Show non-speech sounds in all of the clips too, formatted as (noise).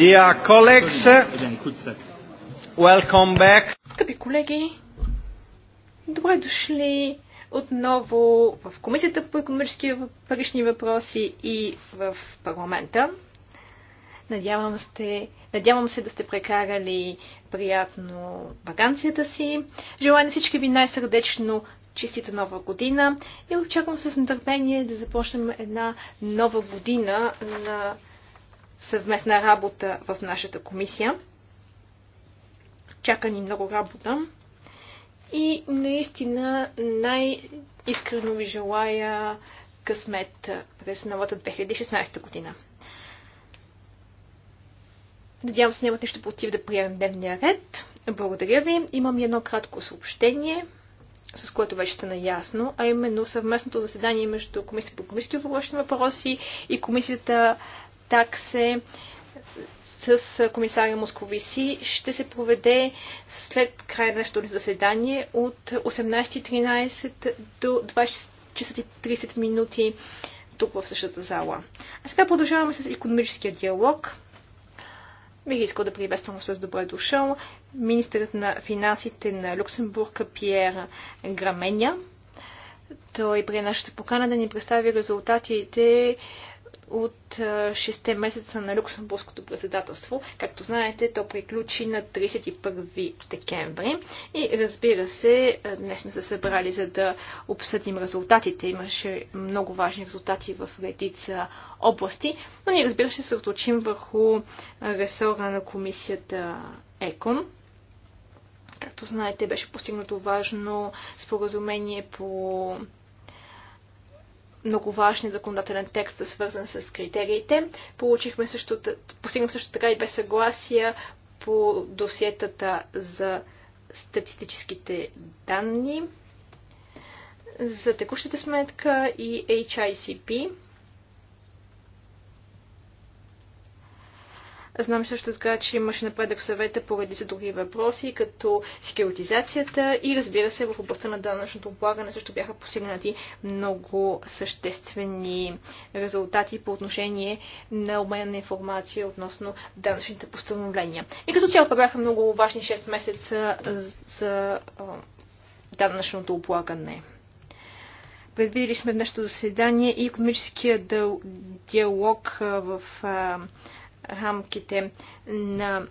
Dear colleagues, welcome back. Скъпи колеги, добре дошли отново в Комисията по економически парични въпроси и в парламента. Надявам, се, надявам се да сте прекарали приятно вакансията си. Желая на всички ви най-сърдечно чистите нова година и очаквам с нетърпение да започнем една нова година на съвместна работа в нашата комисия. Чака ни много работа. И наистина най-искрено ви желая късмет през новата 2016 година. Надявам се, нямате нещо против да приемем дневния ред. Благодаря ви. Имам едно кратко съобщение, с което вече сте наясно, а именно съвместното заседание между Комисията по комисията въпроси и Комисията се с комисаря Московиси ще се проведе след края на нашето заседание от 18.13 до 20 часа 30 минути тук в същата зала. А сега продължаваме с економическия диалог. Бих искал да приветствам с добре дошъл министърът на финансите на Люксембург Пьер Граменя. Той при нашата покана да ни представи резултатите от 6 месеца на Люксембургското председателство. Както знаете, то приключи на 31 декември. И разбира се, днес сме се събрали за да обсъдим резултатите. Имаше много важни резултати в редица области, но ние разбира се се оточим върху ресора на комисията ЕКОН. Както знаете, беше постигнато важно споразумение по много важен законодателен текст, свързан с критериите. Получихме също, постигнахме също така и без съгласия по досиетата за статистическите данни, за текущата сметка и HICP. Знам също така, че имаше напредък в съвета поради за други въпроси, като секюритизацията и разбира се, в областта на данъчното облагане също бяха постигнати много съществени резултати по отношение на обмен на информация относно данъчните постановления. И като цяло бяха много важни 6 месеца за данъчното облагане. Предвидели сме в нашето заседание и економическия диалог в рамките на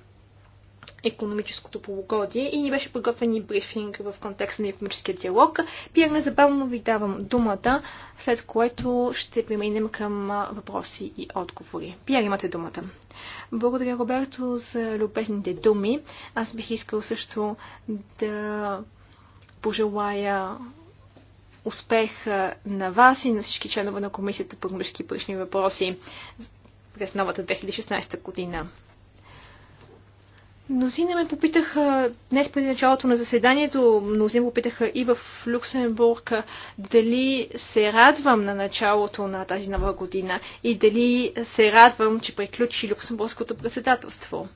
економическото полугодие и ни беше подготвен и брифинг в контекста на економическия диалог. Пиер, незабавно ви давам думата, след което ще преминем към въпроси и отговори. Пиер, имате думата. Благодаря, Роберто, за любезните думи. Аз бих искал също да пожелая успех на вас и на всички членове на Комисията по економически и въпроси през новата 2016 година. Мнозина ме попитаха днес преди началото на заседанието, мнозина попитаха и в Люксембург дали се радвам на началото на тази нова година и дали се радвам, че приключи Люксембургското председателство.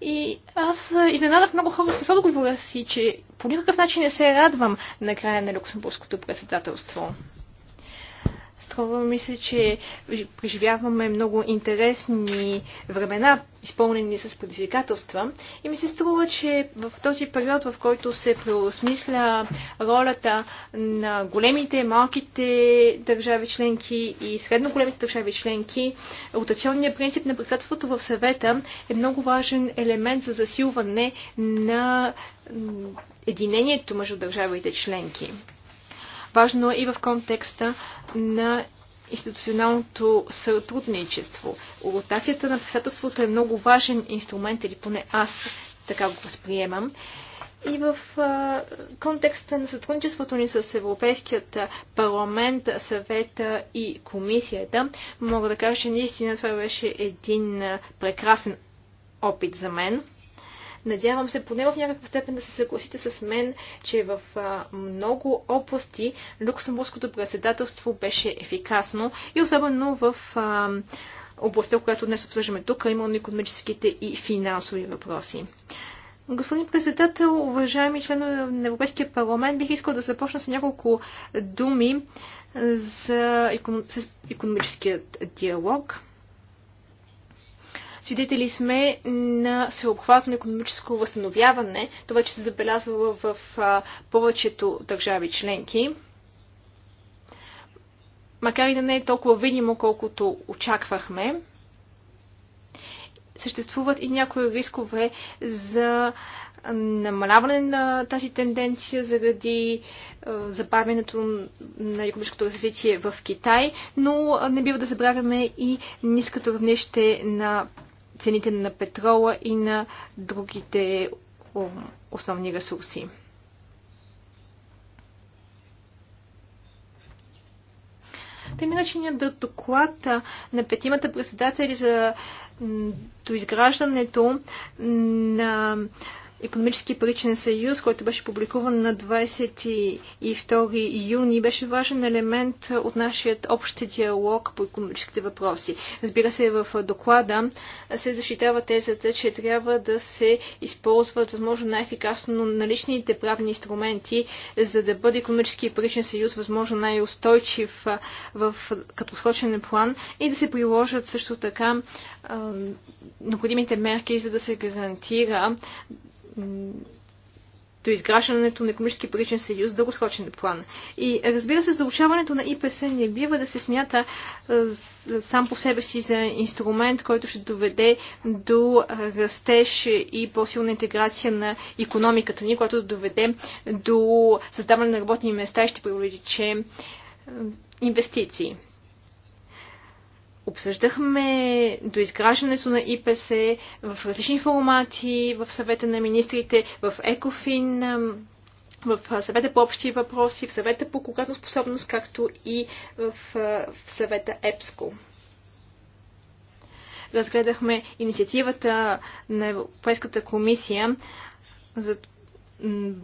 И аз изненадах много хора с отговора си, че по никакъв начин не се радвам на края на Люксембургското председателство. Струва ми се, че преживяваме много интересни времена, изпълнени с предизвикателства. И ми се струва, че в този период, в който се преосмисля ролята на големите, малките държави членки и средно големите държави членки, ротационният принцип на председателството в съвета е много важен елемент за засилване на единението между държавите членки. Важно е и в контекста на институционалното сътрудничество. Ротацията на председателството е много важен инструмент, или поне аз така го възприемам. И в а, контекста на сътрудничеството ни с Европейският парламент, съвета и комисията, мога да кажа, че наистина това беше един прекрасен опит за мен. Надявам се поне в някаква степен да се съгласите с мен, че в много области Люксембургското председателство беше ефикасно и особено в областта, която днес обсъждаме тук, именно економическите и финансови въпроси. Господин председател, уважаеми членове на Европейския парламент, бих искал да започна с няколко думи за економическият диалог. Свидетели сме на всеобхватно економическо възстановяване. Това че се забелязва в повечето държави членки. Макар и да не е толкова видимо, колкото очаквахме, съществуват и някои рискове за намаляване на тази тенденция заради забавянето на економическото развитие в Китай, но не бива да забравяме и ниското равнище на цените на петрола и на другите основни ресурси. Тъй нареченият доклад на петимата председатели за до изграждането на економически паричен съюз, който беше публикуван на 22 юни, беше важен елемент от нашият общ диалог по економическите въпроси. Разбира се, в доклада се защитава тезата, че трябва да се използват възможно най-ефикасно наличните правни инструменти, за да бъде економически паричен съюз възможно най-устойчив в краткосрочен план и да се приложат също така необходимите мерки, за да се гарантира до изграждането на економически паричен съюз дългосрочен план. И разбира се, задължаването на ИПС не бива да се смята сам по себе си за инструмент, който ще доведе до растеж и по-силна интеграция на економиката ни, която да доведе до създаване на работни места и ще привлече инвестиции. Обсъждахме до изграждането на ИПС в различни формати, в съвета на министрите, в ЕКОФИН, в съвета по общи въпроси, в съвета по когато способност, както и в, в съвета ЕПСКО разгледахме инициативата на Европейската комисия за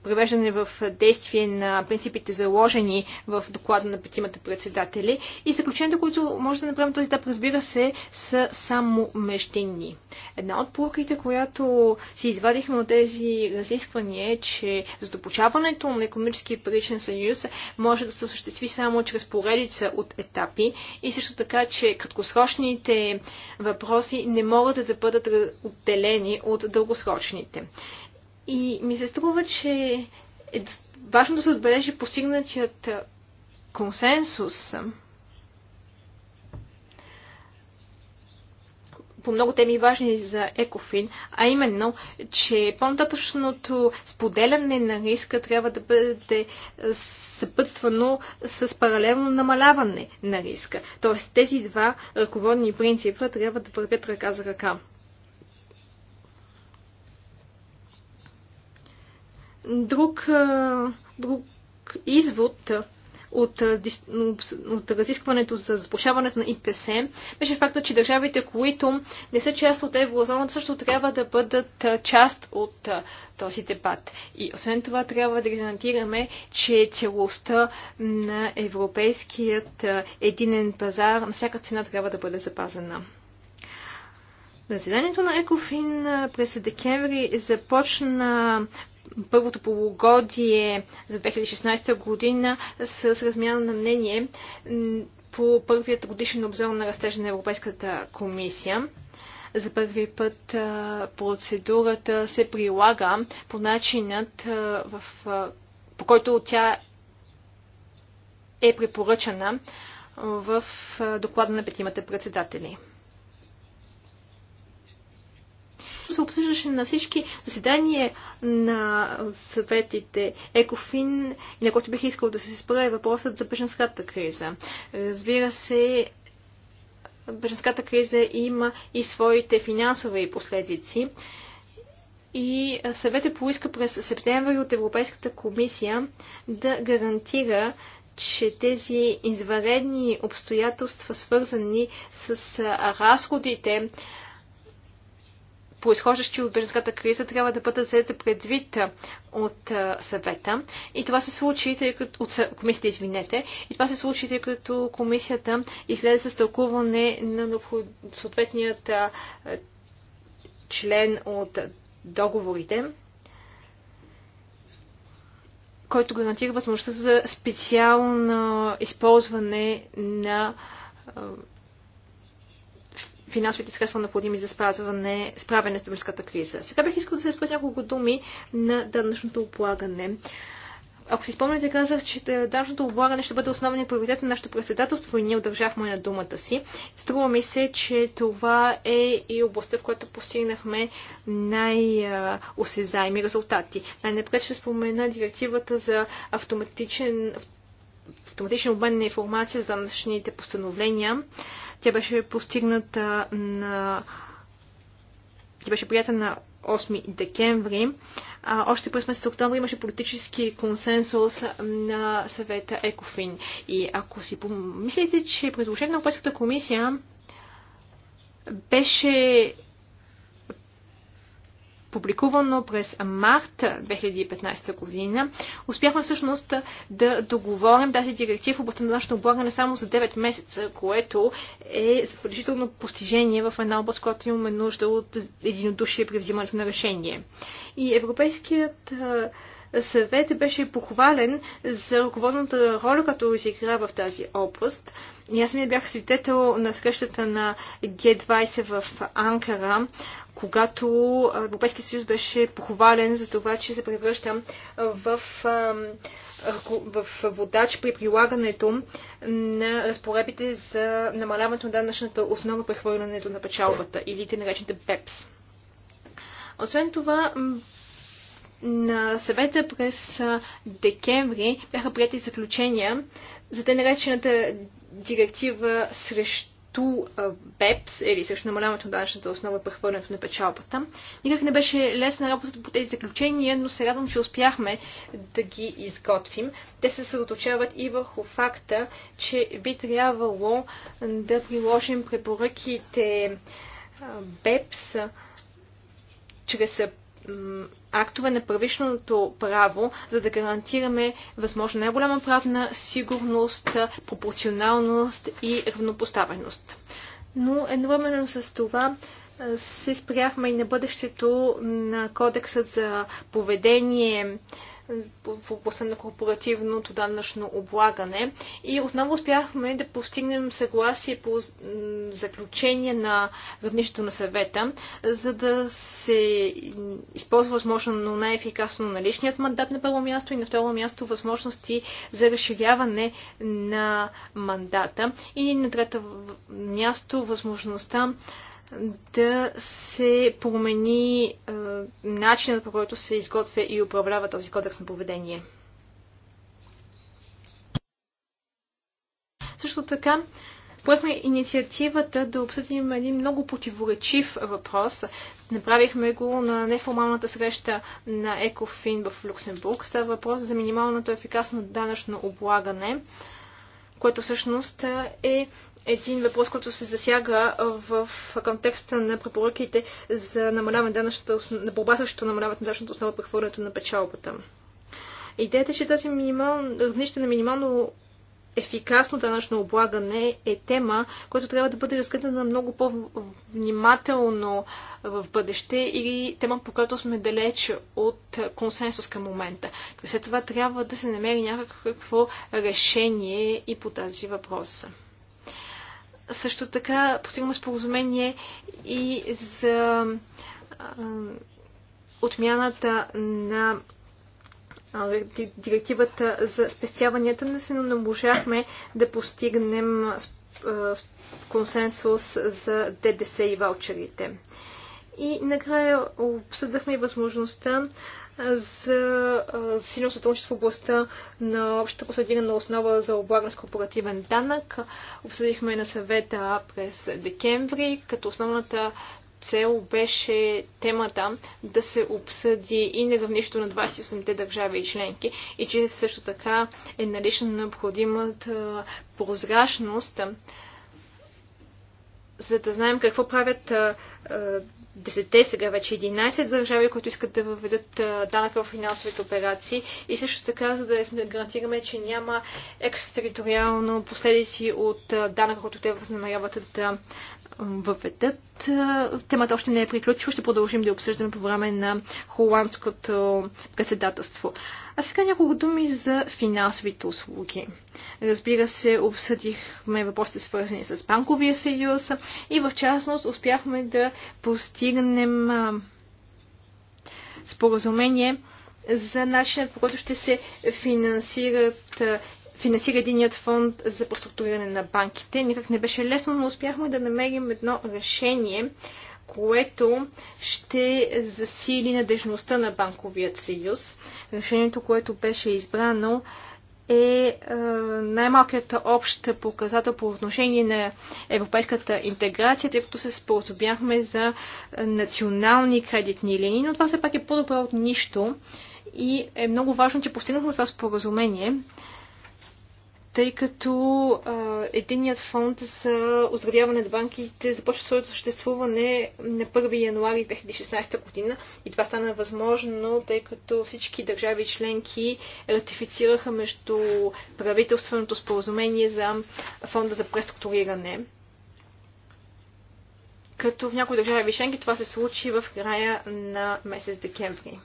привеждане в действие на принципите заложени в доклада на петимата председатели. И заключенията, които може да направим този етап, разбира се, са само междинни. Една от полуките, която си извадихме от тези разисквания е, че задопочаването на економически паричен съюз може да се осъществи само чрез поредица от етапи и също така, че краткосрочните въпроси не могат да бъдат отделени от дългосрочните. И ми се струва, че е важно да се отбележи постигнатият консенсус по много теми важни за Екофин, а именно, че по-нататъчното споделяне на риска трябва да бъде съпътствано с паралелно намаляване на риска. Тоест тези два ръководни принципа трябва да вървят ръка за ръка. Друг, друг извод от, от разискването за запушаването на ИПС беше факта, че държавите, които не са част от еврозоната, също трябва да бъдат част от този дебат. И освен това трябва да гарантираме, че целостта на европейският единен пазар на всяка цена трябва да бъде запазена. На заседанието на Екофин през декември започна първото полугодие за 2016 година с размяна на мнение по първият годишен обзор на растежа на Европейската комисия. За първи път процедурата се прилага по начинът, в, по който тя е препоръчана в доклада на петимата председатели. също се обсъждаше на всички заседания на съветите ЕКОФИН и на който бих искал да се спра е въпросът за беженската криза. Разбира се, беженската криза има и своите финансови последици. И съветът поиска през септември от Европейската комисия да гарантира, че тези изваредни обстоятелства, свързани с разходите произхождащи от бежанската криза, трябва да бъдат взети предвид от съвета. И това се случи, тъй като, от комисията, извинете, и това се случи, тъй като комисията излезе с тълкуване на съответният член от договорите, който гарантира възможността за специално използване на финансовите средства необходими за спазване, справяне с дъбърската криза. Сега бих искал да се спра няколко думи на данъчното облагане. Ако си спомняте, казах, че данъчното облагане ще бъде основният приоритет на нашето председателство и ние удържахме на думата си. Струва ми се, че това е и областта, в която постигнахме най-осезаеми резултати. Най-напред ще спомена директивата за автоматичен, автоматичен обмен на информация за данъчните постановления. Тя беше постигната на... Тя беше прията на 8 декември. А, още през месец октомври имаше политически консенсус на съвета ЕКОФИН. И ако си помислите, че предложението на Европейската комисия беше публикувано през март 2015 година, успяхме всъщност да договорим тази директива в областта на нашето облагане само за 9 месеца, което е заключително постижение в една област, която имаме нужда от единодушие при взимането на решение. И Европейският съвет беше похвален за ръководната роля, като изигра в тази област. И аз ми бях свидетел на срещата на Г-20 в Анкара, когато Европейския съюз беше похвален за това, че се превръща в, в водач при прилагането на разпоредбите за намаляването на данъчната основа при хвърлянето на печалбата или те наречените БЕПС. Освен това, на съвета през декември бяха прияти заключения за те наречената директива срещу БЕПС или срещу намаляването на данъчната основа прехвърлянето на печалбата. Никак не беше лесна работата по тези заключения, но се радвам, че успяхме да ги изготвим. Те се съсредоточават и върху факта, че би трябвало да приложим препоръките БЕПС чрез актове на правишното право, за да гарантираме възможно най-голяма правна сигурност, пропорционалност и равнопоставеност. Но едновременно с това се спряхме и на бъдещето на кодекса за поведение в областта на корпоративното данъчно облагане. И отново успяхме да постигнем съгласие по заключение на равнището на съвета, за да се използва възможно най-ефикасно наличният мандат на първо място и на второ място възможности за разширяване на мандата и на трето място възможността да се промени е, начинът по който се изготвя и управлява този кодекс на поведение. Също така, поехме инициативата да обсъдим един много противоречив въпрос. Направихме го на неформалната среща на Екофин в Люксембург. Става въпрос за минималното ефикасно данъчно облагане което всъщност е един въпрос, който се засяга в контекста на препоръките за намаляване данъчната, на борба срещу намаляване на данъчната основа при прехвърлянето на печалбата. Идеята е, че тази минимал, равнище на минимално ефикасно данъчно облагане е тема, която трябва да бъде разгледана много по-внимателно в бъдеще или тема, по която сме далеч от консенсус към момента. след това трябва да се намери някакво решение и по тази въпрос. Също така постигаме споразумение и за отмяната на директивата за спестяванията, но не можахме да постигнем консенсус за ДДС и ваучерите. И накрая обсъдахме и възможността за силно сътрудничество в областта на общата консолидирана основа за облагане с корпоративен данък. Обсъдихме на съвета през декември, като основната цел беше темата да се обсъди и на на 28-те държави и членки и че също така е налична необходимата прозрачност, за да знаем какво правят десете, сега вече 11 държави, които искат да въведат данък в финансовите операции и също така, за да гарантираме, че няма екстериториално последици от данък, който те възнамеряват да въведат. Темата още не е приключила, ще продължим да обсъждаме по време на холандското председателство. А сега няколко думи за финансовите услуги. Разбира се, обсъдихме въпросите свързани с банковия съюз и в частност успяхме да постигнем споразумение за начинът по който ще се финансират финансира единият фонд за преструктуриране на банките. Никак не беше лесно, но успяхме да намерим едно решение, което ще засили надежността на банковият съюз. Решението, което беше избрано, е, е най-малкият общ показател по отношение на европейската интеграция, тъй като се споразумяхме за национални кредитни линии, но това все пак е по добро от нищо и е много важно, че постигнахме това споразумение тъй като а, единият фонд за оздравяване на банките започва своето съществуване на 1 януари 2016 година и това стана възможно, тъй като всички държави членки ратифицираха между правителственото споразумение за фонда за преструктуриране. Като в някои държави членки това се случи в края на месец декември.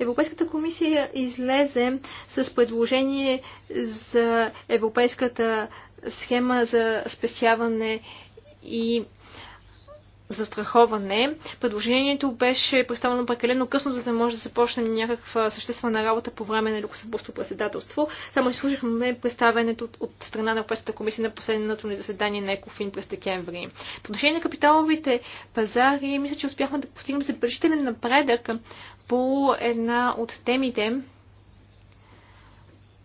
Европейската комисия излезе с предложение за Европейската схема за спестяване и застраховане. Предложението беше представено прекалено късно, за да може да започнем някаква съществена работа по време на Люксембургското председателство. Само изслушахме представенето от, от страна на Европейската комисия на последното ни заседание на Екофин през декември. По отношение на капиталовите пазари, мисля, че успяхме да постигнем забележителен напредък по една от темите,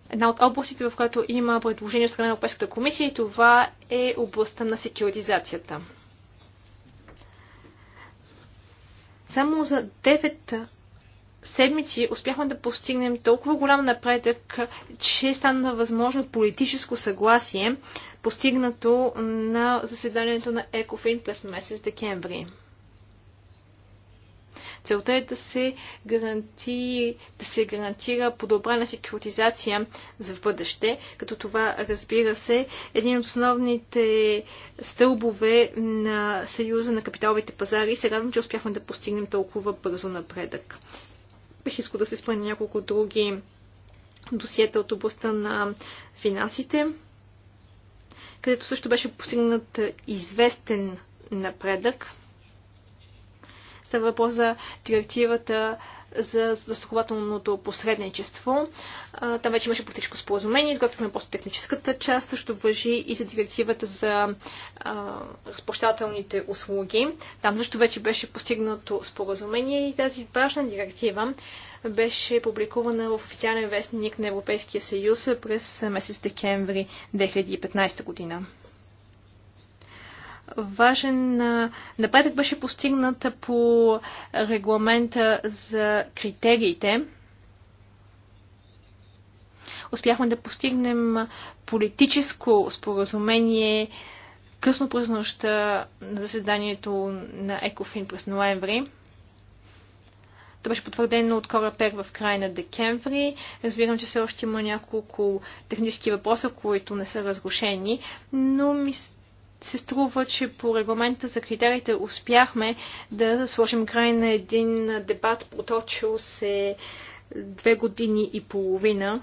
една от областите, в която има предложение от страна на Европейската комисия и това е областта на секюритизацията. Само за 9 седмици успяхме да постигнем толкова голям напредък, че стана възможно политическо съгласие, постигнато на заседанието на Екофин през месец декември. Целта е да се, гаранти, да се гарантира подобрена секюритизация за в бъдеще, като това, разбира се, е един от основните стълбове на Съюза на капиталовите пазари. Сега радвам, че успяхме да постигнем толкова бързо напредък. Бих искал да се спомня няколко други досиета от областта на финансите, където също беше постигнат известен напредък. Става въпрос за директивата за застрахователното посредничество. Там вече имаше политическо споразумение, изготвихме просто техническата част, също въжи и за директивата за разпощателните услуги. Там също вече беше постигнато споразумение и тази важна директива беше публикувана в официален вестник на Европейския съюз през месец декември 2015 година важен напредък беше постигната по регламента за критериите. Успяхме да постигнем политическо споразумение късно през нощта на заседанието на Екофин през ноември. То беше потвърдено от Кора Пер в края на декември. Разбирам, че все още има няколко технически въпроса, които не са разрушени, но ми се струва, че по регламента за критериите успяхме да сложим край на един дебат, проточил се две години и половина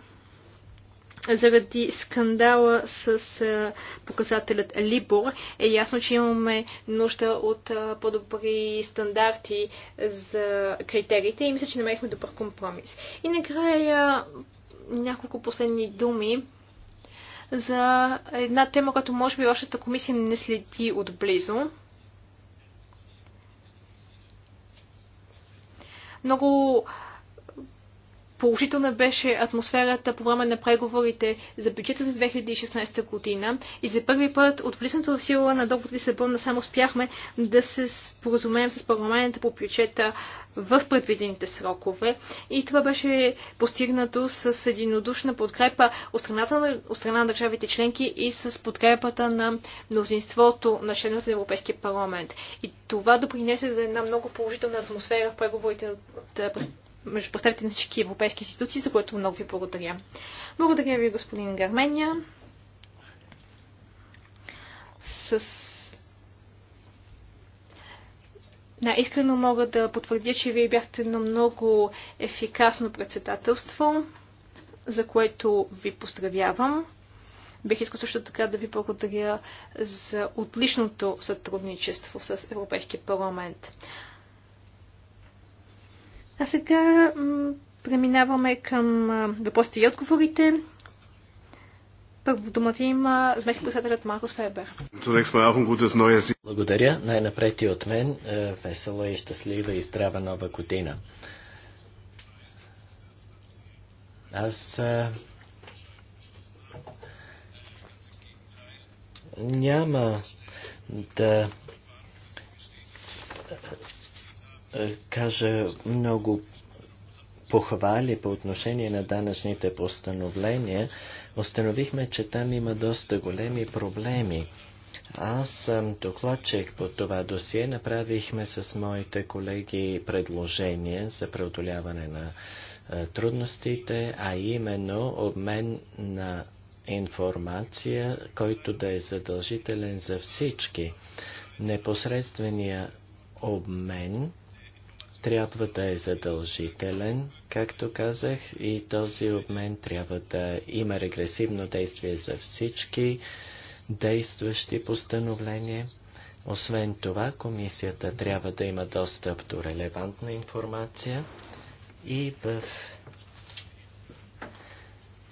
заради скандала с показателят Либор, е ясно, че имаме нужда от по-добри стандарти за критериите и мисля, че намерихме добър компромис. И накрая няколко последни думи за една тема, която може би вашата комисия не следи отблизо. Много Положителна беше атмосферата по време на преговорите за бюджета за 2016 година и за първи път от влизането в сила на договор Лисабона само успяхме да се споразумеем с парламента по бюджета в предвидените срокове и това беше постигнато с единодушна подкрепа от страната на, от страна на държавите членки и с подкрепата на мнозинството на членовете на Европейския парламент. И това допринесе за една много положителна атмосфера в преговорите от между представите на всички европейски институции, за което много ви благодаря. Благодаря ви, господин Гармения. С Да, искрено мога да потвърдя, че вие бяхте на много ефикасно председателство, за което ви поздравявам. Бих искал също така да ви благодаря за отличното сътрудничество с Европейския парламент. А сега преминаваме към въпросите и отговорите. Първо думата има заместник председателят Маркус Фебер. Благодаря. Най-напред и от мен е, весела и щастлива и здрава нова година. Аз а... Е, няма да е, е, кажа много похвали по отношение на данъчните постановления, установихме, че там има доста големи проблеми. Аз съм докладчик по това досие. Направихме с моите колеги предложение за преодоляване на е, трудностите, а именно обмен на информация, който да е задължителен за всички. Непосредствения обмен трябва да е задължителен, както казах, и този обмен трябва да има регресивно действие за всички действащи постановления. Освен това, комисията трябва да има достъп до релевантна информация и в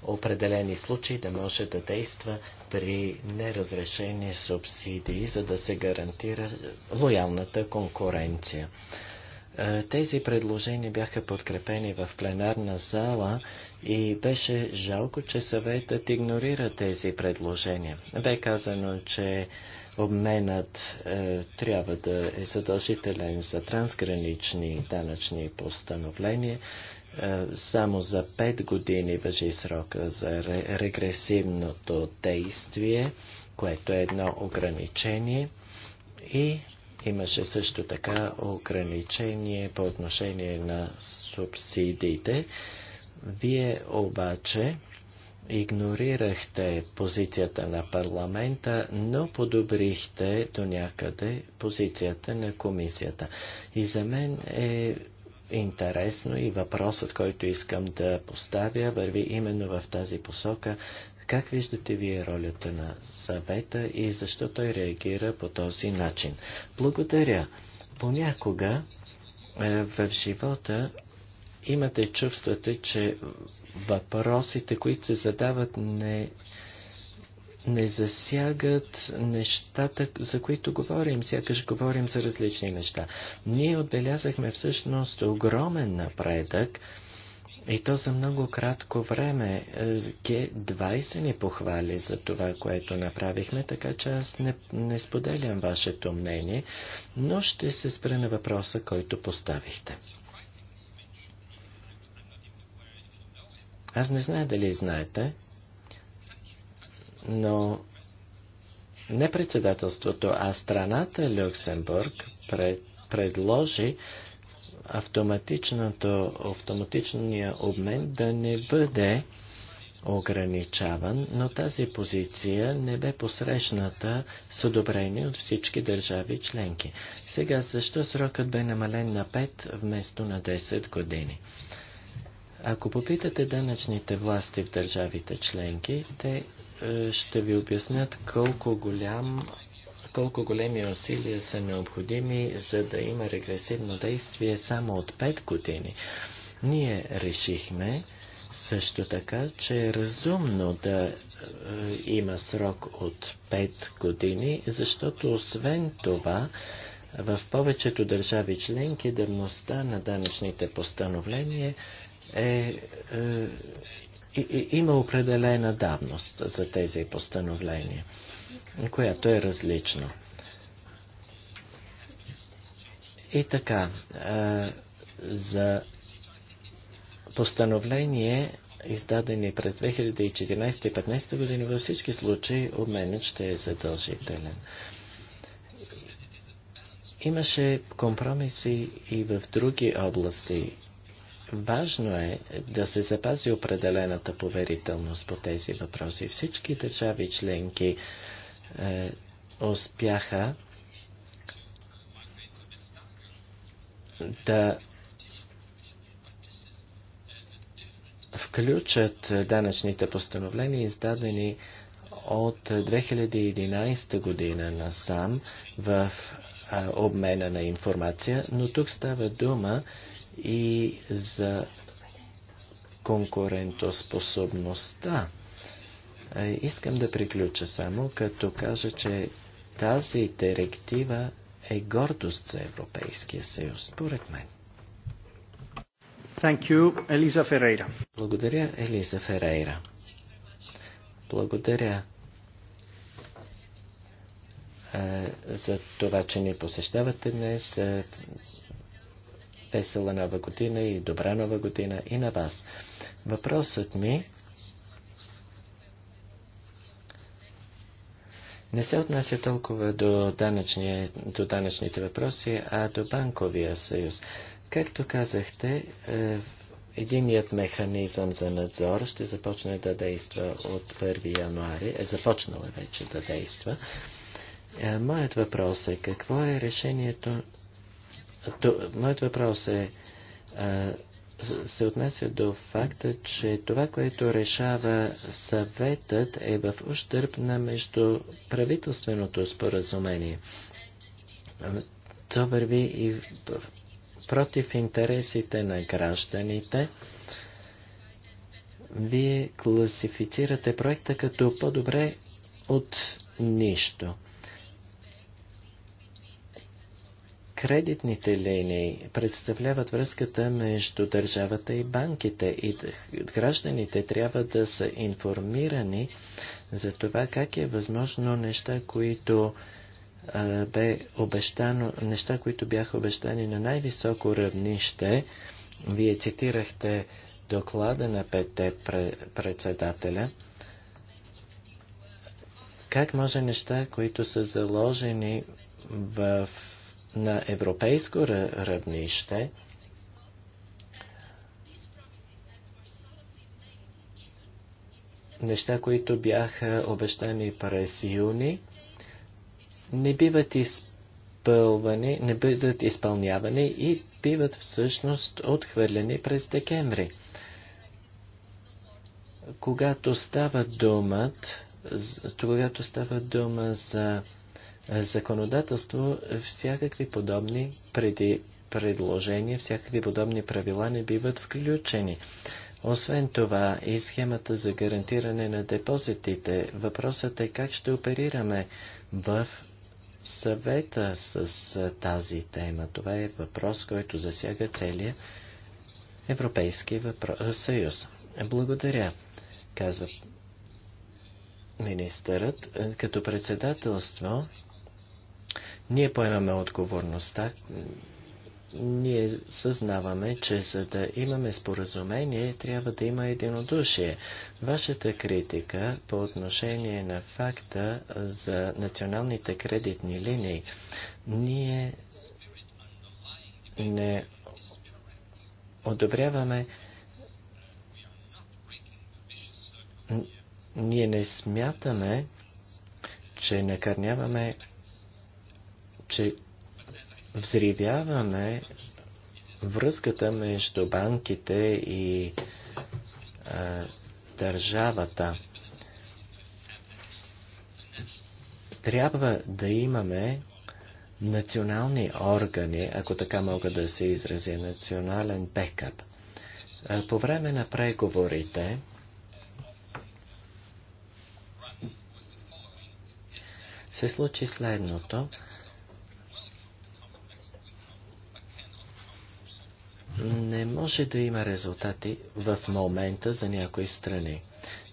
определени случаи да може да действа при неразрешени субсидии, за да се гарантира лоялната конкуренция. Е, тези предложения бяха подкрепени в пленарна зала и беше жалко, че съветът игнорира тези предложения. Бе казано, че обменът е, трябва да е задължителен за трансгранични данъчни постановления. Е, само за 5 години въжи срока за регресивното действие, което е едно ограничение. И Имаше също така ограничение по отношение на субсидиите. Вие обаче игнорирахте позицията на парламента, но подобрихте до някъде позицията на комисията. И за мен е интересно и въпросът, който искам да поставя, върви именно в тази посока как виждате вие ролята на съвета и защо той реагира по този начин? Благодаря. Понякога е, в живота имате чувствата, че въпросите, които се задават, не, не засягат нещата, за които говорим. Сякаш говорим за различни неща. Ние отбелязахме всъщност огромен напредък и то за много кратко време. Ке 20 ни похвали за това, което направихме, така че аз не, не споделям вашето мнение, но ще се спра на въпроса, който поставихте. Аз не знае дали знаете, но не председателството, а страната Люксембург пред, предложи автоматичният обмен да не бъде ограничаван, но тази позиция не бе посрещната с одобрение от всички държави членки. Сега защо срокът бе намален на 5 вместо на 10 години? Ако попитате данъчните власти в държавите членки, те е, ще ви обяснят колко голям колко големи усилия са необходими, за да има регресивно действие само от 5 години. Ние решихме също така, че е разумно да е, има срок от 5 години, защото освен това, в повечето държави членки давността на данъчните постановления е, е, е, има определена давност за тези постановления която е различна. И така, а, за постановление, издадени през 2014 и 2015 години, във всички случаи обменът ще е задължителен. Имаше компромиси и в други области. Важно е да се запази определената поверителност по тези въпроси. Всички държави членки е, успяха да включат данъчните постановления, издадени от 2011 година насам в а, е, обмена на информация, но тук става дума и за конкурентоспособността Искам да приключа само, като кажа, че тази директива е гордост за Европейския съюз, според мен. Thank you, Elisa Благодаря, Елиза Ферейра. Благодаря е, за това, че ни посещавате днес. Е, весела нова година и добра нова година и на вас. Въпросът ми не се отнася толкова до, данъчни, до данъчните въпроси, а до банковия съюз. Както казахте, е, единият механизъм за надзор ще започне да действа от 1 януари, е започнала е вече да действа. Е, моят въпрос е какво е решението. моят въпрос е се отнася до факта, че това, което решава съветът е в ущърп на междуправителственото споразумение. То върви и против интересите на гражданите. Вие класифицирате проекта като по-добре от нищо. Кредитните линии представляват връзката между държавата и банките и гражданите трябва да са информирани за това как е възможно неща, които бе обещано, неща, които бяха обещани на най-високо равнище. Вие цитирахте доклада на петте председателя. Как може неща, които са заложени в на европейско равнище неща, които бяха обещани през юни, не биват изпълвани, не бъдат изпълнявани и биват всъщност отхвърлени през декември. Когато става думат, когато става дума за законодателство всякакви подобни преди предложения, всякакви подобни правила не биват включени. Освен това и схемата за гарантиране на депозитите, въпросът е как ще оперираме в съвета с тази тема. Това е въпрос, който засяга целия Европейски въпрос... съюз. Благодаря, казва министърът. Като председателство ние поемаме отговорността, ние съзнаваме, че за да имаме споразумение, трябва да има единодушие. Вашата критика по отношение на факта за националните кредитни линии, ние не одобряваме ние не смятаме, че накърняваме че взривяваме връзката между банките и а, държавата. Трябва да имаме национални органи, ако така мога да се изразя, национален бекъп. По време на преговорите се случи следното. не може да има резултати в момента за някои страни.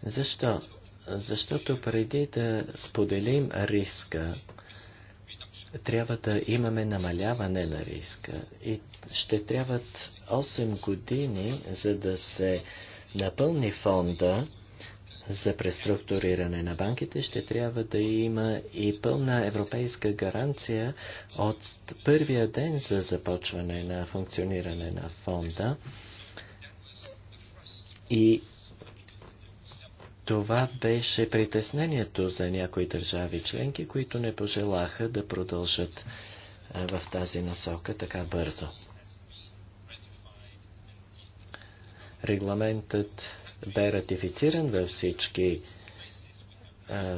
Защо? Защото преди да споделим риска, трябва да имаме намаляване на риска и ще трябват 8 години, за да се напълни фонда за преструктуриране на банките, ще трябва да има и пълна европейска гаранция от първия ден за започване на функциониране на фонда. И това беше притеснението за някои държави членки, които не пожелаха да продължат в тази насока така бързо. Регламентът бе ратифициран във всички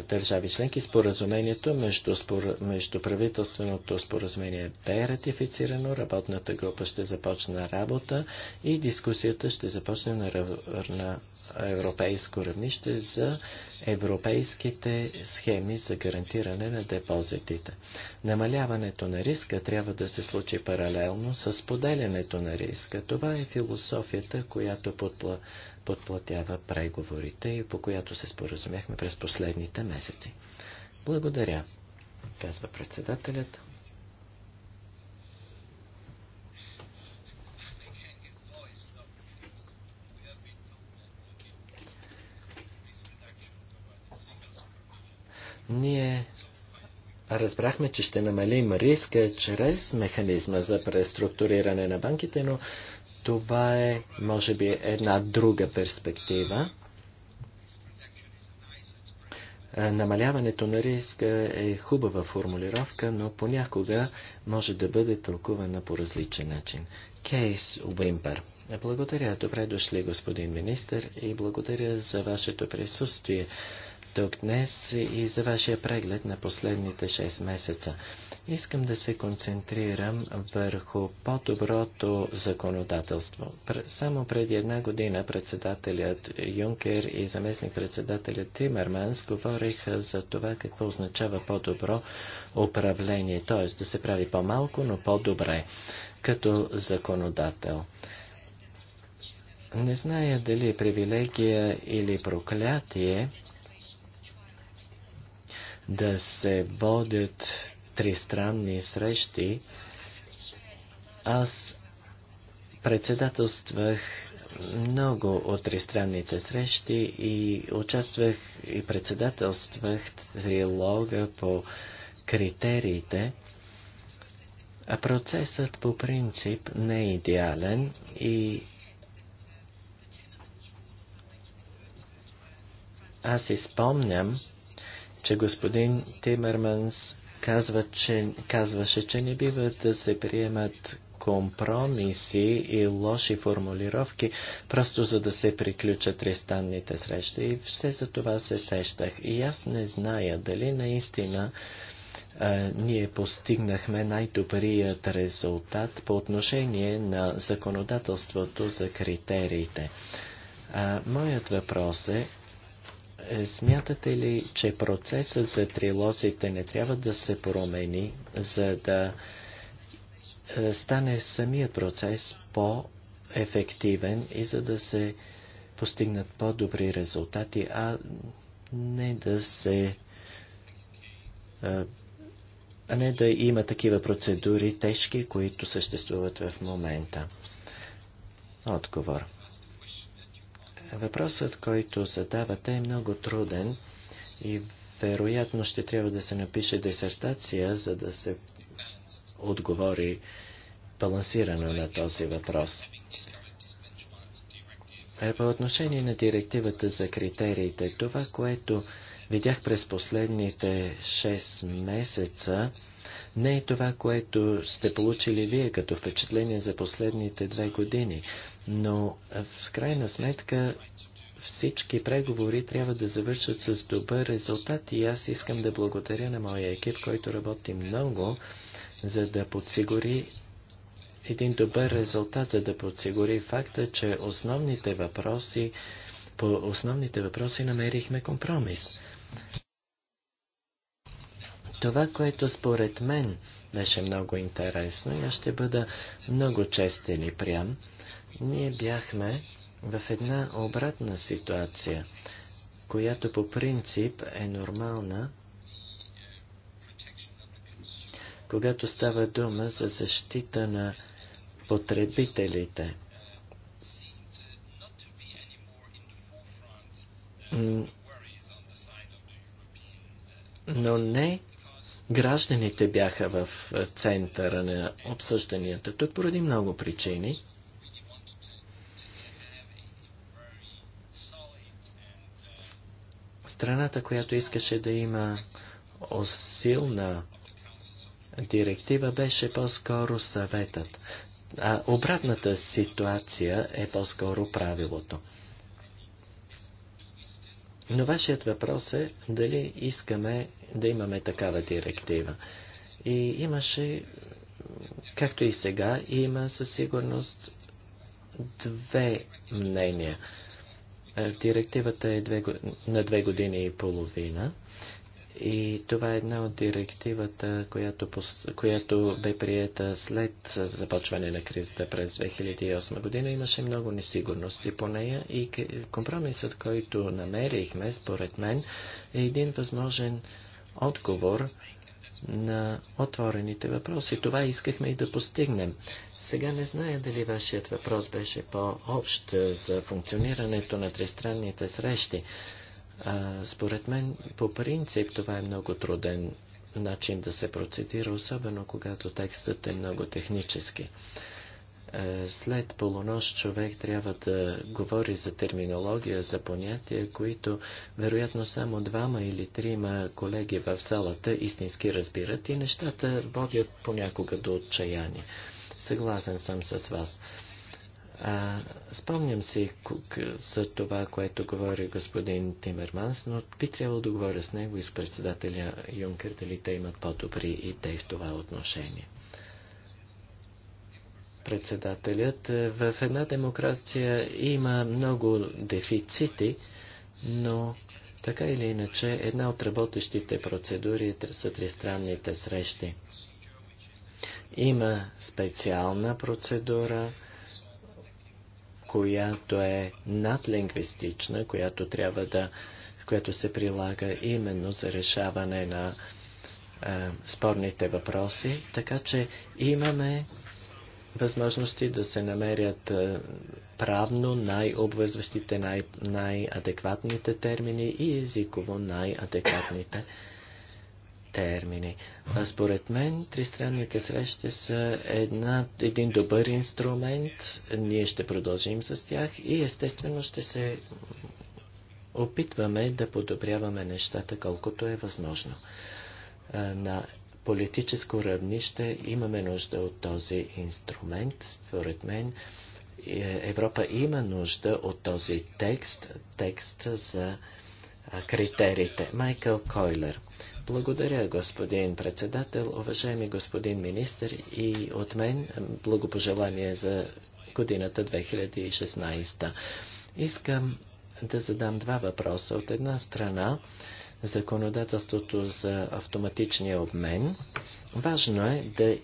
държави членки. Споразумението между, спор... между правителственото споразумение бе ратифицирано, работната група ще започне работа и дискусията ще започне на, на европейско равнище за европейските схеми за гарантиране на депозитите. Намаляването на риска трябва да се случи паралелно с поделянето на риска. Това е философията, която подпла подплатява преговорите и по която се споразумяхме през последните месеци. Благодаря, казва председателят. Ние разбрахме, че ще намалим риска чрез механизма за преструктуриране на банките, но това е, може би, една друга перспектива. Е, намаляването на риска е хубава формулировка, но понякога може да бъде тълкувана по различен начин. Кейс Уимпер, Благодаря. Добре дошли, господин министр, и благодаря за вашето присъствие тук днес и за вашия преглед на последните 6 месеца. Искам да се концентрирам върху по-доброто законодателство. Само преди една година председателят Юнкер и заместник-председателят Тимерманс говориха за това какво означава по-добро управление, т.е. да се прави по-малко, но по-добре като законодател. Не зная дали привилегия или проклятие, да се водят тристранни срещи. Аз председателствах много от тристранните срещи и участвах и председателствах трилога по критериите. А процесът по принцип не е идеален и аз изпомням, че господин Тимерманс казва, че, казваше, че не бива да се приемат компромиси и лоши формулировки, просто за да се приключат рестанните срещи. И все за това се сещах. И аз не зная дали наистина а, ние постигнахме най-добрият резултат по отношение на законодателството за критериите. А, моят въпрос е, е, смятате ли, че процесът за трилозите не трябва да се промени, за да е, стане самият процес по-ефективен и за да се постигнат по-добри резултати, а не да се е, а не да има такива процедури тежки, които съществуват в момента. Отговор. Въпросът, който задавате е много труден и вероятно ще трябва да се напише дисертация, за да се отговори балансирано на този въпрос. Е, по отношение на директивата за критериите, това, което видях през последните 6 месеца, не е това, което сте получили вие като впечатление за последните две години но в крайна сметка всички преговори трябва да завършат с добър резултат и аз искам да благодаря на моя екип, който работи много, за да подсигури един добър резултат, за да подсигури факта, че основните въпроси, по основните въпроси намерихме компромис. Това, което според мен беше много интересно и аз ще бъда много честен и прям, ние бяхме в една обратна ситуация, която по принцип е нормална, когато става дума за защита на потребителите. Но не гражданите бяха в центъра на обсъжданията. Тук поради много причини. Страната, която искаше да има силна директива, беше по-скоро съветът. А обратната ситуация е по-скоро правилото. Но вашият въпрос е дали искаме да имаме такава директива. И имаше, както и сега, има със сигурност две мнения. Е, директивата е две, на две години и половина. И това е една от директивата, която, която бе приета след започване на кризата през 2008 година. Имаше много несигурности по нея и компромисът, който намерихме, според мен, е един възможен отговор на отворените въпроси. Това искахме и да постигнем. Сега не зная дали вашият въпрос беше по-общ за функционирането на тристранните срещи. А, според мен, по принцип, това е много труден начин да се процедира, особено когато текстът е много технически. Е, след полунощ човек трябва да говори за терминология, за понятия, които вероятно само двама или трима колеги в залата истински разбират и нещата водят понякога до отчаяние. Съгласен съм с вас. А, спомням си за това, което говори господин Тимерманс, но би трябвало да говоря с него и с председателя Юнкер, дали те имат по-добри идеи в това отношение председателят. В една демокрация има много дефицити, но така или иначе една от работещите процедури е са тристранните срещи. Има специална процедура, която е надлингвистична, която трябва да която се прилага именно за решаване на е, спорните въпроси, така че имаме възможности да се намерят е, правно най-обвързващите, най- обвързващите най адекватните най термини и езиково най-адекватните термини. А според мен, тристранните срещи са една, един добър инструмент. Ние ще продължим с тях и естествено ще се опитваме да подобряваме нещата колкото е възможно. Е, на политическо равнище имаме нужда от този инструмент. Според мен е, Европа има нужда от този текст, текст за критериите. Майкъл Койлер. Благодаря, господин председател, уважаеми господин министр и от мен благопожелание за годината 2016. Искам да задам два въпроса. От една страна, законодателството за автоматичния обмен. Важно е, да,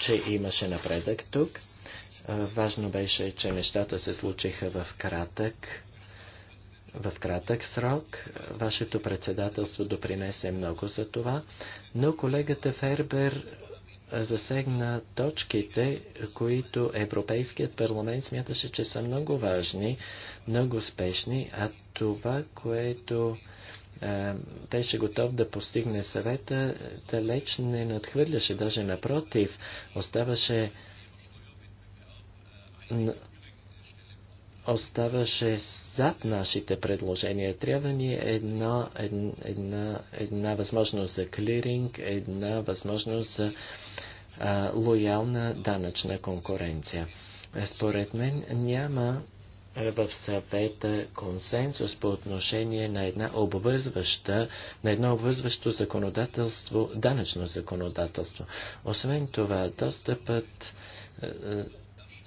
че имаше напредък тук. Важно беше, че нещата се случиха в кратък, в кратък срок. Вашето председателство допринесе много за това, но колегата Фербер засегна точките, които Европейският парламент смяташе, че са много важни, много спешни, а това, което беше готов да постигне съвета, далеч не надхвърляше, даже напротив, оставаше оставаше зад нашите предложения. Трябва ни една, една, една, една възможност за клиринг, една възможност за а, лоялна данъчна конкуренция. Според мен няма е в съвета консенсус по отношение на, една обвързваща, на едно обвързващо законодателство, данъчно законодателство. Освен това, достъпът е, е,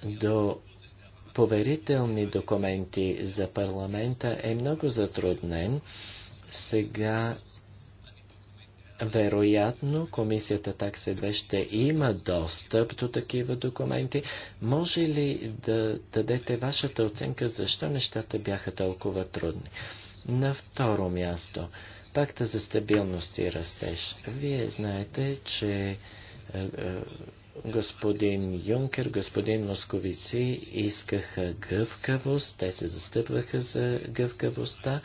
до поверителни документи за парламента е много затруднен. Сега вероятно комисията се две ще има достъп до такива документи. Може ли да дадете вашата оценка защо нещата бяха толкова трудни? На второ място, пакта за стабилност и растеж. Вие знаете, че е, е, господин Юнкер, господин Московици искаха гъвкавост, те се застъпваха за гъвкавостта.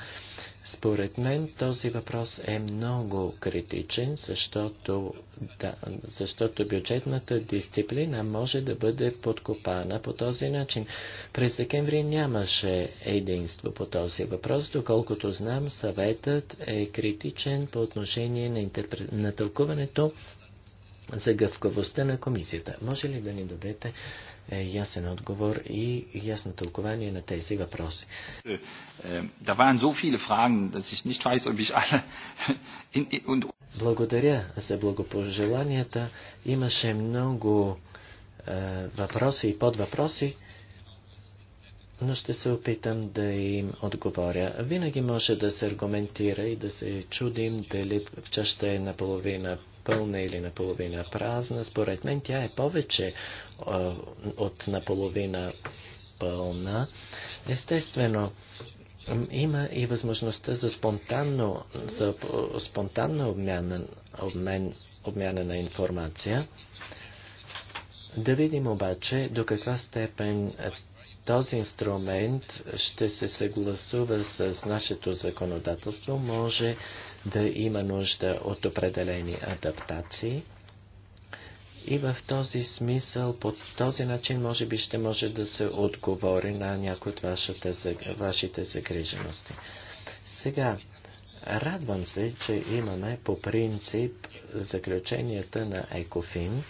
Според мен този въпрос е много критичен, защото, да, защото бюджетната дисциплина може да бъде подкопана по този начин. През декември нямаше единство по този въпрос, доколкото знам съветът е критичен по отношение на, интерпре... на тълкуването за гъвкавостта на комисията. Може ли да ни дадете е, ясен отговор и ясно тълкование на тези въпроси? Благодаря за благопожеланията. Имаше много е, въпроси и подвъпроси, но ще се опитам да им отговоря. Винаги може да се аргументира и да се чудим дали чаща е наполовина пълна или наполовина празна. Според мен тя е повече а, от наполовина пълна. Естествено, има и възможността за, спонтанно, за спонтанна обмяна, обмен, обмяна на информация. Да видим обаче до каква степен този инструмент ще се съгласува с нашето законодателство. Може да има нужда от определени адаптации. И в този смисъл, по този начин, може би ще може да се отговори на някои от вашата, вашите загрижености. Сега, радвам се, че имаме по принцип заключенията на ЕКОФИН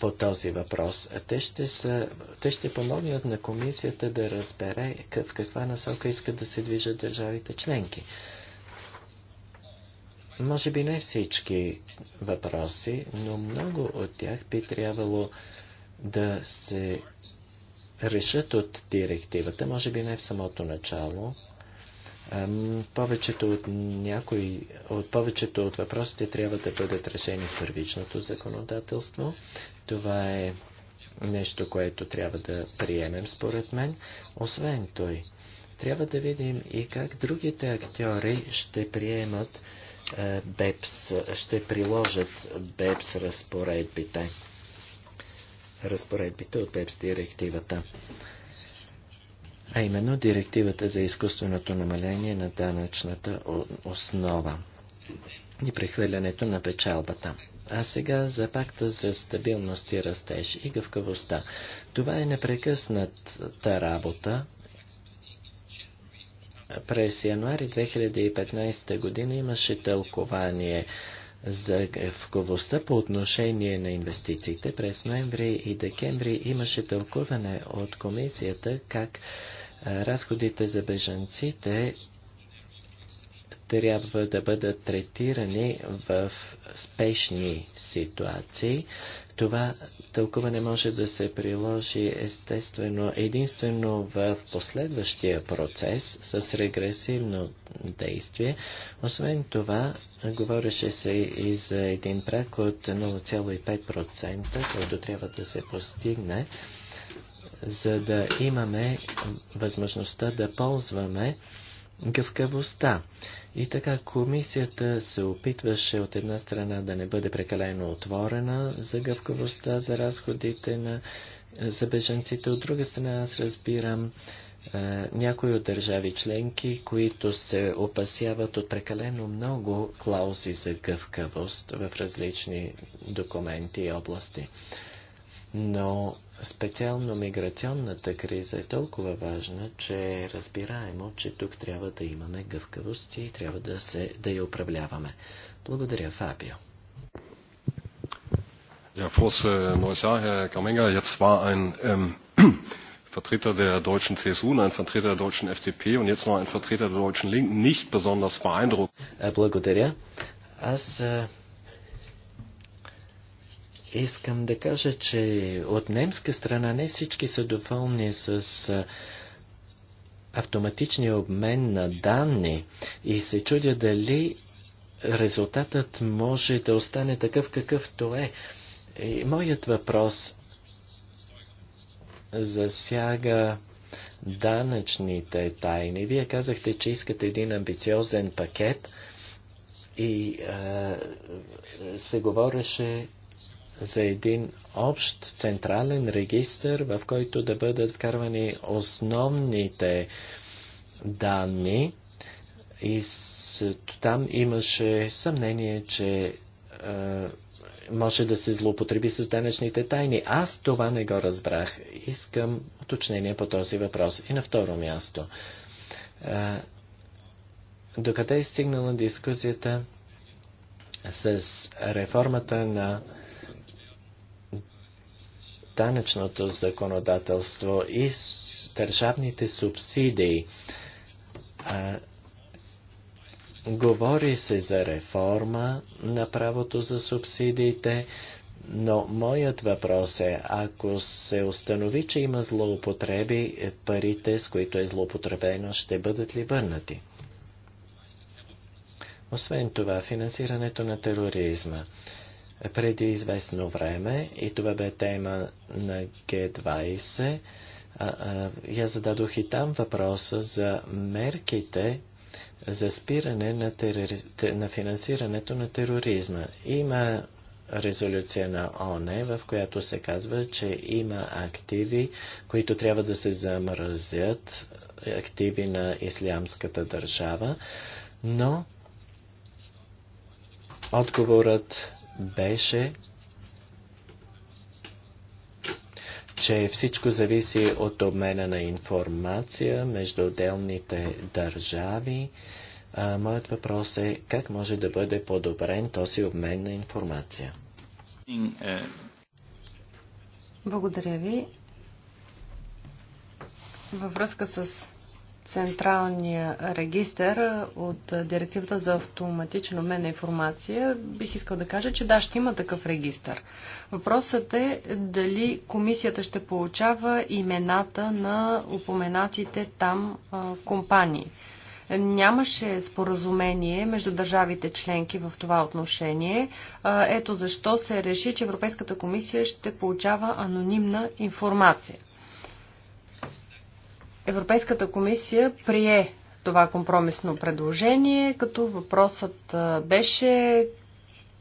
по този въпрос. Те ще, са, те ще помогнат на комисията да разбере в каква насока искат да се движат държавите членки. Може би не всички въпроси, но много от тях би трябвало да се решат от директивата, може би не в самото начало, повечето от, някои, от повечето от въпросите трябва да бъдат решени в първичното законодателство. Това е нещо, което трябва да приемем според мен. Освен той, трябва да видим и как другите актьори ще приемат БЕПС, ще приложат БЕПС разпоредбите. Разпоредбите от БЕПС директивата а именно директивата за изкуственото намаление на данъчната основа и прехвърлянето на печалбата. А сега за пакта за стабилност и растеж и гъвкавостта. Това е непрекъсната работа. През януари 2015 година имаше тълкование за гъвкавостта по отношение на инвестициите. През ноември и декември имаше тълкуване от комисията как разходите за бежанците трябва да бъдат третирани в спешни ситуации. Това тълкуване може да се приложи естествено единствено в последващия процес с регресивно действие. Освен това, говореше се и за един прак от 0,5%, който трябва да се постигне за да имаме възможността да ползваме гъвкавостта. И така комисията се опитваше от една страна да не бъде прекалено отворена за гъвкавостта, за разходите на, за беженците. От друга страна аз разбирам някои от държави членки, които се опасяват от прекалено много клаузи за гъвкавост в различни документи и области. Но Специално миграционната криза е толкова важна, че е разбираемо, че тук трябва да имаме гъвкавост и трябва да, се, да я управляваме. Благодаря, Фабио. Ja, frohes äh, neues Jahr, Herr Gamenga. Jetzt war ein ähm, Vertreter der deutschen CSU und ein Vertreter der deutschen FDP und jetzt noch ein Vertreter der deutschen Linken nicht besonders beeindruckt. Äh, Благодаря. Аз äh, Искам да кажа, че от немска страна не всички са доволни с автоматичния обмен на данни и се чудя дали резултатът може да остане такъв какъвто е. И моят въпрос засяга данъчните тайни. Вие казахте, че искате един амбициозен пакет и а, се говореше за един общ централен регистр, в който да бъдат вкарвани основните данни. И с, там имаше съмнение, че е, може да се злоупотреби с данъчните тайни. Аз това не го разбрах. Искам уточнение по този въпрос. И на второ място. Е, докъде е стигнала дискусията с реформата на данъчното законодателство и държавните субсидии. А, говори се за реформа на правото за субсидиите, но моят въпрос е, ако се установи, че има злоупотреби, е, парите, с които е злоупотребено, ще бъдат ли върнати? Освен това, финансирането на тероризма преди известно време и това бе тема на Г20. Я зададох и там въпроса за мерките за спиране на, терори... на финансирането на тероризма. Има резолюция на ОНЕ, в която се казва, че има активи, които трябва да се замразят, активи на ислямската държава, но отговорът беше, че всичко зависи от обмена на информация между отделните държави. А, моят въпрос е как може да бъде подобрен този обмен на информация? Благодаря ви. Във връзка с централния регистр от директивата за автоматично обмен на информация, бих искал да кажа, че да, ще има такъв регистр. Въпросът е дали комисията ще получава имената на упоменатите там компании. Нямаше споразумение между държавите членки в това отношение. Ето защо се реши, че Европейската комисия ще получава анонимна информация. Европейската комисия прие това компромисно предложение, като въпросът беше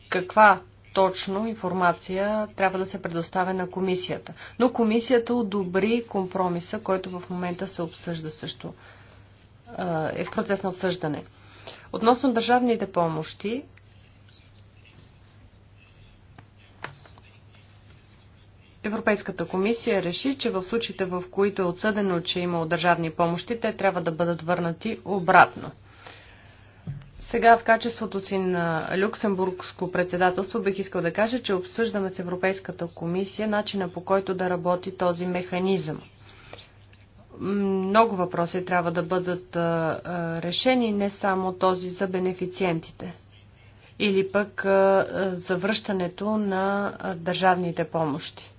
каква точно информация трябва да се предоставя на комисията. Но комисията одобри компромиса, който в момента се обсъжда също. Е в процес на обсъждане. Относно държавните помощи, Европейската комисия реши, че в случаите, в които е отсъдено, че е имало държавни помощи, те трябва да бъдат върнати обратно. Сега в качеството си на люксембургско председателство бих искал да кажа, че обсъждаме с Европейската комисия начина по който да работи този механизъм. Много въпроси трябва да бъдат решени, не само този за бенефициентите или пък за връщането на държавните помощи.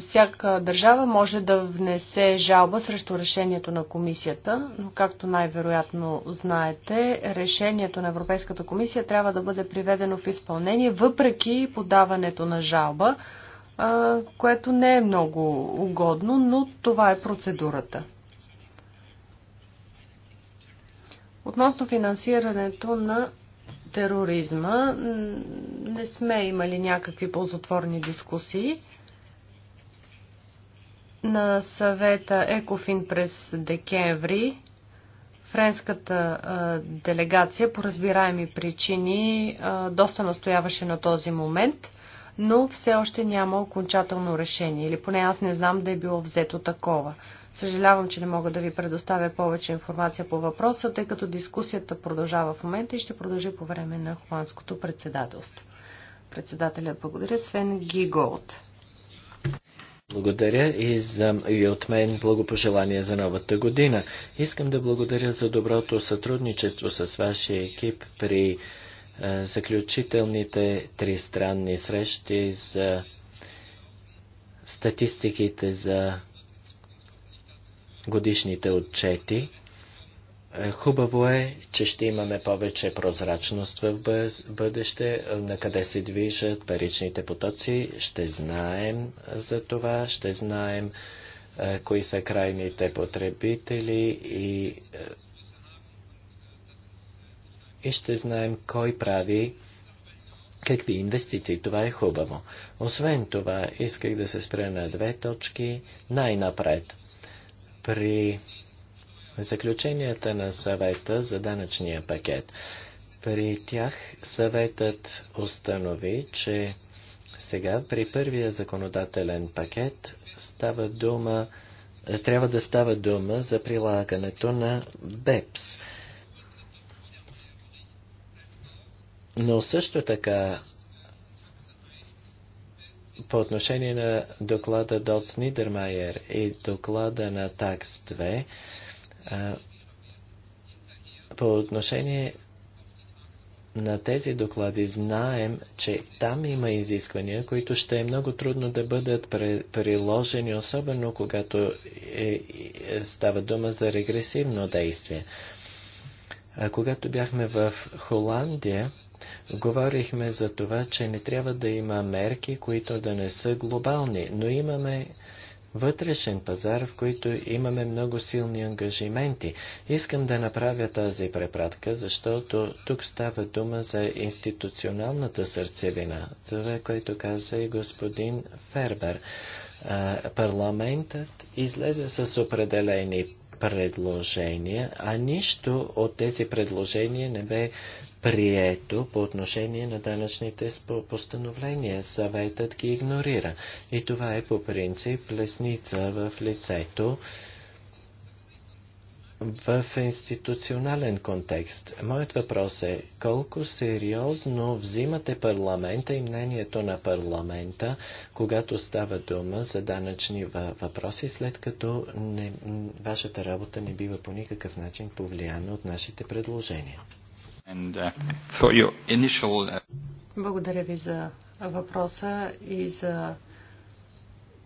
всяка държава може да внесе жалба срещу решението на комисията, но както най-вероятно знаете, решението на Европейската комисия трябва да бъде приведено в изпълнение, въпреки подаването на жалба, което не е много угодно, но това е процедурата. Относно финансирането на тероризма, не сме имали някакви ползотворни дискусии на съвета Екофин през декември френската а, делегация по разбираеми причини а, доста настояваше на този момент, но все още няма окончателно решение, или поне аз не знам да е било взето такова. Съжалявам, че не мога да ви предоставя повече информация по въпроса, тъй като дискусията продължава в момента и ще продължи по време на хуанското председателство. Председателят благодаря Свен Гиголд. Благодаря и, за, и от мен благопожелание за новата година. Искам да благодаря за доброто сътрудничество с вашия екип при е, заключителните тристранни срещи за статистиките за годишните отчети. Е, хубаво е, че ще имаме повече прозрачност в бъдеще, на къде се движат паричните потоци. Ще знаем за това, ще знаем е, кои са крайните потребители и, е, и ще знаем кой прави какви инвестиции. Това е хубаво. Освен това, исках да се спре на две точки най-напред. При Заключенията на съвета за данъчния пакет. При тях съветът установи, че сега при първия законодателен пакет става дума, е, трябва да става дума за прилагането на БЕПС. Но също така по отношение на доклада Доц Нидермайер и доклада на ТАКС 2, по отношение на тези доклади знаем, че там има изисквания, които ще е много трудно да бъдат приложени, особено когато е, е, става дума за регресивно действие. А когато бяхме в Холандия, говорихме за това, че не трябва да има мерки, които да не са глобални, но имаме вътрешен пазар, в който имаме много силни ангажименти. Искам да направя тази препратка, защото тук става дума за институционалната сърцевина, това, което каза и господин Фербер. Парламентът излезе с определени предложения, а нищо от тези предложения не бе прието по отношение на данъчните постановления. Съветът ги игнорира. И това е по принцип лесница в лицето в институционален контекст. Моят въпрос е, колко сериозно взимате парламента и мнението на парламента, когато става дума за данъчни въпроси, след като не, вашата работа не бива по никакъв начин повлияна от нашите предложения? And, uh, initial... Uh, Благодаря ви за въпроса и за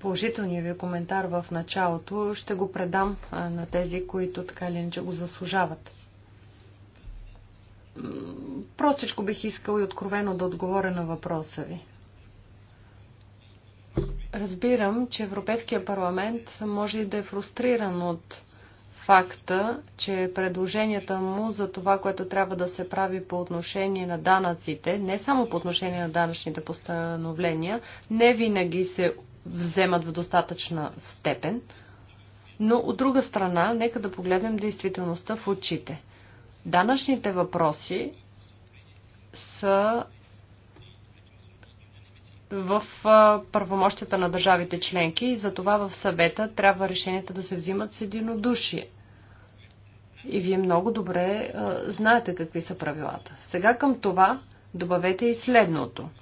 положителния ви коментар в началото ще го предам на тези, които така или иначе го заслужават. Простичко бих искал и откровено да отговоря на въпроса ви. Разбирам, че Европейския парламент може и да е фрустриран от факта, че предложенията му за това, което трябва да се прави по отношение на данъците, не само по отношение на данъчните постановления, не винаги се вземат в достатъчна степен. Но от друга страна, нека да погледнем действителността в очите. Данъчните въпроси са в първомощията на държавите членки и затова в съвета трябва решенията да се взимат с единодушие. И вие много добре а, знаете какви са правилата. Сега към това добавете и следното –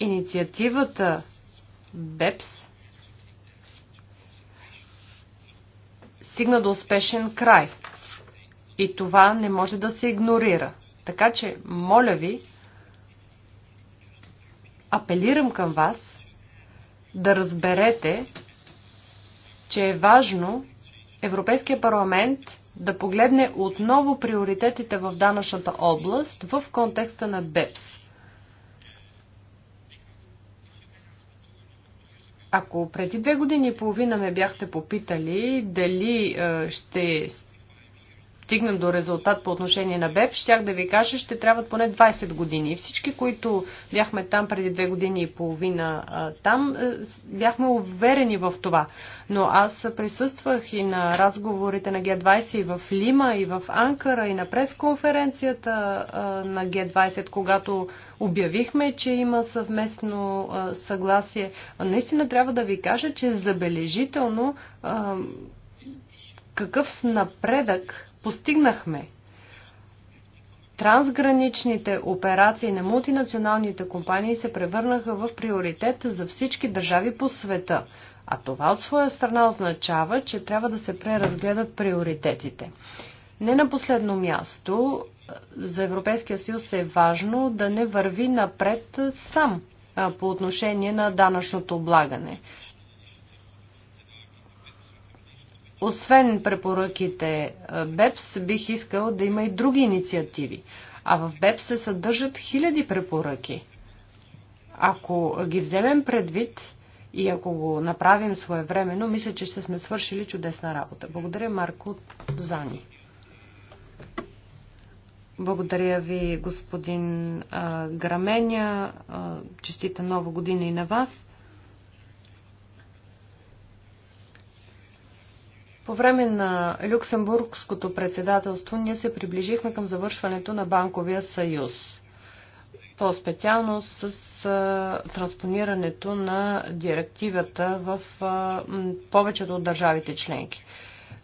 инициативата БЕПС стигна до успешен край. И това не може да се игнорира. Така че, моля ви, апелирам към вас да разберете, че е важно Европейския парламент да погледне отново приоритетите в данъчната област в контекста на БЕПС. Ако преди две години и половина ме бяхте попитали дали е, ще стигнем до резултат по отношение на БЕП, щях да ви кажа, ще трябват поне 20 години. всички, които бяхме там преди две години и половина там, е, бяхме уверени в това. Но аз присъствах и на разговорите на Г20 и в Лима, и в Анкара, и на пресконференцията на Г20, когато обявихме, че има съвместно съгласие. Наистина трябва да ви кажа, че забележително какъв напредък постигнахме. Трансграничните операции на мултинационалните компании се превърнаха в приоритет за всички държави по света, а това от своя страна означава, че трябва да се преразгледат приоритетите. Не на последно място, за Европейския съюз е важно да не върви напред сам по отношение на данъчното облагане. Освен препоръките БЕПС, бих искал да има и други инициативи. А в БЕПС се съдържат хиляди препоръки. Ако ги вземем предвид и ако го направим своевременно, мисля, че ще сме свършили чудесна работа. Благодаря, Марко Зани. Благодаря ви, господин а, Граменя. А, честита нова година и на вас. По време на Люксембургското председателство ние се приближихме към завършването на Банковия съюз. По-специално с транспонирането на директивата в повечето от държавите членки.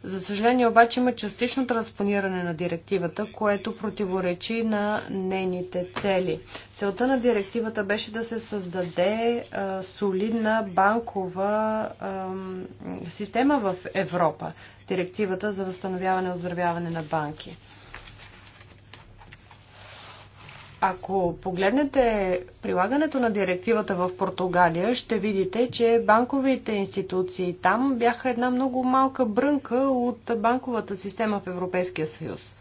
За съжаление обаче има частично транспониране на директивата, което противоречи на нейните цели. Целта на директивата беше да се създаде а, солидна банкова а, система в Европа. Директивата за възстановяване и оздравяване на банки. Ако погледнете прилагането на директивата в Португалия, ще видите, че банковите институции там бяха една много малка брънка от банковата система в Европейския съюз.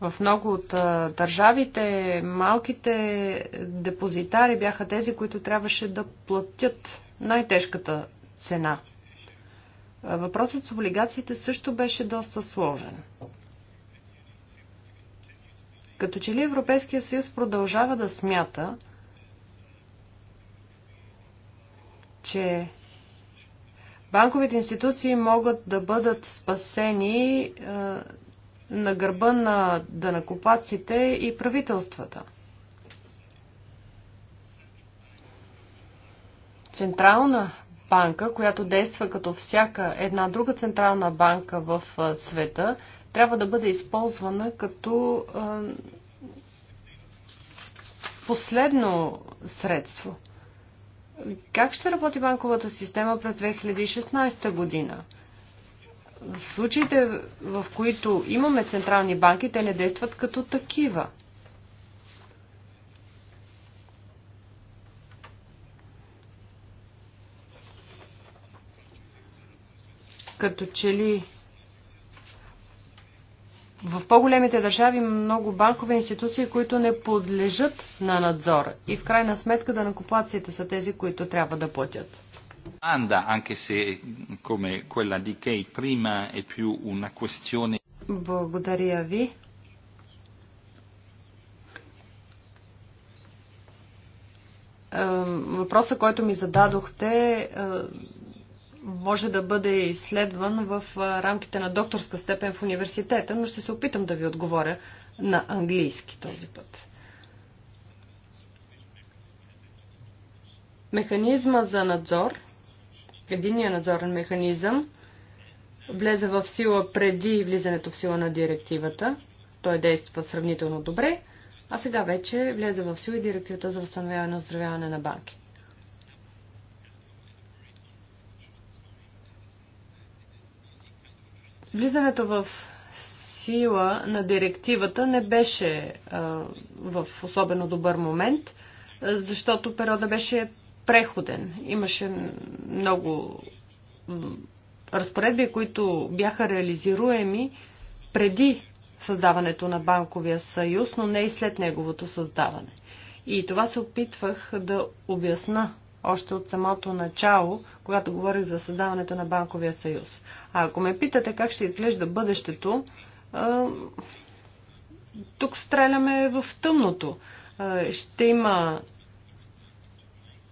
В много от държавите малките депозитари бяха тези, които трябваше да платят най-тежката цена – Въпросът с облигациите също беше доста сложен. Като че ли Европейския съюз продължава да смята, че банковите институции могат да бъдат спасени е, на гърба на дънакопаците и правителствата. Централна банка, която действа като всяка една друга централна банка в света, трябва да бъде използвана като последно средство. Как ще работи банковата система през 2016 година? В случаите, в които имаме централни банки, те не действат като такива. Като че ли в по-големите държави има много банкови институции, които не подлежат на надзор. И в крайна сметка да накоплаците са тези, които трябва да платят. anche se come quella di Kay prima è più una questione... Благодаря ви. Въпросът, който ми зададохте, е, може да бъде изследван в рамките на докторска степен в университета, но ще се опитам да ви отговоря на английски този път. Механизма за надзор, единия надзорен механизъм, влезе в сила преди влизането в сила на директивата. Той действа сравнително добре, а сега вече влезе в сила и директивата за възстановяване и оздравяване на банки. Влизането в сила на директивата не беше а, в особено добър момент, защото периода беше преходен. Имаше много разпоредби, които бяха реализируеми преди създаването на Банковия съюз, но не и след неговото създаване. И това се опитвах да обясна още от самото начало, когато говорих за създаването на Банковия съюз. А ако ме питате как ще изглежда бъдещето, тук стреляме в тъмното. Ще има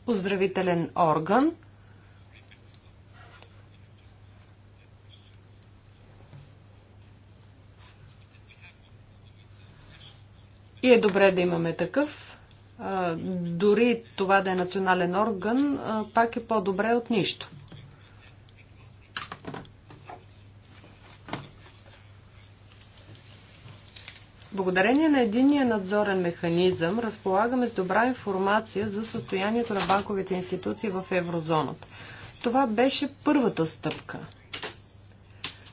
оздравителен орган, И е добре да имаме такъв, дори това да е национален орган, пак е по-добре от нищо. Благодарение на единния надзорен механизъм разполагаме с добра информация за състоянието на банковите институции в еврозоната. Това беше първата стъпка.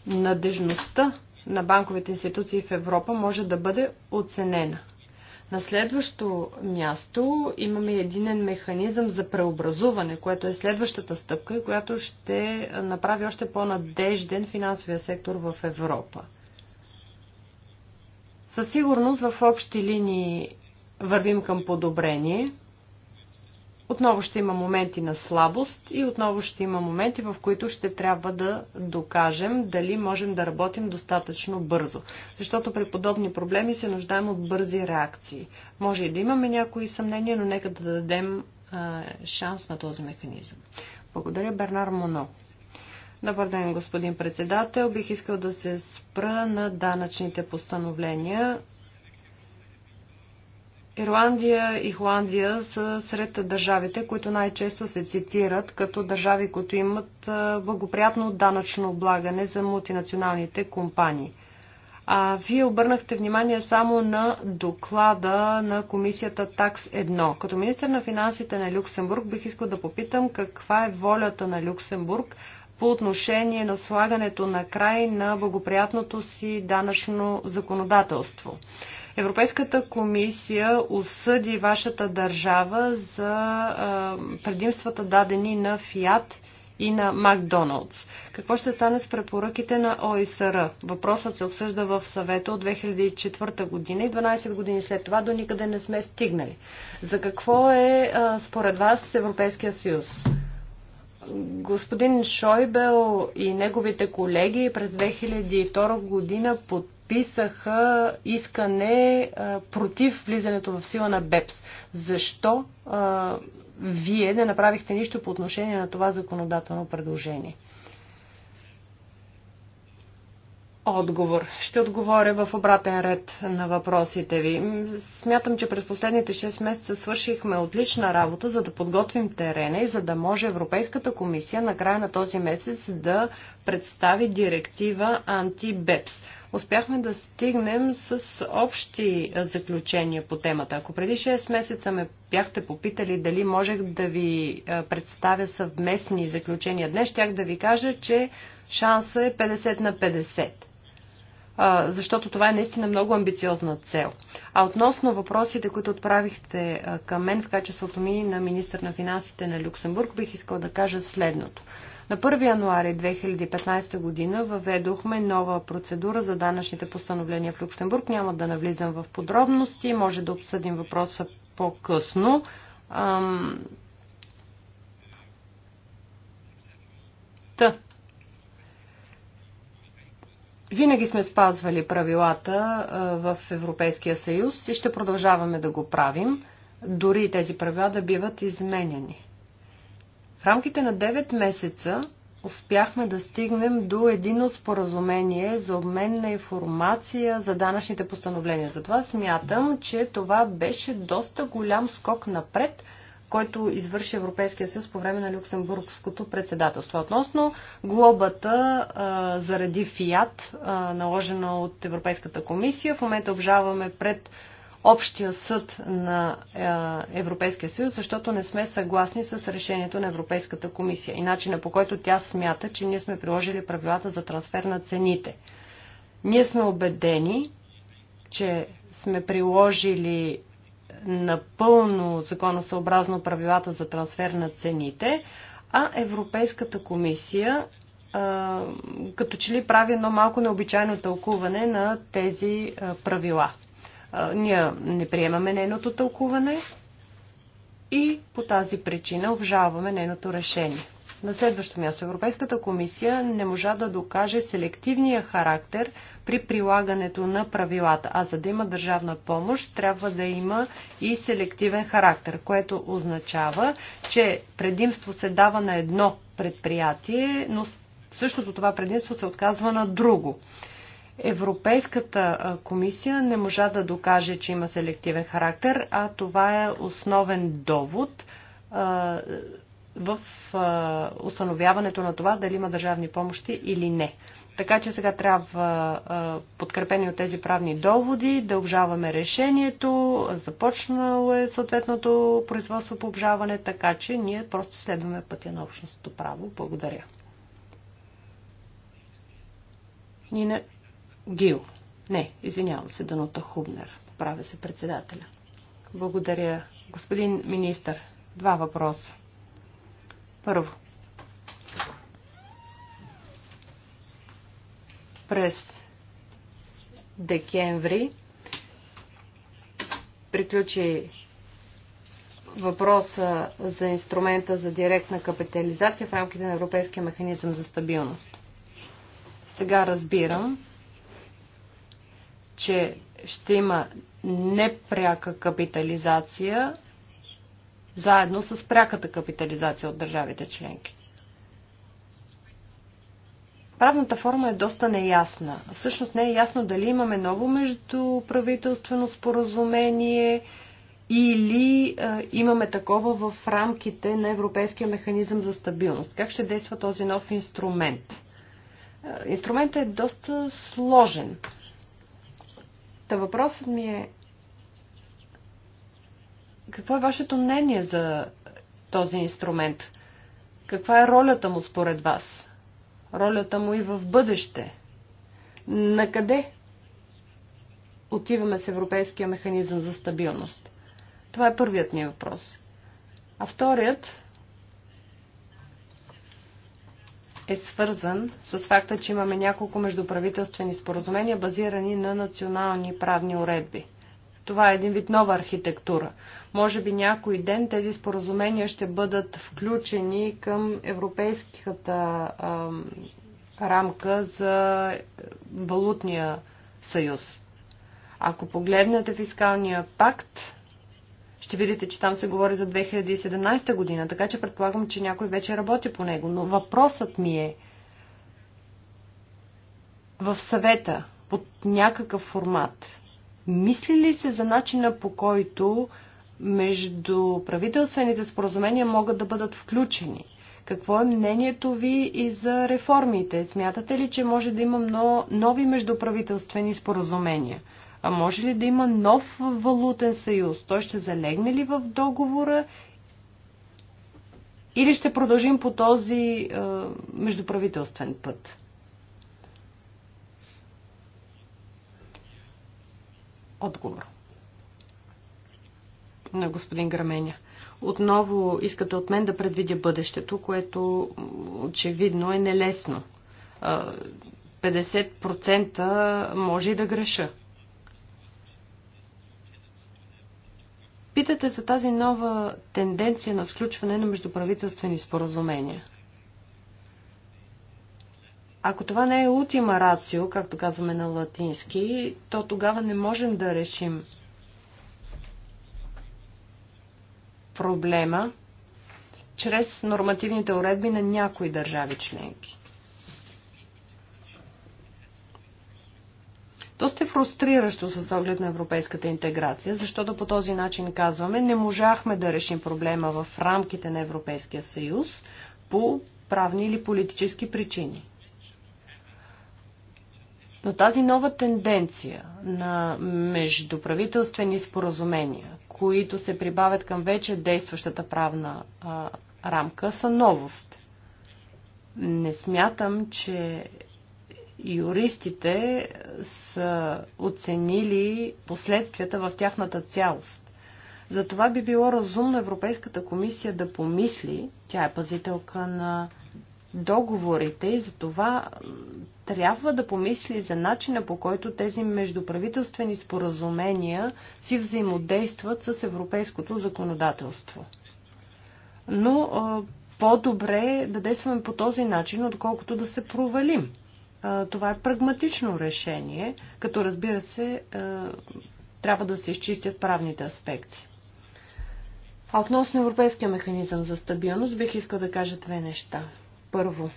Надежността на банковите институции в Европа може да бъде оценена. На следващо място имаме единен механизъм за преобразуване, което е следващата стъпка, която ще направи още по-надежден финансовия сектор в Европа. Със сигурност в общи линии вървим към подобрение – отново ще има моменти на слабост и отново ще има моменти, в които ще трябва да докажем дали можем да работим достатъчно бързо. Защото при подобни проблеми се нуждаем от бързи реакции. Може и да имаме някои съмнения, но нека да дадем а, шанс на този механизъм. Благодаря, Бернар Моно. Добър ден, господин председател. Бих искал да се спра на данъчните постановления, Ирландия и Холандия са сред държавите, които най-често се цитират като държави, които имат благоприятно данъчно облагане за мултинационалните компании. А вие обърнахте внимание само на доклада на комисията ТАКС 1. Като министр на финансите на Люксембург бих искал да попитам каква е волята на Люксембург по отношение на слагането на край на благоприятното си данъчно законодателство. Европейската комисия осъди вашата държава за предимствата дадени на Фиат и на Макдоналдс. Какво ще стане с препоръките на ОИСР? Въпросът се обсъжда в съвета от 2004 година и 12 години след това до никъде не сме стигнали. За какво е според вас Европейския съюз? Господин Шойбел и неговите колеги през 2002 година под подписаха искане против влизането в сила на БЕПС. Защо вие не направихте нищо по отношение на това законодателно предложение? Отговор. Ще отговоря в обратен ред на въпросите ви. Смятам, че през последните 6 месеца свършихме отлична работа, за да подготвим терена и за да може Европейската комисия на края на този месец да представи директива Анти-БЕПС. Успяхме да стигнем с общи заключения по темата. Ако преди 6 месеца ме бяхте попитали дали можех да ви представя съвместни заключения днес, щях да ви кажа, че шанса е 50 на 50 защото това е наистина много амбициозна цел. А относно въпросите, които отправихте към мен в качеството ми на министър на финансите на Люксембург, бих искал да кажа следното. На 1 януари 2015 година въведохме нова процедура за данъчните постановления в Люксембург. Няма да навлизам в подробности, може да обсъдим въпроса по-късно. Та. Винаги сме спазвали правилата в Европейския съюз и ще продължаваме да го правим, дори тези правила да биват изменени. В рамките на 9 месеца успяхме да стигнем до едино споразумение за обмен на информация за данъчните постановления. Затова смятам, че това беше доста голям скок напред, който извърши Европейския съюз по време на Люксембургското председателство. Относно глобата а, заради ФИАТ, а, наложена от Европейската комисия, в момента обжаваме пред общия съд на е, Европейския съюз, защото не сме съгласни с решението на Европейската комисия и начина по който тя смята, че ние сме приложили правилата за трансфер на цените. Ние сме убедени, че сме приложили напълно законосъобразно правилата за трансфер на цените, а Европейската комисия е, като че ли прави едно малко необичайно тълкуване на тези е, правила. Ние не приемаме нейното тълкуване и по тази причина обжаваме нейното решение. На следващо място Европейската комисия не можа да докаже селективния характер при прилагането на правилата, а за да има държавна помощ трябва да има и селективен характер, което означава, че предимство се дава на едно предприятие, но същото това предимство се отказва на друго. Европейската комисия не можа да докаже, че има селективен характер, а това е основен довод в установяването на това дали има държавни помощи или не. Така че сега трябва, подкрепени от тези правни доводи, да обжаваме решението. Започнало е съответното производство по обжаване, така че ние просто следваме пътя на общностното право. Благодаря. Нина, Гил. Не, извинявам се, Данута Хубнер. Правя се председателя. Благодаря. Господин министър, два въпроса. Първо. През декември приключи въпроса за инструмента за директна капитализация в рамките на Европейския механизъм за стабилност. Сега разбирам, че ще има непряка капитализация заедно с пряката капитализация от държавите членки. Правната форма е доста неясна. Всъщност не е ясно дали имаме ново междуправителствено споразумение или е, имаме такова в рамките на Европейския механизъм за стабилност. Как ще действа този нов инструмент? Е, инструментът е доста сложен. Та въпросът ми е какво е вашето мнение за този инструмент? Каква е ролята му според вас? Ролята му и в бъдеще? На къде отиваме с Европейския механизъм за стабилност? Това е първият ми въпрос. А вторият е свързан с факта, че имаме няколко междуправителствени споразумения, базирани на национални правни уредби. Това е един вид нова архитектура. Може би някой ден тези споразумения ще бъдат включени към европейската рамка за валутния съюз. Ако погледнете фискалния пакт, ще видите, че там се говори за 2017 година, така че предполагам, че някой вече работи по него. Но въпросът ми е в съвета под някакъв формат. Мисли ли се за начина по който между правителствените споразумения могат да бъдат включени? Какво е мнението ви и за реформите? Смятате ли, че може да има нови междуправителствени споразумения? А може ли да има нов валутен съюз? Той ще залегне ли в договора? Или ще продължим по този е, междуправителствен път? Отговор на господин Граменя. Отново искате от мен да предвидя бъдещето, което очевидно е нелесно. 50% е, може и да греша. Питате за тази нова тенденция на сключване на междуправителствени споразумения. Ако това не е ултима рацио, както казваме на латински, то тогава не можем да решим проблема чрез нормативните уредби на някои държави членки. доста е фрустриращо с оглед на европейската интеграция, защото по този начин казваме, не можахме да решим проблема в рамките на Европейския съюз по правни или политически причини. Но тази нова тенденция на междуправителствени споразумения, които се прибавят към вече действащата правна а, рамка, са новост. Не смятам, че юристите са оценили последствията в тяхната цялост. Затова би било разумно Европейската комисия да помисли, тя е пазителка на договорите и за това трябва да помисли за начина по който тези междуправителствени споразумения си взаимодействат с европейското законодателство. Но по-добре е да действаме по този начин, отколкото да се провалим. Това е прагматично решение, като разбира се, трябва да се изчистят правните аспекти. А относно Европейския механизъм за стабилност, бих искал да кажа две неща. Първо,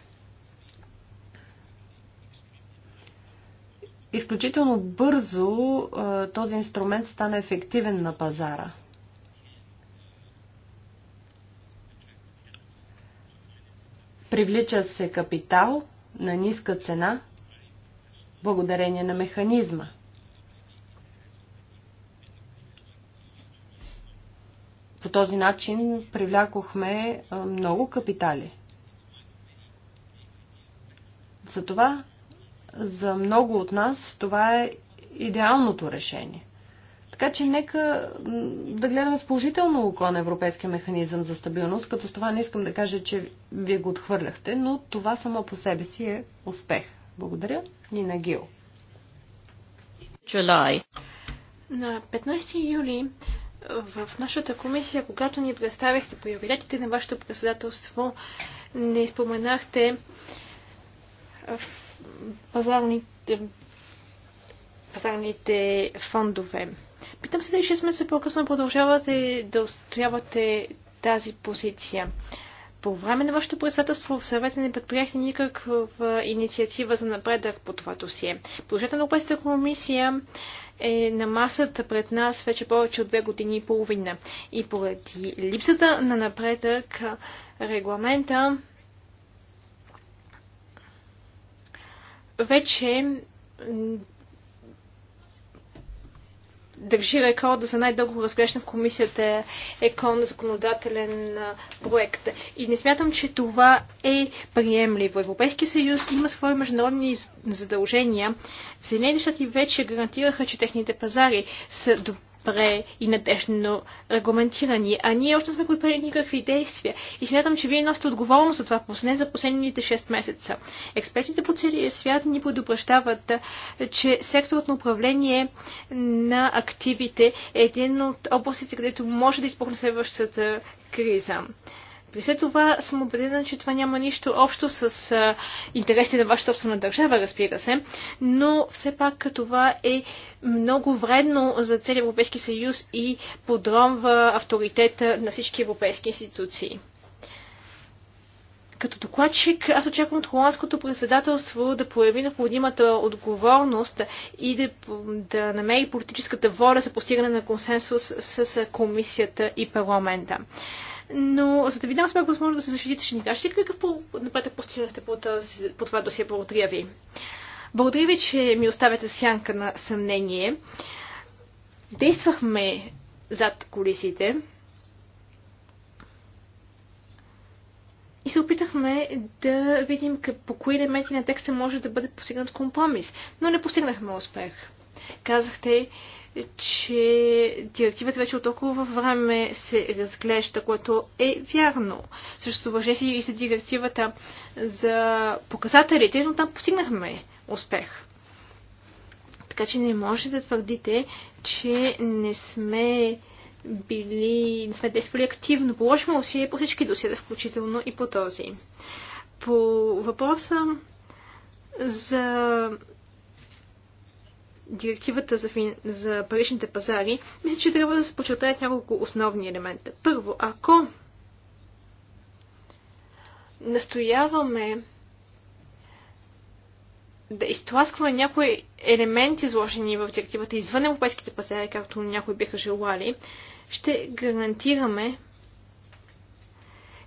изключително бързо този инструмент стана ефективен на пазара. Привлича се капитал – на ниска цена, благодарение на механизма. По този начин привлякохме много капитали. Затова за много от нас това е идеалното решение. Така че нека да гледаме с положително око на Европейския механизъм за стабилност, като с това не искам да кажа, че вие го отхвърляхте, но това само по себе си е успех. Благодаря. Нина Гил. July. На 15 юли в нашата комисия, когато ни представяхте приоритетите на вашето председателство, не споменахте пазарните, пазарните фондове. Питам се дали 6 месеца по-късно продължавате да устоявате тази позиция. По време на вашето председателство в съвета не предприехте никаква инициатива за напредък по това досие. Положението на Европейската комисия е на масата пред нас вече повече от две години и половина. И поради липсата на напредък регламента вече държи рекорда за най-дълго разглеждан в комисията ЕКОН законодателен проект. И не смятам, че това е приемливо. Европейския съюз има свои международни задължения. Съединените щати вече гарантираха, че техните пазари са добре и надежно регламентирани, а ние още сме предприели никакви действия. И смятам, че вие носите отговорност за това, поне за последните 6 месеца. Експертите по целия свят ни предупреждават, че секторът на управление на активите е един от областите, където може да изпълни следващата криза. При след това съм убедена, че това няма нищо общо с а, интересите на вашата собствена държава, разбира се, но все пак това е много вредно за целия Европейски съюз и подронва авторитета на всички европейски институции като докладчик аз очаквам от холандското председателство да прояви необходимата отговорност и да, да намери политическата воля за постигане на консенсус с комисията и парламента но за да ви дам сметка възможност да се защитите, ще ни кажете ли какъв напредък постигнахте по, тази, по това досие? Благодаря ви. Благодаря ви, че ми оставяте сянка на съмнение. Действахме зад колисите и се опитахме да видим по кои елементи на текста може да бъде постигнат компромис, но не постигнахме успех. Казахте, че директивата вече от толкова време се разглежда, което е вярно. Също въже си и за директивата за показателите, но там постигнахме успех. Така че не можете да твърдите, че не сме били, не сме действали активно. Положихме усилия по всички досиета, включително и по този. По въпроса за директивата за, фин... за паричните пазари, мисля, че трябва да се подчертаят няколко основни елемента. Първо, ако настояваме да изтласкваме някои елементи, изложени в директивата извън европейските пазари, както някои биха желали, ще гарантираме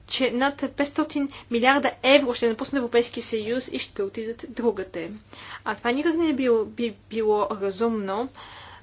че над 500 милиарда евро ще напусне Европейския съюз и ще отидат другате. А това никак не е било, би било разумно,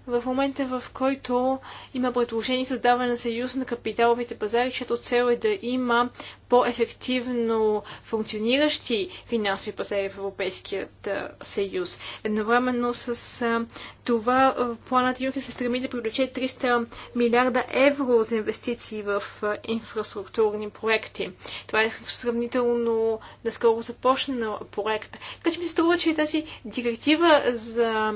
в момента, в който има предложение създаване на съюз на капиталовите пазари, чето цел е да има по-ефективно функциониращи финансови пазари в Европейският съюз. Едновременно с това планът Юнкер се стреми да привлече 300 милиарда евро за инвестиции в инфраструктурни проекти. Това е сравнително наскоро започнал проект. Така че ми се струва, че тази директива за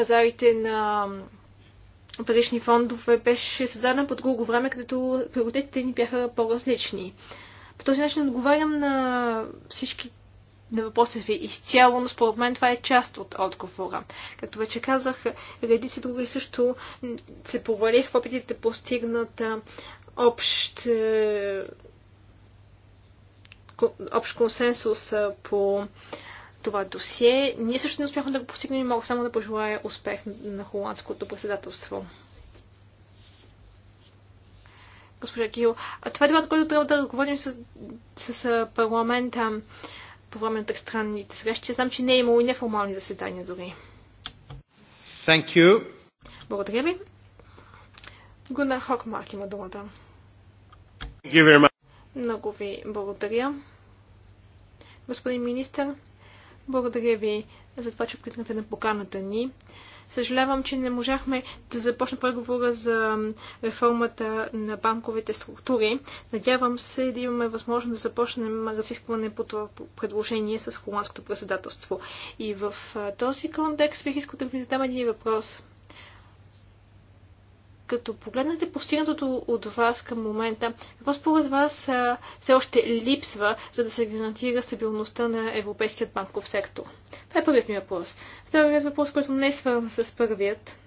пазарите на парични фондове беше създадена по друго време, където приоритетите ни бяха по-различни. По този начин отговарям на всички на въпроса ви изцяло, но според мен това е част от отговора. Както вече казах, редици други също се повалих в опитите да постигнат общ, е, общ консенсус по това досие. Ние също не успяхме да го постигнем и мога само да пожелая успех на холандското председателство. Госпожа Кио, а това е дебат, който трябва да говорим с, с, парламента по време на тъкстранните срещи. Знам, че не е имало и неформални заседания дори. Thank you. Благодаря ви. Гуна Хокмарк има думата. Много ви благодаря. Господин министър, благодаря ви за това, че откликнахте на поканата ни. Съжалявам, че не можахме да започнем преговора за реформата на банковите структури. Надявам се да имаме възможност да започнем разискване по това предложение с холандското председателство. И в този контекст бих искал да ви задам един въпрос. Като погледнете постигнатото от вас към момента, какво според вас все още липсва, за да се гарантира стабилността на европейският банков сектор? Това е първият ми въпрос. Вторият въпрос, който не е свързан с първият,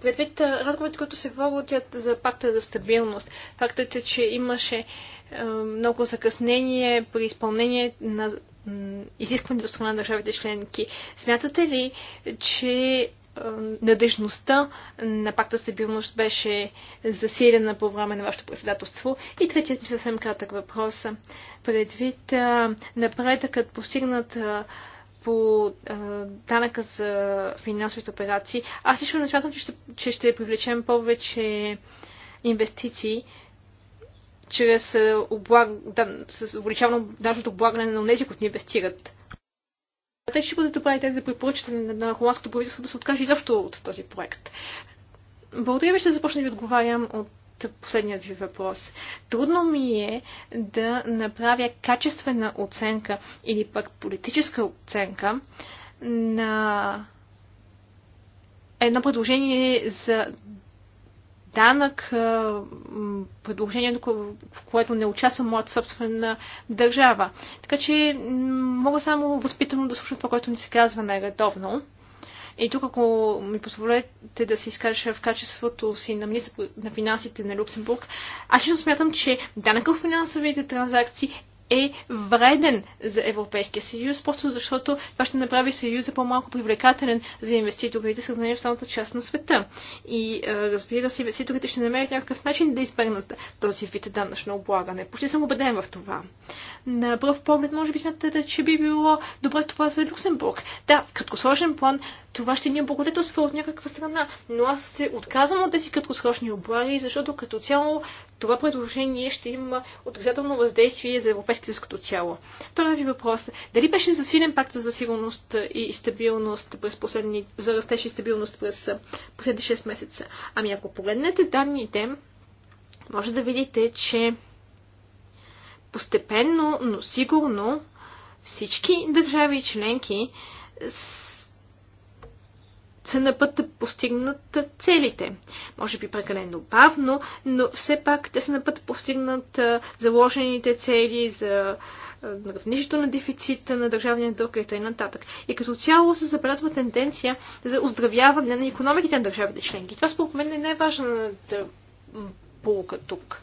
предвид разговорите, които се водят за пакта за стабилност, фактът е, че имаше е, много закъснение при изпълнение на изискването от страна на държавите членки. Смятате ли, че е, надежността на пакта стабилност беше засилена по време на вашето председателство? И третият ми съвсем кратък въпрос. Предвид е, напредъкът постигнат по а, данъка за финансовите операции, аз лично не смятам, че ще, че ще привлечем повече инвестиции, чрез е, облаг... да, с увеличаване данъчното облагане на тези, които ни инвестират. Те ще бъде добра идея да препоръчате на холандското правителство да се откаже изобщо от този проект. Благодаря ви, ще започна да ви отговарям от последният ви въпрос. Трудно ми е да направя качествена оценка или пък политическа оценка на едно предложение за данък, предложението, в което не участва моята собствена държава. Така че мога само възпитано да слушам това, което ни се казва най-редовно. И тук, ако ми позволете да се изкажа в качеството си на министър на финансите на Люксембург, аз лично смятам, че данъка в финансовите транзакции е вреден за Европейския съюз, просто защото това ще направи съюза по-малко привлекателен за инвеститорите, сравнение в самата част на света. И разбира се, инвеститорите ще намерят някакъв начин да избегнат този вид данъчно облагане. Почти съм убеден в това. На пръв поглед, може би смятате, че би било добре това за Люксембург. Да, в краткосрочен план това ще ни облагодетелства е от някаква страна, но аз се отказвам от тези краткосрочни облаги, защото като цяло това предложение ще има отрицателно въздействие за Европейския съюз като цяло. Вторият ви въпрос дали беше засилен пакт за сигурност и стабилност през последни, за растеж и стабилност през последните 6 месеца? Ами ако погледнете данните, може да видите, че постепенно, но сигурно всички държави и членки са на път да постигнат целите. Може би прекалено бавно, но все пак те са на път да постигнат заложените цели за равнището на дефицита на държавния дълг и т.н. И като цяло се забелязва тенденция за оздравяване на економиките на държавите членки. Това според мен е най-важната полука тук.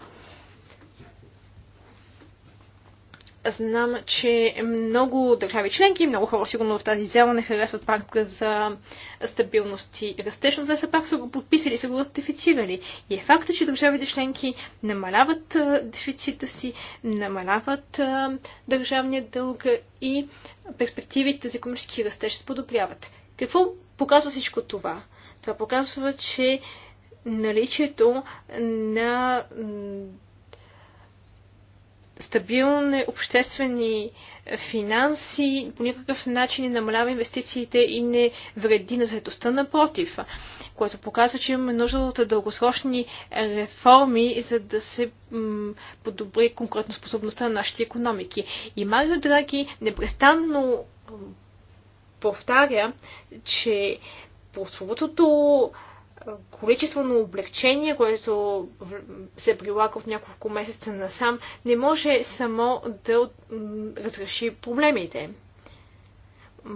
Знам, че много държави членки, много хора сигурно в тази зала не харесват пакта за стабилност и растеж, но за пак са го подписали, са го ратифицирали. И е факта, че държавите членки намаляват дефицита си, намаляват държавния дълг и перспективите за економически растеж се подобряват. Какво показва всичко това? Това показва, че наличието на стабилни обществени финанси, по никакъв начин не намалява инвестициите и не вреди на заедостта, напротив, което показва, че имаме нужда от дългосрочни реформи, за да се подобри конкурентоспособността на нашите економики. И Марио Драги непрестанно повтаря, че по прословутото количество на облегчение, което се прилага от няколко месеца насам, не може само да разреши проблемите.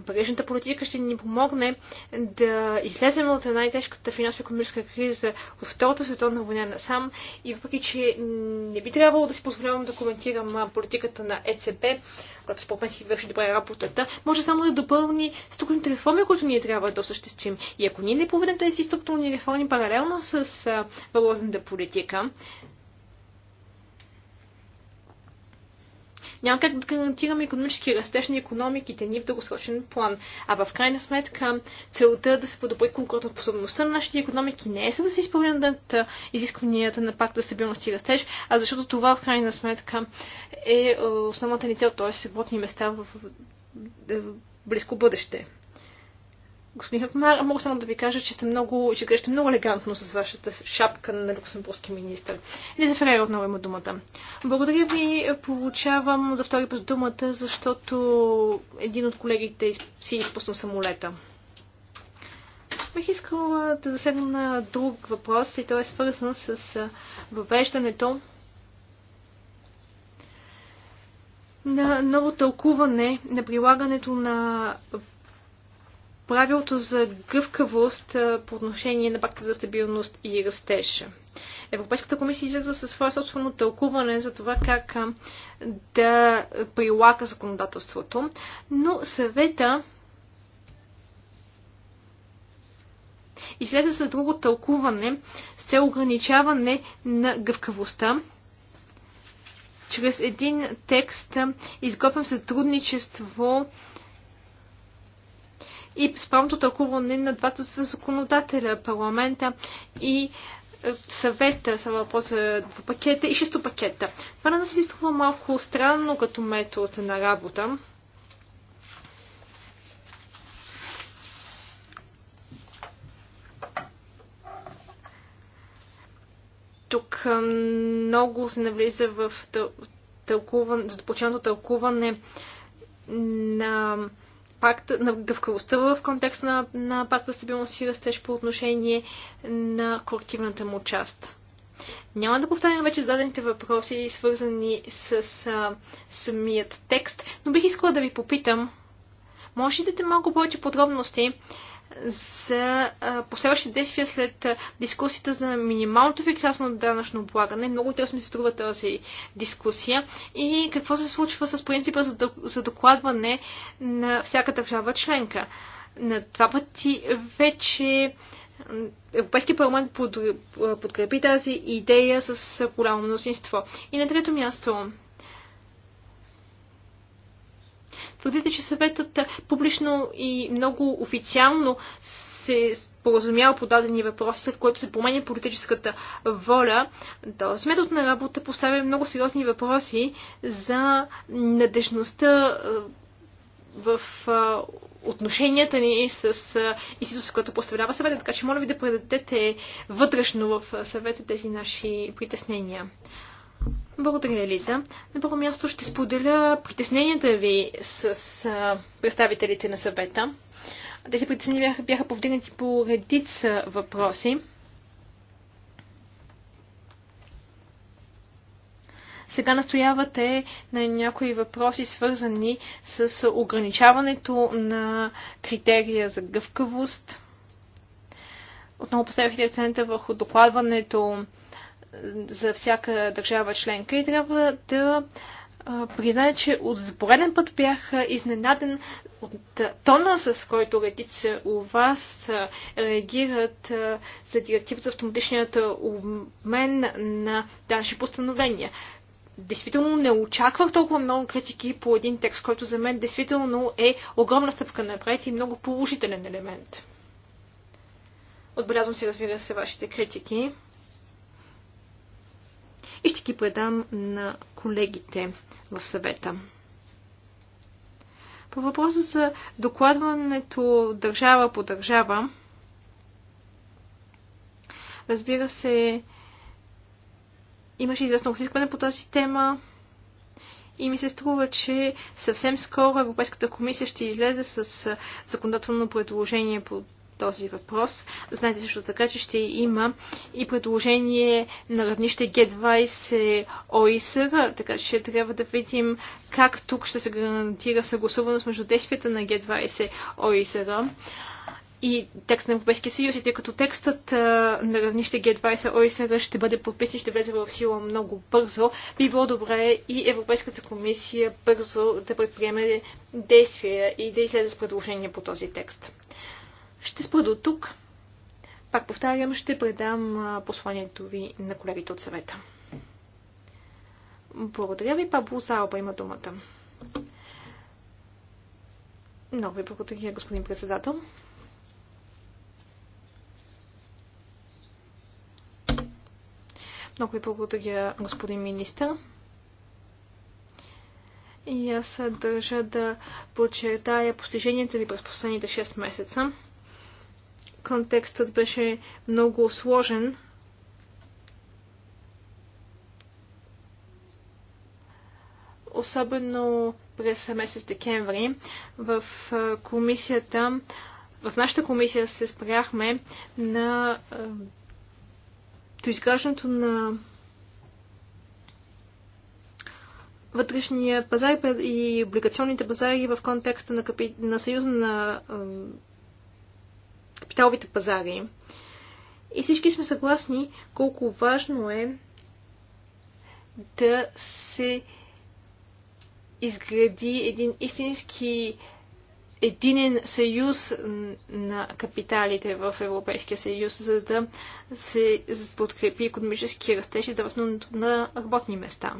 Парижната политика ще ни помогне да излезем от най-тежката финансово-економическа криза от Втората световна война насам и въпреки, че не би трябвало да си позволявам да коментирам политиката на ЕЦП, която според мен си върши добре работата, може само да допълни структурните реформи, които ние трябва да осъществим. И ако ние не поведем тези структурни реформи паралелно с валутната политика, няма как да гарантираме економически растеж на економиките ни в дългосрочен план. А в крайна сметка целта е да се подобри конкурентоспособността на нашите економики не е за да се изпълнят изискванията на пакта за стабилност и растеж, а защото това в крайна сметка е, е основната ни цел, т.е. работни места в близко бъдеще. Господин Хакмар, мога само да ви кажа, че сте много, че греште много елегантно с вашата шапка на люксембургски министр. Лиза Ферер отново има думата. Благодаря ви, получавам за втори път думата, защото един от колегите си изпусна самолета. Бих искала да засегна друг въпрос и той е свързан с въвеждането на ново тълкуване на прилагането на правилото за гъвкавост по отношение на пакта за стабилност и растеж. Европейската комисия излезе със свое собствено тълкуване за това как да прилага законодателството, но съвета излезе с друго тълкуване с цел ограничаване на гъвкавостта чрез един текст, изготвен сътрудничество и спорното тълкуване на двата законодателя, парламента и е, съвета, са въпрос за два пакета и шесто пакета. Това на се струва малко странно като метод на работа. Тук е, много се навлиза в тълкуване, за тълкуване на пакт на гъвкавостта в контекста на, на пакта стабилност и растеж по отношение на колективната му част. Няма да повтарям вече зададените въпроси, свързани с а, самият текст, но бих искала да ви попитам, може ли да дадете малко повече подробности за последващите действия след дискусията за минималното ефикасно данъчно облагане. Много интересно се струва тази дискусия. И какво се случва с принципа за докладване на всяка държава членка. На два пъти вече Европейския парламент подкрепи тази идея с голямо мнозинство. И на трето място, Твърдите, че съветът публично и много официално се поразумява по дадени въпроси, след което се променя политическата воля. то метод на работа поставя много сериозни въпроси за надежността в отношенията ни с институцията, която представлява съвета, така че моля ви да предадете вътрешно в съвета тези наши притеснения. Благодаря, Лиза. На първо място ще споделя притесненията ви с, с представителите на съвета. Тези притеснения бяха, бяха повдигнати по редица въпроси. Сега настоявате на някои въпроси, свързани с ограничаването на критерия за гъвкавост. Отново поставихте акцента върху докладването за всяка държава членка и трябва да призная, че от пореден път бях изненаден от тона, с който редица у вас реагират за директива за автоматичният обмен на данши постановления. Действително не очаквах толкова много критики по един текст, който за мен действително е огромна стъпка напред и много положителен елемент. Отбелязвам си, разбира се, вашите критики и ще ги предам на колегите в съвета. По въпроса за докладването държава по държава, разбира се, имаше известно разискване по тази тема и ми се струва, че съвсем скоро Европейската комисия ще излезе с законодателно предложение по този въпрос. Знаете също така, че ще има и предложение на равнище G20 OISR, така че трябва да видим как тук ще се гарантира съгласуваност между действията на G20 OISR и текст на Европейския съюз, и тъй като текстът на равнище G20 OISR ще бъде подписан, и ще влезе в сила много бързо, би било добре и Европейската комисия бързо да предприеме действия и да излезе с предложение по този текст. Ще спра до тук. Пак повтарям, ще предам посланието ви на колегите от съвета. Благодаря ви, Пабло Сауба има думата. Много ви благодаря, господин председател. Много ви благодаря, господин министър. И аз държа да подчертая постиженията ви през последните 6 месеца. Контекстът беше много сложен. Особено през месец декември в комисията, в нашата комисия се спряхме на изграждането на вътрешния пазар и облигационните пазари в контекста на, капи... на съюза на капиталовите пазари. И всички сме съгласни колко важно е да се изгради един истински единен съюз на капиталите в Европейския съюз, за да се подкрепи економически растеж и завъртането на работни места.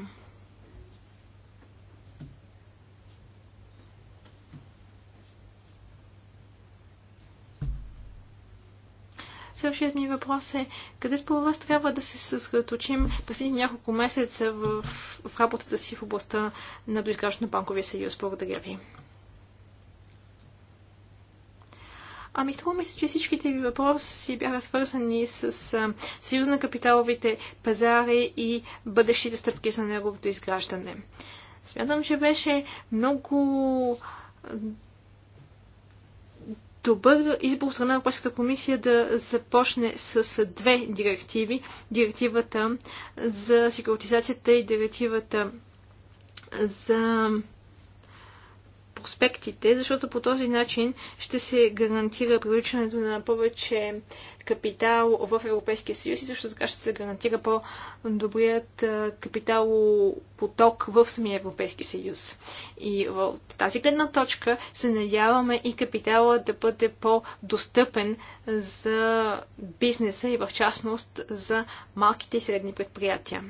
Следващият ми въпрос е, къде според вас трябва да се съсредоточим през няколко месеца в, в работата си в областта на доизграждане на банковия съюз? Благодаря ви. Ами струва ми се, че всичките ви въпроси бяха свързани с а, съюз на капиталовите пазари и бъдещите стъпки за неговото изграждане. Смятам, че беше много добър избор от страна на Европейската комисия да започне с две директиви. Директивата за секретизацията и директивата за проспектите, защото по този начин ще се гарантира привличането на повече капитал в Европейския съюз и също така ще се гарантира по-добрият капиталопоток в самия Европейски съюз. И в тази гледна точка се надяваме и капитала да бъде по-достъпен за бизнеса и в частност за малките и средни предприятия.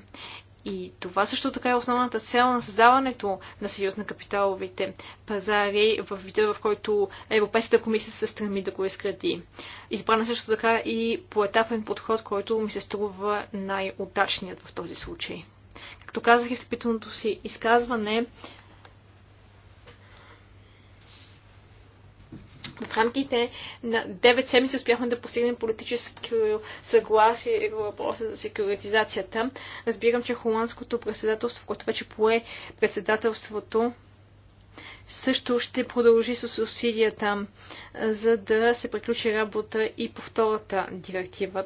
И това също така е основната цел на създаването на съюз на капиталовите пазари в вида, в който Европейската комисия се стреми да го изгради. Избрана е също така и поетапен подход, който ми се струва най-удачният в този случай. Както казах изпитаното си изказване, В рамките на 9 седмици успяхме да постигнем политическо съгласие в въпроса за секюритизацията. Разбирам, че холандското председателство, което вече пое председателството, също ще продължи с усилията, за да се приключи работа и по втората директива.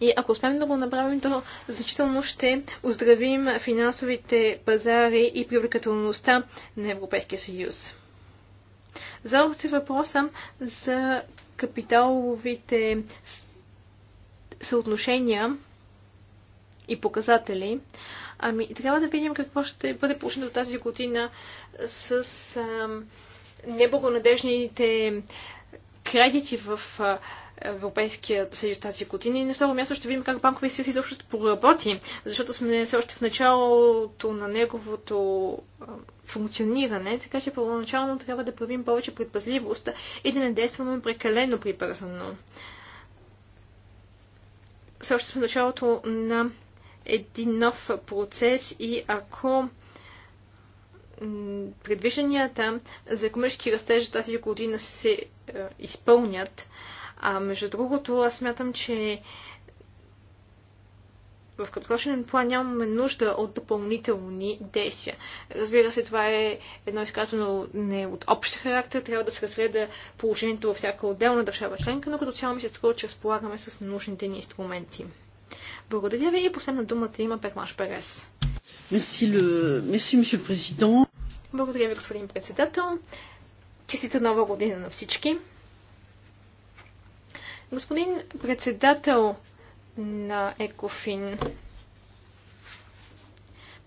И ако успеем да го направим, то значително ще оздравим финансовите пазари и привлекателността на Европейския съюз. Зададох се въпроса за капиталовите съотношения и показатели. Ами, трябва да видим какво ще бъде от тази година с а, неблагонадежните кредити в а, Европейския съюз тази година. И на второ място ще видим как банковия съюз изобщо ще поработи, защото сме все още в началото на неговото функциониране, така че първоначално трябва да правим повече предпазливост и да не действаме прекалено прибързано. Все още сме в началото на един нов процес и ако предвижданията за економически растеж тази година се изпълнят, а между другото, аз смятам, че в краткосрочен план нямаме нужда от допълнителни действия. Разбира се, това е едно изказано не от общ характер, трябва да се разгледа положението във всяка отделна държава членка, но като цяло ми се струва, че разполагаме с нужните ни инструменти. Благодаря ви и последна думата има Пермаш Берес. Благодаря ви, господин председател. Честита нова година на всички! Господин председател на ЕКОФИН,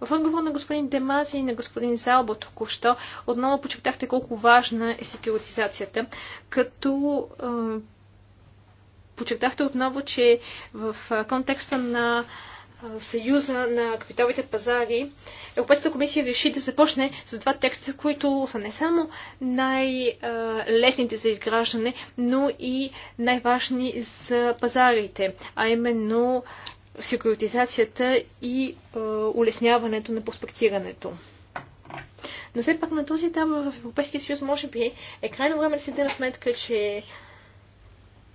в отговор на господин Демази и на господин Залба току-що, отново подчертахте колко важна е секюритизацията, като е, подчертахте отново, че в е, контекста на Съюза на капиталните пазари, Европейската комисия реши да започне с два текста, които са не само най-лесните за изграждане, но и най-важни за пазарите, а именно секуритизацията и улесняването на проспектирането. Но все пак на този етап в Европейския съюз, може би, е крайно време да се даде сметка, че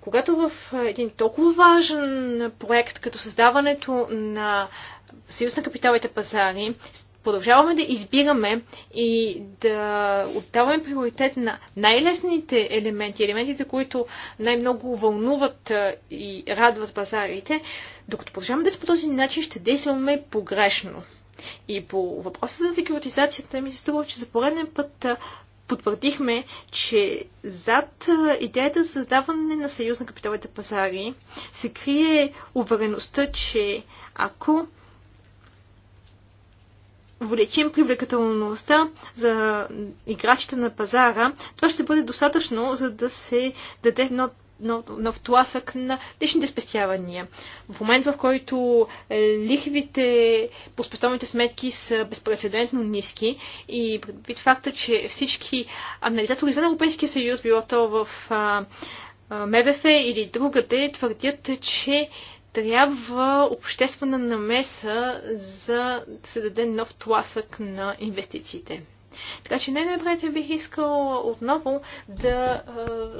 когато в един толкова важен проект, като създаването на Съюз на капиталите пазари, продължаваме да избираме и да отдаваме приоритет на най-лесните елементи, елементите, които най-много вълнуват и радват пазарите, докато продължаваме да се по този начин, ще действаме погрешно. И по въпроса за секюритизацията ми се струва, че за пореден път потвърдихме, че зад идеята за създаване на съюз на капиталите пазари се крие увереността, че ако увеличим привлекателността за играчите на пазара, това ще бъде достатъчно, за да се даде едно нов, на втласък на личните спестявания. В момент, в който е, лихвите по спестовните сметки са безпредседентно ниски и предвид факта, че всички анализатори извън Европейския съюз, било то в а, а, МВФ или другаде, твърдят, че трябва обществена намеса за да се даде нов тласък на инвестициите. Така че най-напред бих искал отново да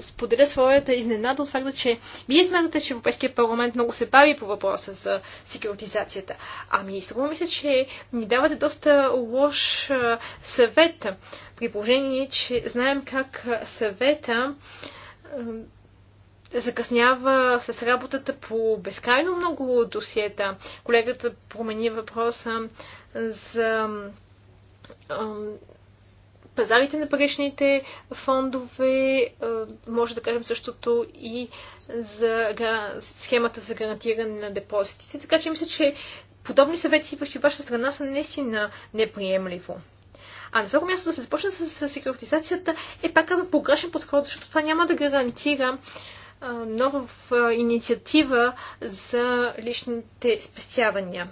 споделя своята изненада от факта, че вие смятате, че Европейския парламент много се бави по въпроса за секретизацията. Ами, струва мисля, че ни давате доста лош съвет, при положение, че знаем как съвета закъснява с работата по безкрайно много досиета. Колегата промени въпроса за пазарите на паричните фондове, е, може да кажем същото и за схемата за гарантиране на депозитите. Така че мисля, че подобни съвети в ваша страна са наистина неприемливо. А на второ място да се започне с, секретизацията е пак казвам погрешен подход, защото това няма да гарантира е, нова е, инициатива за личните спестявания.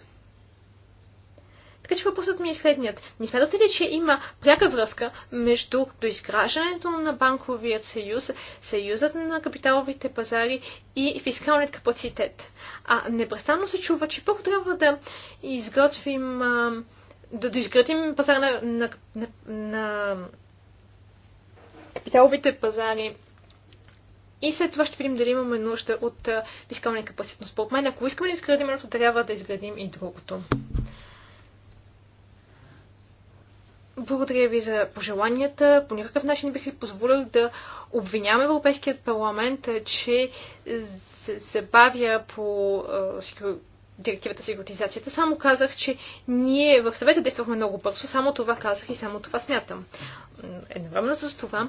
Така че въпросът ми е следният. Не смятате ли, че има пряка връзка между доизграждането на банковият съюз, съюзът на капиталовите пазари и фискалният капацитет? А непрестанно се чува, че първо трябва да изготвим, да доизградим пазара на, на, на, на капиталовите пазари и след това ще видим дали имаме нужда от фискална капацитет. Но според мен, ако искаме да изградим едното, трябва да изградим и другото. Благодаря ви за пожеланията. По никакъв начин не бих си позволил да обвинявам Европейският парламент, че се бавя по директивата за секретизацията. Само казах, че ние в съвета действахме много бързо. Само това казах и само това смятам. Едновременно с това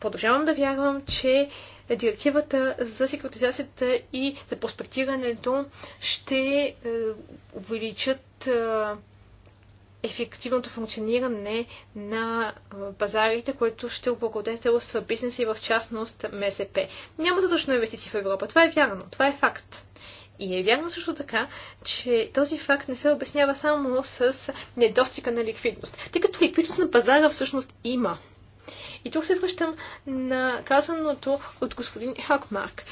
продължавам да вярвам, че директивата за секретизацията и за проспектирането ще е, увеличат е, ефективното функциониране на пазарите, което ще облагодетелства бизнеса и в частност МСП. Няма достатъчно инвестиции в Европа. Това е вярно. Това е факт. И е вярно също така, че този факт не се обяснява само с недостига на ликвидност, тъй като ликвидност на пазара всъщност има. И тук се връщам на казаното от господин Хакмарк.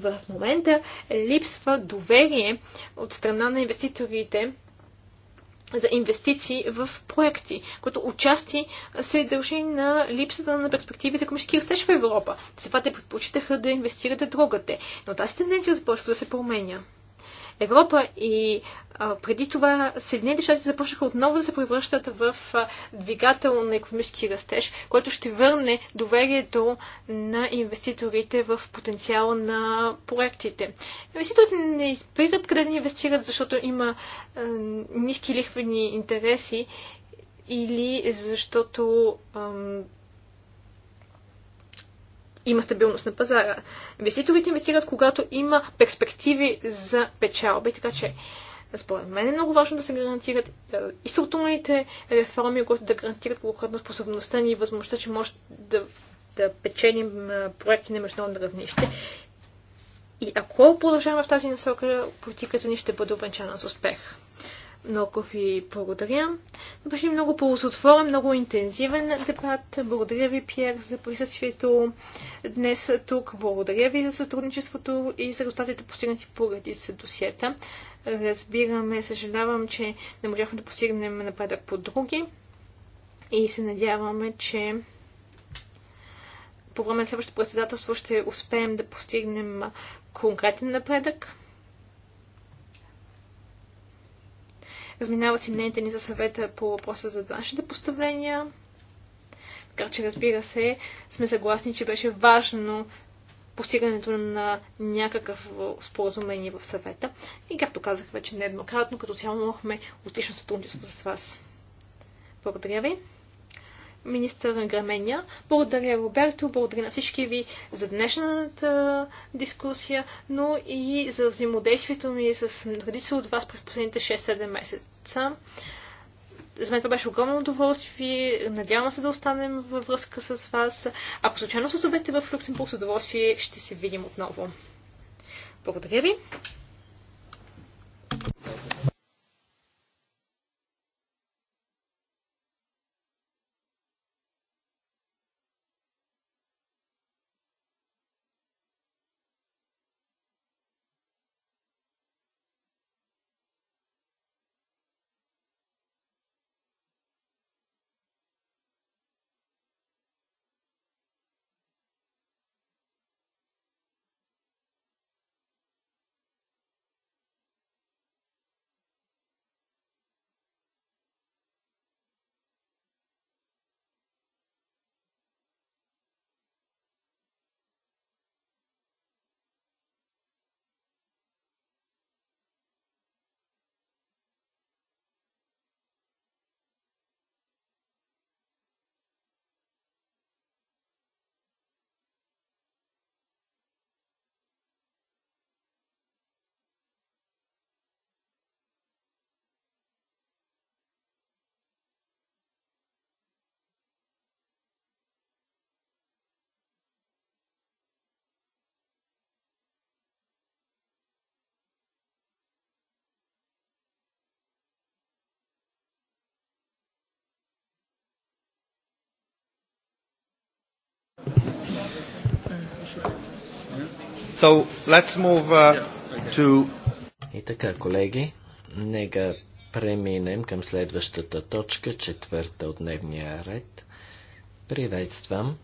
В момента липсва доверие от страна на инвеститорите за инвестиции в проекти, които отчасти се дължи на липсата на перспективи за економически растеж в Европа. Затова те предпочитаха да инвестират другате, Но тази тенденция започва да се променя. Европа и а, преди това Съединените щати започнаха отново да се превръщат в двигател на економически растеж, който ще върне доверието на инвеститорите в потенциала на проектите. Инвеститорите не избират къде да инвестират, защото има а, ниски лихвени интереси или защото ам, има стабилност на пазара. Инвеститорите инвестират, когато има перспективи за печалби, така че според мен е много важно да се гарантират е, и структурните реформи, които да гарантират конкретно способността ни и възможността, че може да, да печелим е, проекти на международно равнище. И ако продължаваме в тази насока, политиката ни ще бъде увенчана с успех. Много ви благодаря. Беше много полусотворен, много интензивен дебат. Благодаря ви, Пьер, за присъствието днес тук. Благодаря ви за сътрудничеството и за резултатите постигнати поради с досиета. Разбираме, съжалявам, че не можахме да постигнем напредък по други. И се надяваме, че по време на следващото председателство ще успеем да постигнем конкретен напредък. Разминават си мнените ни за съвета по въпроса за нашите поставления. Така че, разбира се, сме съгласни, че беше важно постигането на някакъв споразумение в съвета. И както казах вече нееднократно, като цяло имахме отлично сътрудничество с вас. Благодаря ви министър Граменя. Благодаря, Роберто, благодаря на всички ви за днешната дискусия, но и за взаимодействието ми с редица от вас през последните 6-7 месеца. За мен това беше огромно удоволствие. Надявам се да останем във връзка с вас. Ако случайно се озовете в Люксембург, с удоволствие ще се видим отново. Благодаря ви. So, let's move uh, to... И така, колеги, нека преминем към следващата точка, четвърта от дневния ред. Приветствам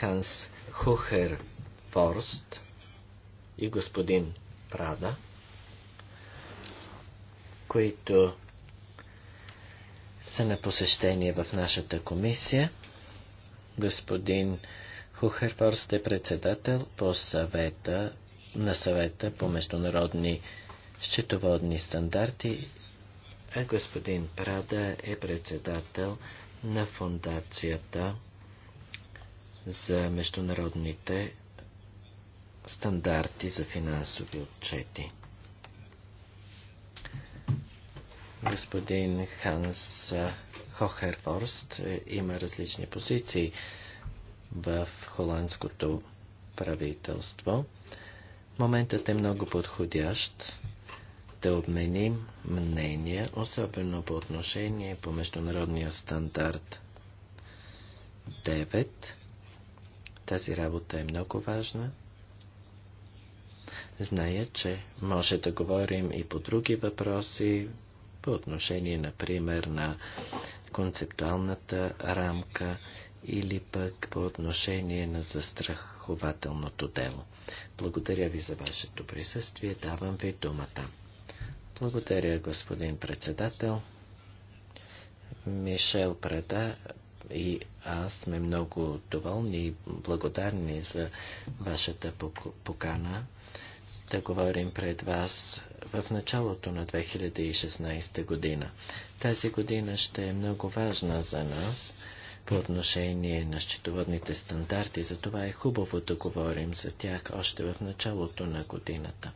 Ханс Хухер Форст и господин Прада, които са на посещение в нашата комисия. Господин Хохерфорст е председател по съвета, на съвета по международни счетоводни стандарти, а господин Прада е председател на фундацията за международните стандарти за финансови отчети. Господин Ханс Хохерфорст е, има различни позиции в холандското правителство. Моментът е много подходящ да обменим мнение, особено по отношение по международния стандарт 9. Тази работа е много важна. Зная, че може да говорим и по други въпроси, по отношение, например, на концептуалната рамка или пък по отношение на застрахователното дело. Благодаря ви за вашето присъствие. Давам ви думата. Благодаря, господин председател. Мишел Преда и аз сме много доволни и благодарни за вашата покана да говорим пред вас в началото на 2016 година. Тази година ще е много важна за нас по отношение на счетоводните стандарти, затова е хубаво да говорим за тях още в началото на годината.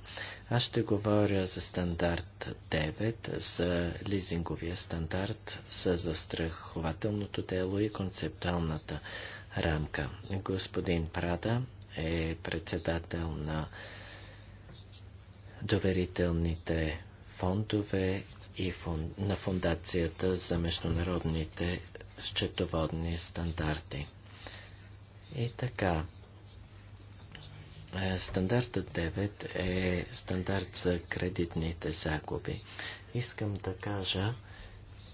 Аз ще говоря за стандарт 9, за лизинговия стандарт, за застрахователното дело и концептуалната рамка. Господин Прада е председател на доверителните фондове и фон, на Фундацията за международните счетоводни стандарти. И така, е, стандартът 9 е стандарт за кредитните загуби. Искам да кажа,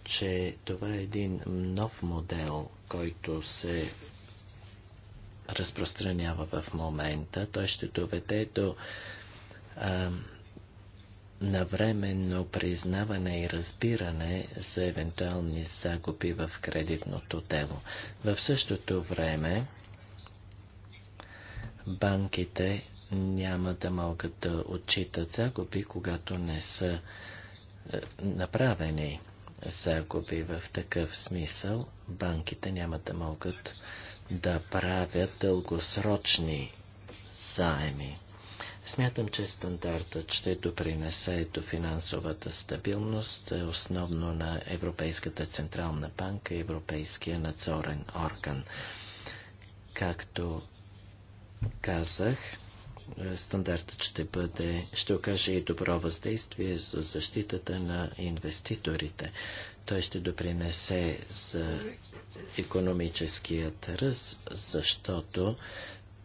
че това е един нов модел, който се разпространява в момента. Той ще доведе до а, навременно признаване и разбиране за евентуални загуби в кредитното дело. В същото време банките няма да могат да отчитат загуби, когато не са е, направени загуби в такъв смисъл. Банките няма да могат да правят дългосрочни заеми. Смятам, че стандартът ще допринесе до финансовата стабилност, е основно на Европейската Централна банка и Европейския надзорен орган. Както казах, стандартът ще, бъде, ще окаже и добро въздействие за защитата на инвеститорите. Той ще допринесе за економическият ръст, защото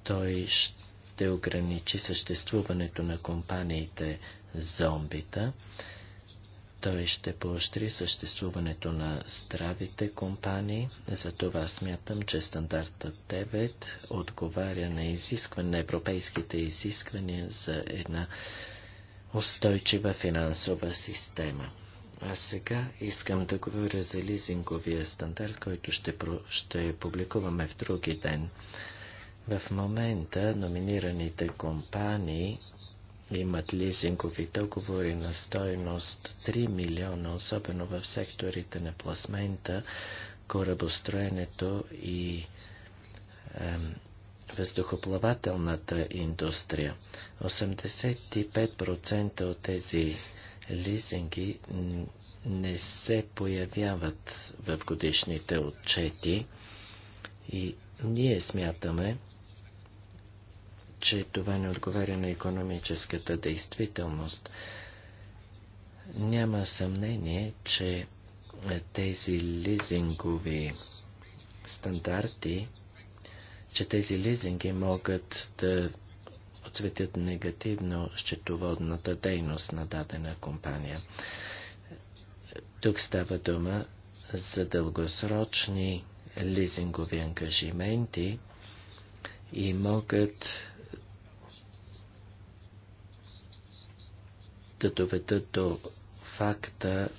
той ще ще ограничи съществуването на компаниите зомбита. Той ще поощри съществуването на здравите компании, затова смятам, че стандартът 9 отговаря на изискване, на европейските изисквания за една устойчива финансова система. А сега искам да говоря за лизинговия стандарт, който ще, про... ще публикуваме в други ден. В момента номинираните компании имат лизингови договори на стойност 3 милиона, особено в секторите на пласмента, корабостроенето и е, въздухоплавателната индустрия. 85% от тези лизинги не се появяват в годишните отчети и ние смятаме, че това не отговаря на економическата действителност. Няма съмнение, че тези лизингови стандарти, че тези лизинги могат да отцветят негативно счетоводната дейност на дадена компания. Тук става дума за дългосрочни лизингови ангажименти и могат да доведат до факта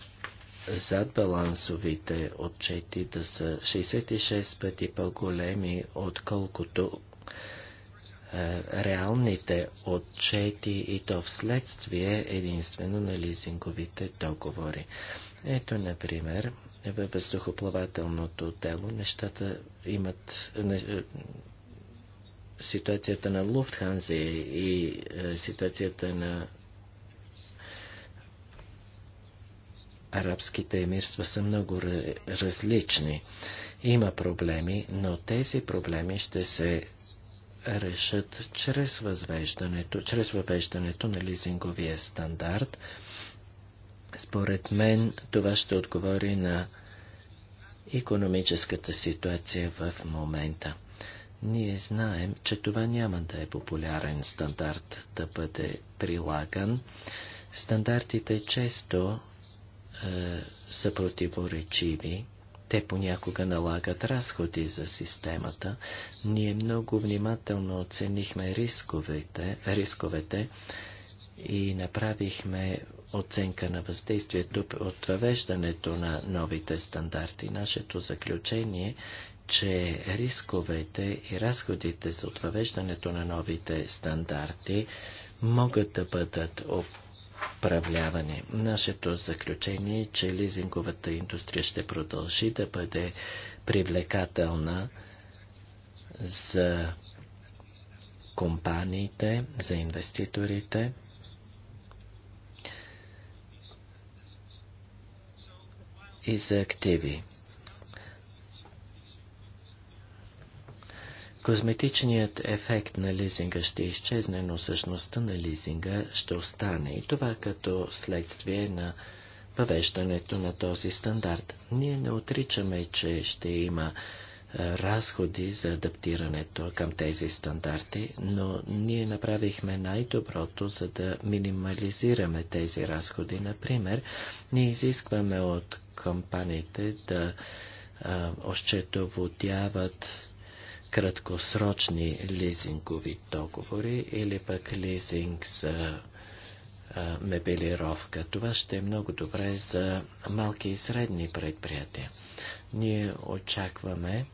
зад балансовите отчети да са 66 пъти по-големи, отколкото е, реалните отчети и то вследствие единствено на лизинговите договори. Ето, например, във въздухоплавателното дело нещата имат е, ситуацията на Луфтханзе и е, ситуацията на арабските емирства са много различни. Има проблеми, но тези проблеми ще се решат чрез, възвеждането, чрез въвеждането на лизинговия стандарт. Според мен това ще отговори на економическата ситуация в момента. Ние знаем, че това няма да е популярен стандарт да бъде прилаган. Стандартите често е, са противоречиви. Те понякога налагат разходи за системата. Ние много внимателно оценихме рисковете, рисковете и направихме оценка на въздействието от въвеждането на новите стандарти. Нашето заключение, че рисковете и разходите за въвеждането на новите стандарти могат да бъдат управляване. Нашето заключение е, че лизинговата индустрия ще продължи да бъде привлекателна за компаниите, за инвеститорите. и за активи. Козметичният ефект на лизинга ще изчезне, но същността на лизинга ще остане и това като следствие на въвеждането на този стандарт. Ние не отричаме, че ще има разходи за адаптирането към тези стандарти, но ние направихме най-доброто, за да минимализираме тези разходи. Например, ние изискваме от компаниите да а, ощетоводяват краткосрочни лизингови договори или пък лизинг за а, мебелировка. Това ще е много добре за малки и средни предприятия. Ние очакваме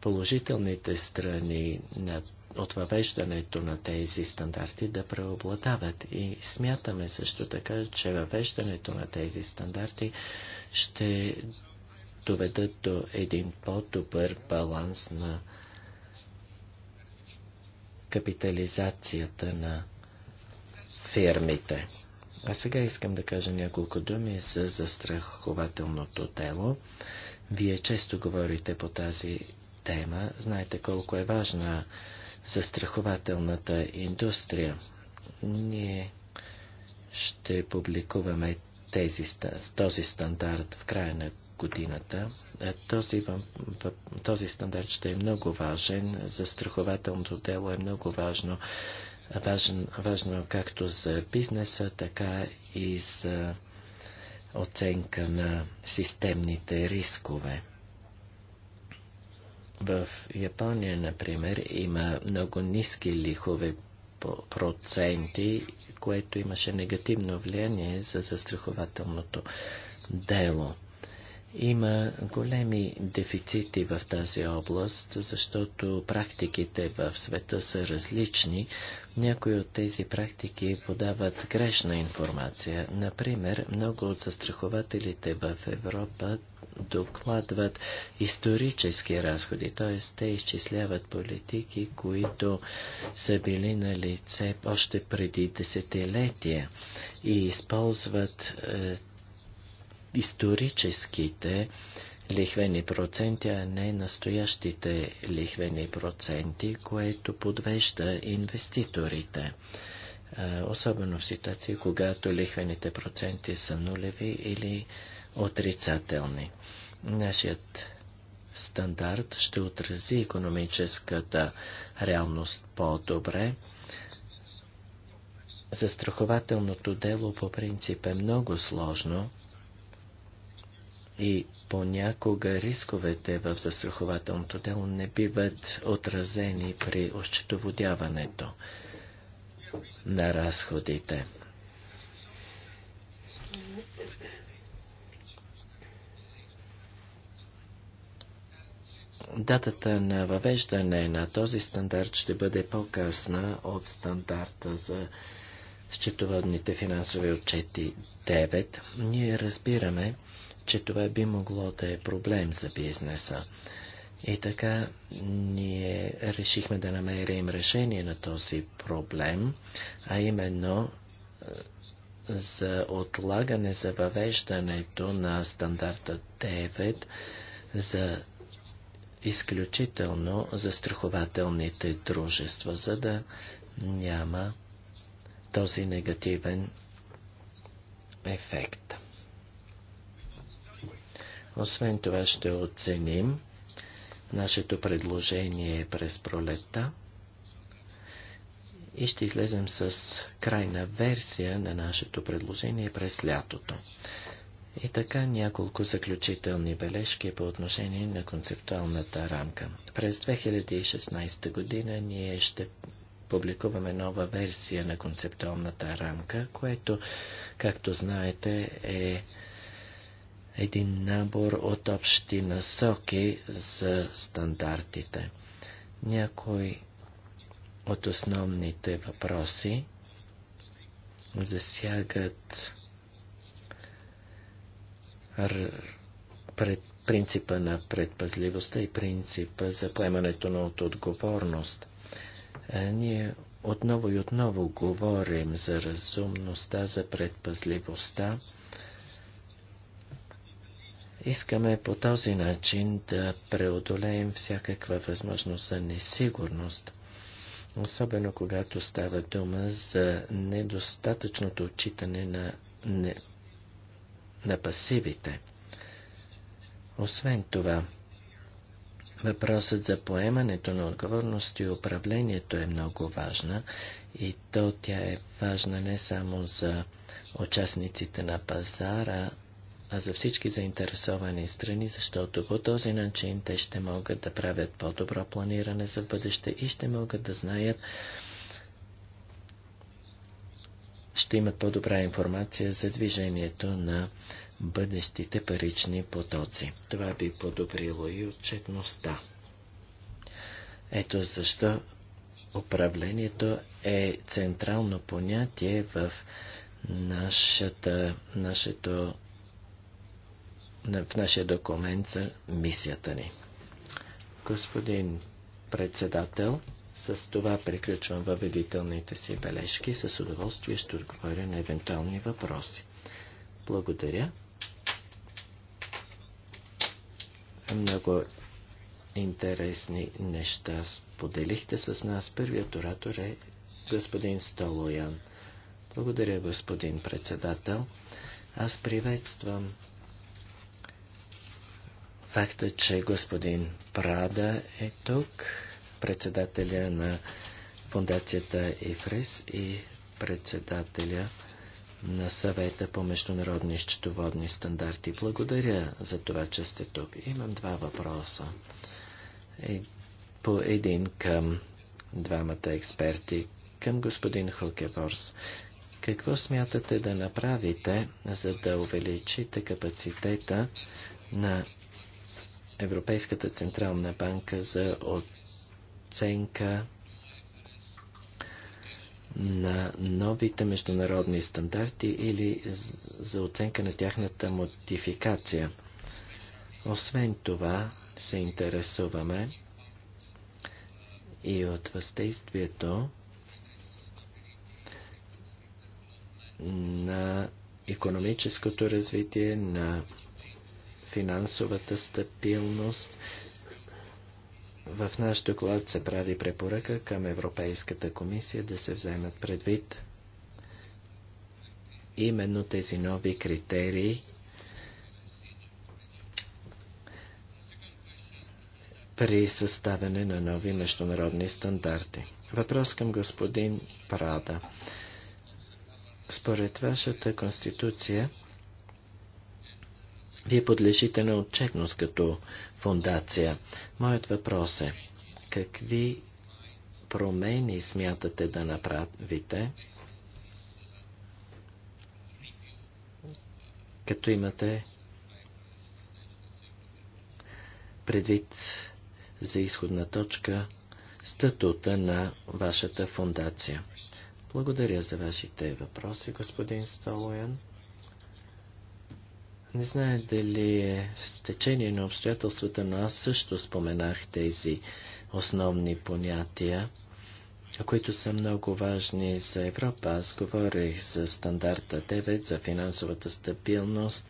положителните страни на от въвеждането на тези стандарти да преобладават. И смятаме също така, че въвеждането на тези стандарти ще доведат до един по-добър баланс на капитализацията на фирмите. А сега искам да кажа няколко думи за застрахователното дело. Вие често говорите по тази тема. Знаете колко е важна застрахователната индустрия. Ние ще публикуваме тези, този стандарт в края на годината. Е, този, този стандарт ще е много важен. Застрахователното дело е много важно. Важен, важно е както за бизнеса, така и за оценка на системните рискове. В Япония, например, има много ниски лихове проценти, което имаше негативно влияние за застрахователното дело. Има големи дефицити в тази област, защото практиките в света са различни. Някои от тези практики подават грешна информация. Например, много от застрахователите в Европа докладват исторически разходи, т.е. те изчисляват политики, които са били на лице още преди десетилетия и използват е, историческите лихвени проценти, а не настоящите лихвени проценти, което подвежда инвеститорите. Особено в ситуации, когато лихвените проценти са нулеви или отрицателни. Нашият стандарт ще отрази економическата реалност по-добре. Застрахователното дело по принцип е много сложно и понякога рисковете в застрахователното дело не биват отразени при осчетоводяването на разходите. Датата на въвеждане на този стандарт ще бъде по-късна от стандарта за счетоводните финансови отчети 9. Ние разбираме, че това би могло да е проблем за бизнеса. И така ние решихме да намерим решение на този проблем, а именно е, за отлагане за въвеждането на стандарта 9 за изключително за страхователните дружества, за да няма този негативен ефект. Освен това ще оценим нашето предложение през пролетта и ще излезем с крайна версия на нашето предложение през лятото. И така няколко заключителни бележки по отношение на концептуалната рамка. През 2016 година ние ще публикуваме нова версия на концептуалната рамка, което, както знаете, е един набор от общи насоки за стандартите. Някой от основните въпроси засягат пред принципа на предпазливостта и принципа за поемането на от отговорност. А е, ние отново и отново говорим за разумността, за предпазливостта Искаме по този начин да преодолеем всякаква възможност за несигурност, особено когато става дума за недостатъчното отчитане на, не, на пасивите. Освен това, Въпросът за поемането на отговорност и управлението е много важна и то тя е важна не само за участниците на пазара, а за всички заинтересовани страни, защото по този начин те ще могат да правят по-добро планиране за бъдеще и ще могат да знаят, ще имат по-добра информация за движението на бъдещите парични потоци. Това би подобрило и отчетността. Ето защо управлението е централно понятие в нашата, нашето в нашия документ за мисията ни. Господин председател, с това приключвам въведителните си бележки. С удоволствие ще отговоря на евентуални въпроси. Благодаря. Много интересни неща споделихте с нас. Първият оратор е господин Столоян. Благодаря, господин председател. Аз приветствам факта, че господин Прада е тук, председателя на фундацията ИФРИС и председателя на съвета по международни счетоводни стандарти. Благодаря за това, че сте тук. Имам два въпроса. Е, по един към двамата експерти, към господин Хокеворс. Какво смятате да направите, за да увеличите капацитета на Европейската централна банка за оценка на новите международни стандарти или за оценка на тяхната модификация. Освен това, се интересуваме и от въздействието на економическото развитие, на финансовата стабилност. В наш доклад се прави препоръка към Европейската комисия да се вземат предвид именно тези нови критерии при съставяне на нови международни стандарти. Въпрос към господин Прада. Според вашата конституция, вие подлежите на отчетност като фундация. Моят въпрос е, какви промени смятате да направите, като имате предвид за изходна точка статута на вашата фундация? Благодаря за вашите въпроси, господин Столоян. Не знае дали е с течение на обстоятелствата, но аз също споменах тези основни понятия, които са много важни за Европа. Аз говорих за стандарта 9, за финансовата стабилност,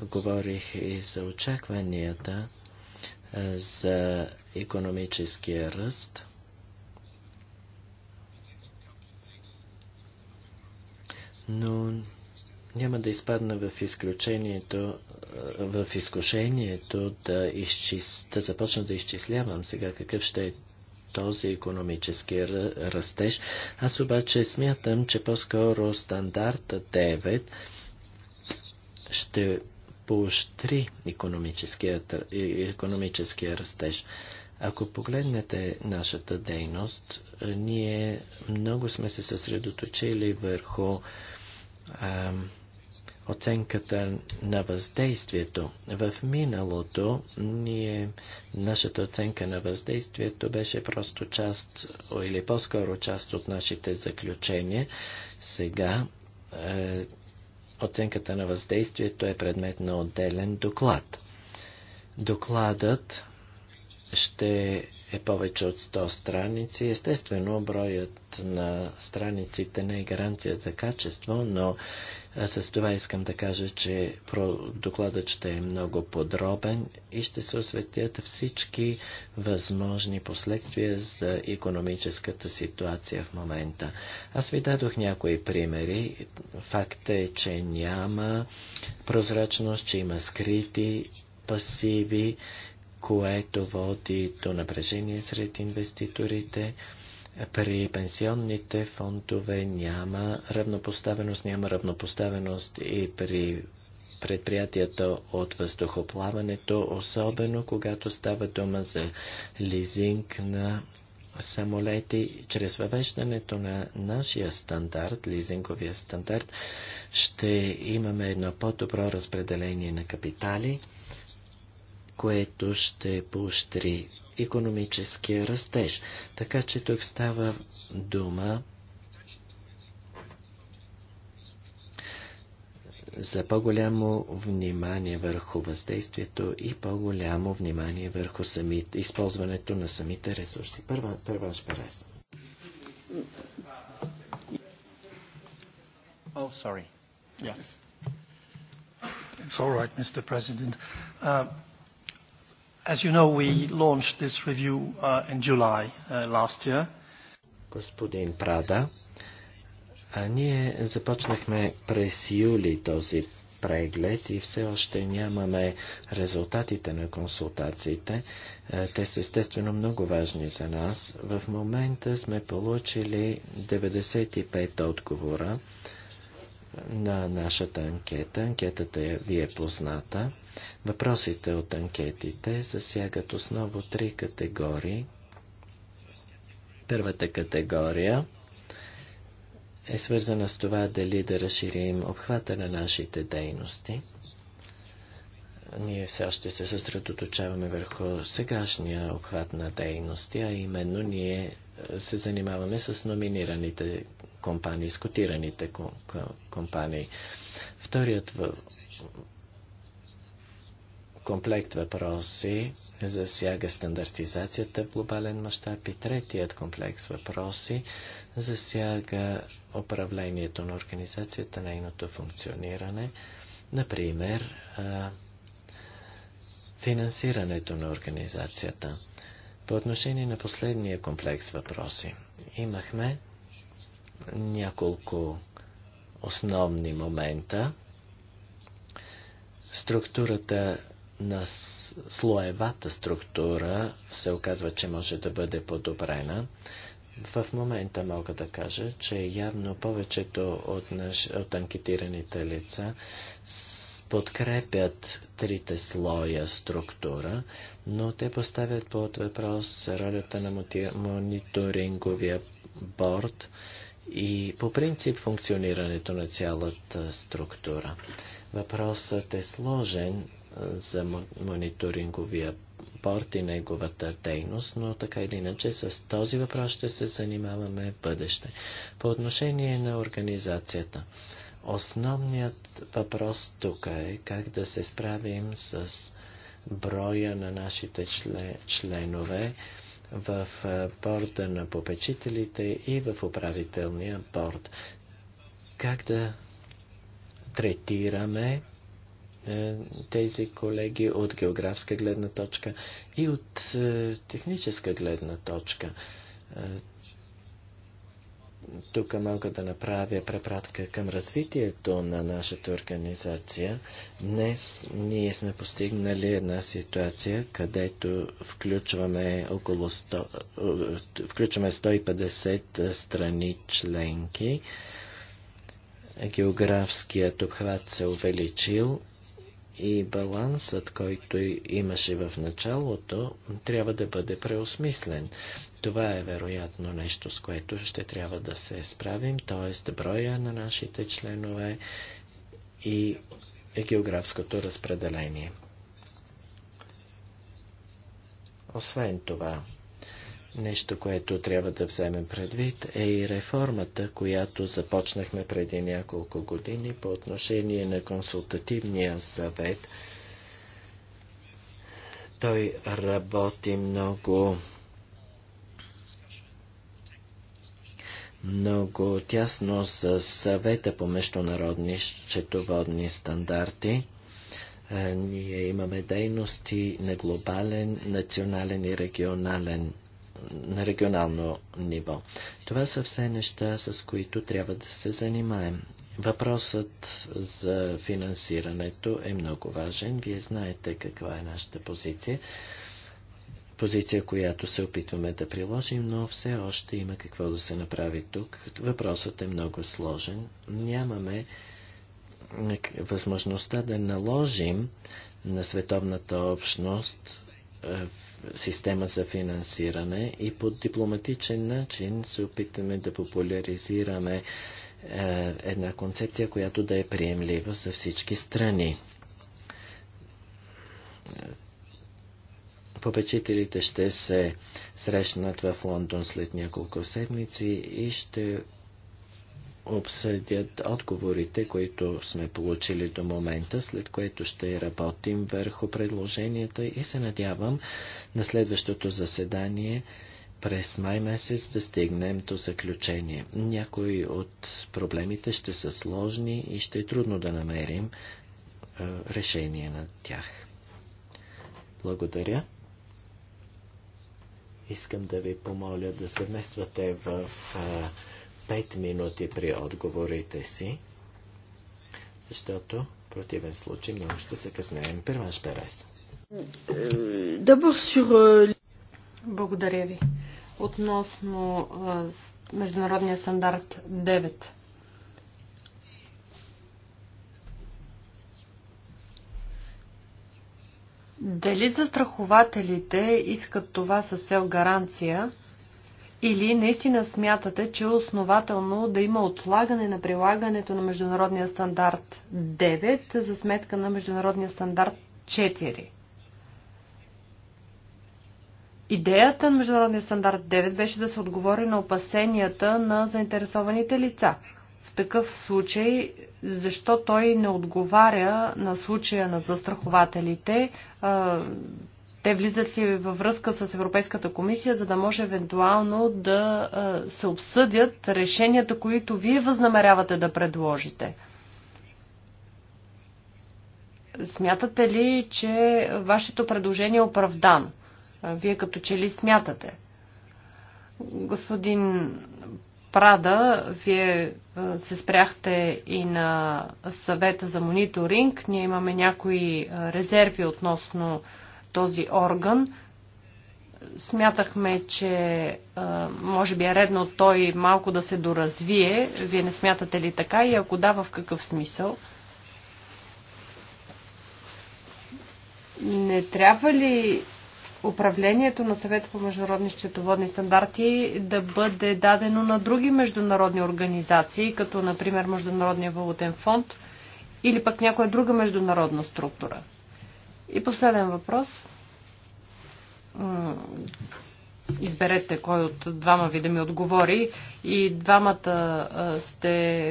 говорих и за очакванията за економическия ръст. Но няма да изпадна в изключението, в изкушението да, изчис... да започна да изчислявам сега какъв ще е този економически растеж. Аз обаче смятам, че по-скоро стандарта 9 ще поощри економическия растеж. Ако погледнете нашата дейност, ние много сме се съсредоточили върху ам, оценката на въздействието. В миналото ние, нашата оценка на въздействието беше просто част или по-скоро част от нашите заключения. Сега е, оценката на въздействието е предмет на отделен доклад. Докладът ще е повече от 100 страници. Естествено, броят на страниците не е гаранция за качество, но с това искам да кажа, че докладът ще е много подробен и ще се осветят всички възможни последствия за економическата ситуация в момента. Аз ви дадох някои примери. Факт е, че няма прозрачност, че има скрити пасиви което води до напрежение сред инвеститорите. При пенсионните фондове няма равнопоставеност, няма равнопоставеност и при предприятията от въздухоплаването, особено когато става дума за лизинг на самолети. Чрез въвеждането на нашия стандарт, лизинговия стандарт, ще имаме едно по-добро разпределение на капитали което ще поощри економическия растеж. Така че тук става дума за по-голямо внимание върху въздействието и по-голямо внимание върху самите, използването на самите ресурси. Първа, първа шперес. Oh, sorry. Yes. It's all right, Mr. President. Uh, As you know, we launched this review uh, in July uh, last year. Господин Прада, а ние започнахме през юли този преглед и все още нямаме резултатите на консултациите. Е, те са естествено много важни за нас. В момента сме получили 95 отговора на нашата анкета. Анкетата е, ви е позната. Въпросите от анкетите засягат основно три категории. Първата категория е свързана с това дали да разширим обхвата на нашите дейности. Ние все още се съсредоточаваме върху сегашния обхват на дейности, а именно ние се занимаваме с номинираните компании, с котираните компании. Вторият комплект въпроси засяга стандартизацията в глобален мащаб и третият комплекс въпроси засяга управлението на организацията, нейното функциониране, например финансирането на организацията. По отношение на последния комплекс въпроси имахме няколко основни момента. Структурата на слоевата структура се оказва, че може да бъде подобрена. В момента мога да кажа, че явно повечето от, наш, от анкетираните лица подкрепят трите слоя структура, но те поставят под въпрос ролята на мониторинговия борт и по принцип функционирането на цялата структура. Въпросът е сложен за мониторинговия порт и неговата дейност, но така или иначе с този въпрос ще се занимаваме в бъдеще. По отношение на организацията, основният въпрос тук е как да се справим с броя на нашите членове в борда на попечителите и в управителния борд. Как да третираме е, тези колеги от географска гледна точка и от е, техническа гледна точка. Е, тук мога да направя препратка към развитието на нашата организация. Днес ние сме постигнали една ситуация, където включваме, около 100, включваме 150 страни членки. Географският обхват се увеличил и балансът, който имаше в началото, трябва да бъде преосмислен. Това е вероятно нещо, с което ще трябва да се справим, т.е. броя на нашите членове и географското разпределение. Освен това, Нещо, което трябва да вземем предвид е и реформата, която започнахме преди няколко години по отношение на консултативния съвет. Той работи много много тясно с съвета по международни счетоводни стандарти. Е, ние имаме дейности на глобален, национален и регионален на регионално ниво. Това са все неща, с които трябва да се занимаем. Въпросът за финансирането е много важен. Вие знаете каква е нашата позиция. Позиция, която се опитваме да приложим, но все още има какво да се направи тук. Въпросът е много сложен. Нямаме възможността да наложим на световната общност е, система за финансиране и по дипломатичен начин се опитаме да популяризираме е, една концепция, която да е приемлива за всички страни. Попечителите ще се срещнат в Лондон след няколко седмици и ще обсъдят отговорите, които сме получили до момента, след което ще работим върху предложенията и се надявам на следващото заседание през май месец да стигнем до заключение. Някои от проблемите ще са сложни и ще е трудно да намерим е, решение на тях. Благодаря. Искам да ви помоля да се вмествате в е, Пет минути при отговорите си, защото в противен случай много ще се къснеем. Перванш Перес. Euh, Благодаря ви. Относно а, международния стандарт 9. Дали застрахователите искат това с цел гаранция или наистина смятате, че е основателно да има отлагане на прилагането на международния стандарт 9 за сметка на международния стандарт 4? Идеята на международния стандарт 9 беше да се отговори на опасенията на заинтересованите лица. В такъв случай, защо той не отговаря на случая на застрахователите, те влизат ли във връзка с Европейската комисия, за да може евентуално да се обсъдят решенията, които вие възнамерявате да предложите? Смятате ли, че вашето предложение е оправдано? Вие като че ли смятате? Господин Прада, вие се спряхте и на съвета за мониторинг. Ние имаме някои резерви относно този орган. Смятахме, че може би е редно той малко да се доразвие. Вие не смятате ли така и ако да, в какъв смисъл? Не трябва ли управлението на съвета по международни счетоводни стандарти да бъде дадено на други международни организации, като например Международния валутен фонд или пък някоя друга международна структура? И последен въпрос. Изберете кой от двама ви да ми отговори. И двамата сте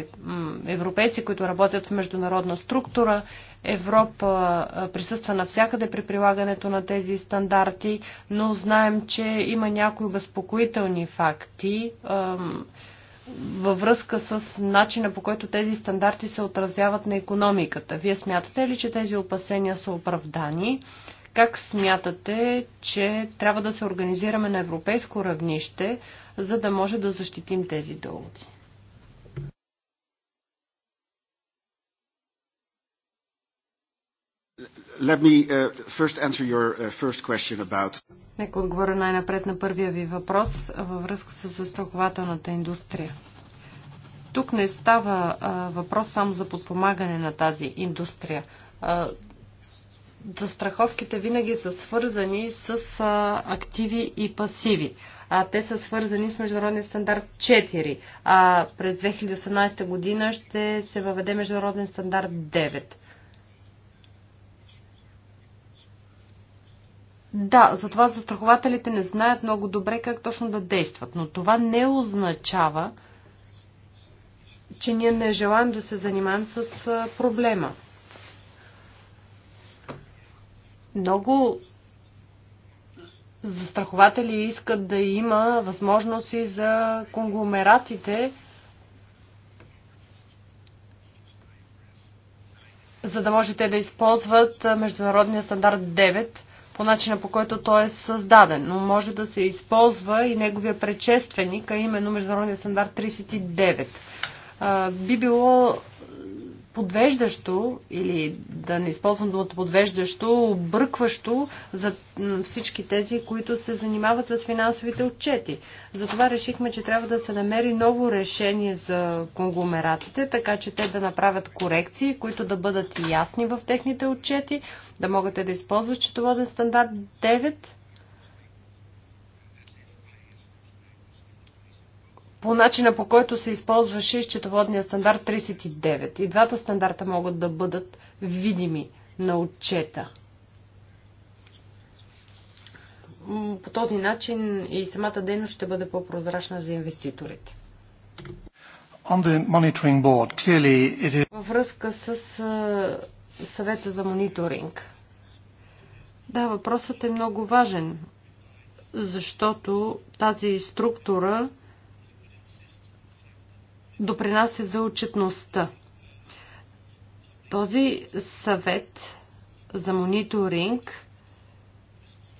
европейци, които работят в международна структура. Европа присъства навсякъде при прилагането на тези стандарти, но знаем, че има някои безпокоителни факти във връзка с начина по който тези стандарти се отразяват на економиката. Вие смятате ли, че тези опасения са оправдани? Как смятате, че трябва да се организираме на европейско равнище, за да може да защитим тези дълги? Let me uh, first answer your uh, first question about... Нека отговоря най-напред на първия ви въпрос във връзка с застрахователната индустрия. Тук не става а, въпрос само за подпомагане на тази индустрия. А, застраховките винаги са свързани с а, активи и пасиви. А, те са свързани с международния стандарт 4. А през 2018 година ще се въведе международен стандарт 9. Да, затова застрахователите не знаят много добре как точно да действат, но това не означава, че ние не желаем да се занимаем с проблема. Много застрахователи искат да има възможности за конгломератите, за да можете да използват международния стандарт 9 по начина по който той е създаден, но може да се използва и неговия предшественик, а именно Международния стандарт 39. Би било подвеждащо или да не използвам думата подвеждащо, объркващо за всички тези, които се занимават с финансовите отчети. Затова решихме, че трябва да се намери ново решение за конгломератите, така че те да направят корекции, които да бъдат ясни в техните отчети, да могат да използват счетоводен стандарт 9 по начина по който се използваше счетоводния стандарт 39. И двата стандарта могат да бъдат видими на отчета. По този начин и самата дейност ще бъде по-прозрачна за инвеститорите. Във връзка с съвета за мониторинг. Да, въпросът е много важен, защото тази структура допринася за отчетността. Този съвет за мониторинг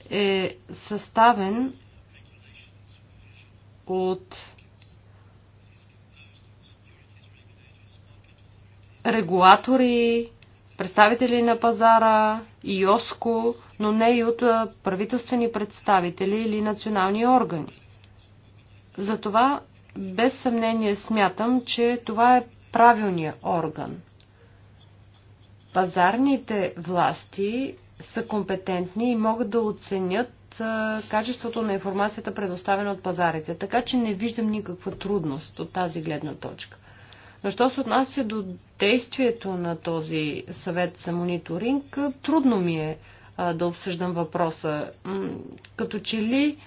е съставен от регулатори, представители на пазара, ИОСКО, но не и от правителствени представители или национални органи. Затова без съмнение смятам, че това е правилният орган. Пазарните власти са компетентни и могат да оценят качеството на информацията, предоставена от пазарите. Така че не виждам никаква трудност от тази гледна точка. Но що се отнася до действието на този съвет за мониторинг, трудно ми е да обсъждам въпроса. Като че ли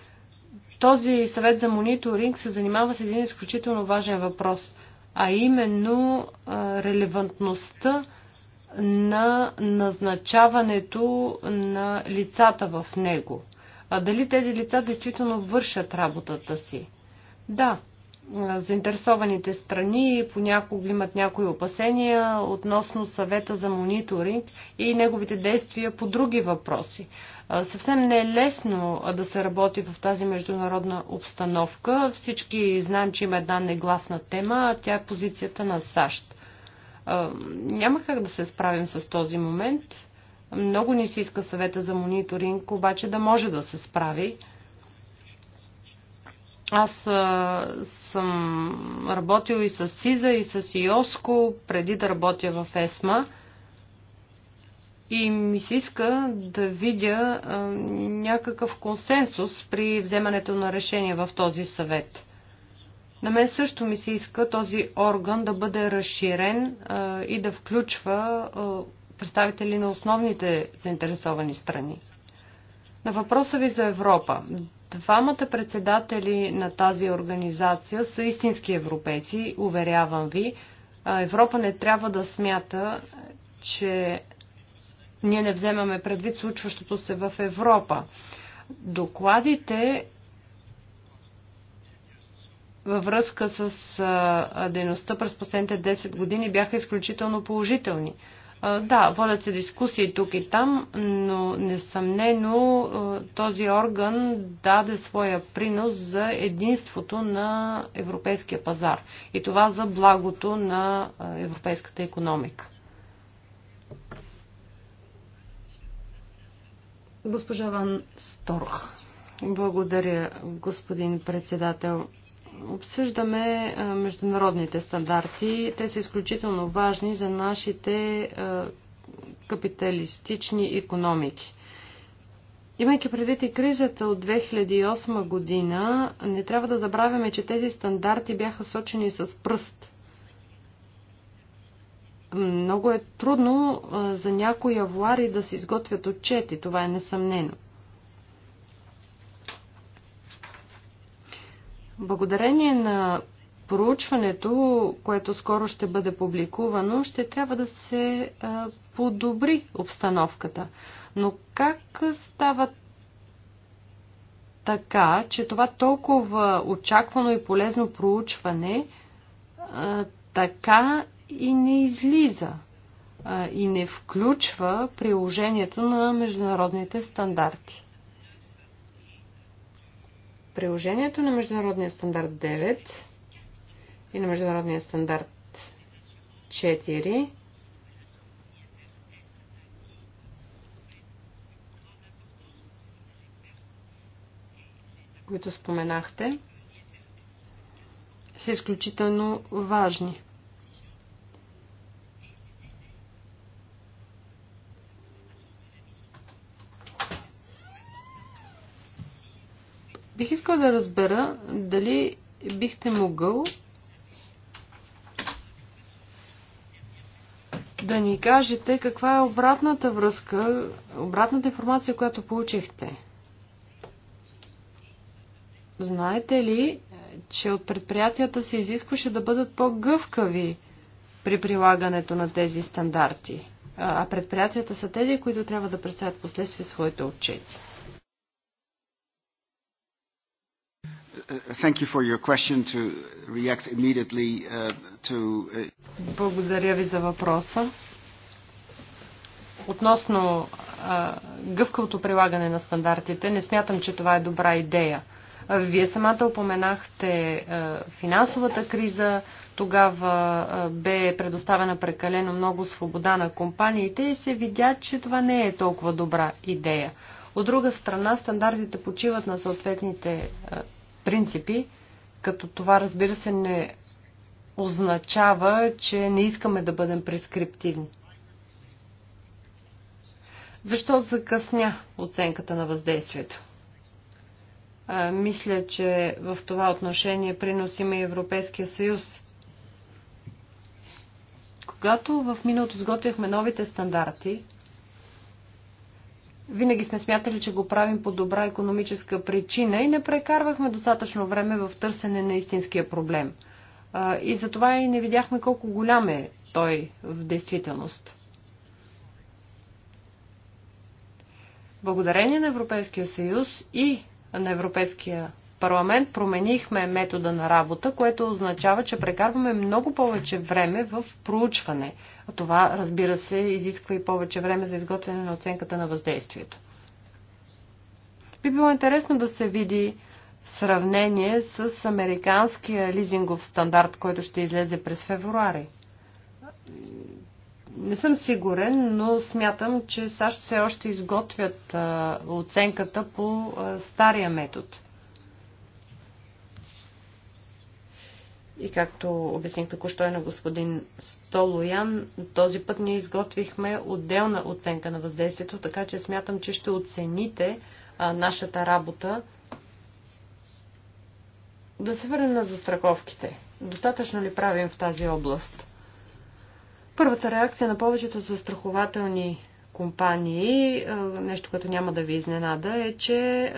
този съвет за мониторинг се занимава с един изключително важен въпрос, а именно релевантността на назначаването на лицата в него. А дали тези лица действително вършат работата си? Да, заинтересованите страни понякога имат някои опасения относно съвета за мониторинг и неговите действия по други въпроси. Съвсем не е лесно да се работи в тази международна обстановка. Всички знаем, че има една негласна тема, а тя е позицията на САЩ. Няма как да се справим с този момент. Много ни се иска съвета за мониторинг, обаче да може да се справи. Аз а, съм работил и с Сиза, и с Йоско, преди да работя в ЕСМА. И ми се иска да видя а, някакъв консенсус при вземането на решение в този съвет. На мен също ми се иска този орган да бъде разширен а, и да включва а, представители на основните заинтересовани страни. На въпроса ви за Европа. Двамата председатели на тази организация са истински европейци, уверявам ви. Европа не трябва да смята, че ние не вземаме предвид случващото се в Европа. Докладите във връзка с дейността през последните 10 години бяха изключително положителни. Да, водят се дискусии тук и там, но несъмнено този орган даде своя принос за единството на европейския пазар и това за благото на европейската економика. Госпожа Ван Сторх. Благодаря, господин председател. Обсъждаме международните стандарти. Те са изключително важни за нашите капиталистични економики. Имайки предвид и кризата от 2008 година, не трябва да забравяме, че тези стандарти бяха сочени с пръст. Много е трудно за някои авуари да се изготвят отчети, това е несъмнено. Благодарение на проучването, което скоро ще бъде публикувано, ще трябва да се подобри обстановката. Но как става така, че това толкова очаквано и полезно проучване така и не излиза и не включва приложението на международните стандарти? приложението на международния стандарт 9 и на международния стандарт 4 които споменахте, са изключително важни. Бих искал да разбера дали бихте могъл да ни кажете каква е обратната връзка, обратната информация, която получихте. Знаете ли, че от предприятията се изискваше да бъдат по-гъвкави при прилагането на тези стандарти? А предприятията са тези, които трябва да представят последствие своите отчети. Uh, thank you for your question to react immediately uh, to... Uh, Благодаря ви за въпроса. Относно гъвкавото прилагане на стандартите, не смятам, че това е добра идея. Вие самата упоменахте финансовата криза, тогава бе предоставена прекалено много свобода на компаниите и се видя, че това не е толкова добра идея. От друга страна, стандартите почиват на съответните принципи, като това разбира се не означава, че не искаме да бъдем прескриптивни. Защо закъсня оценката на въздействието? А, мисля, че в това отношение принос има и Европейския съюз. Когато в миналото сготвяхме новите стандарти, винаги сме смятали, че го правим по добра економическа причина и не прекарвахме достатъчно време в търсене на истинския проблем. И затова и не видяхме колко голям е той в действителност. Благодарение на Европейския съюз и на Европейския парламент променихме метода на работа, което означава, че прекарваме много повече време в проучване. А това, разбира се, изисква и повече време за изготвяне на оценката на въздействието. Би било интересно да се види сравнение с американския лизингов стандарт, който ще излезе през февруари. Не съм сигурен, но смятам, че САЩ все още изготвят оценката по стария метод – И както обясних току-що и на господин Столоян, този път ние изготвихме отделна оценка на въздействието, така че смятам, че ще оцените а, нашата работа. Да се върнем на застраховките. Достатъчно ли правим в тази област? Първата реакция на повечето застрахователни компании, нещо, което няма да ви изненада, е, че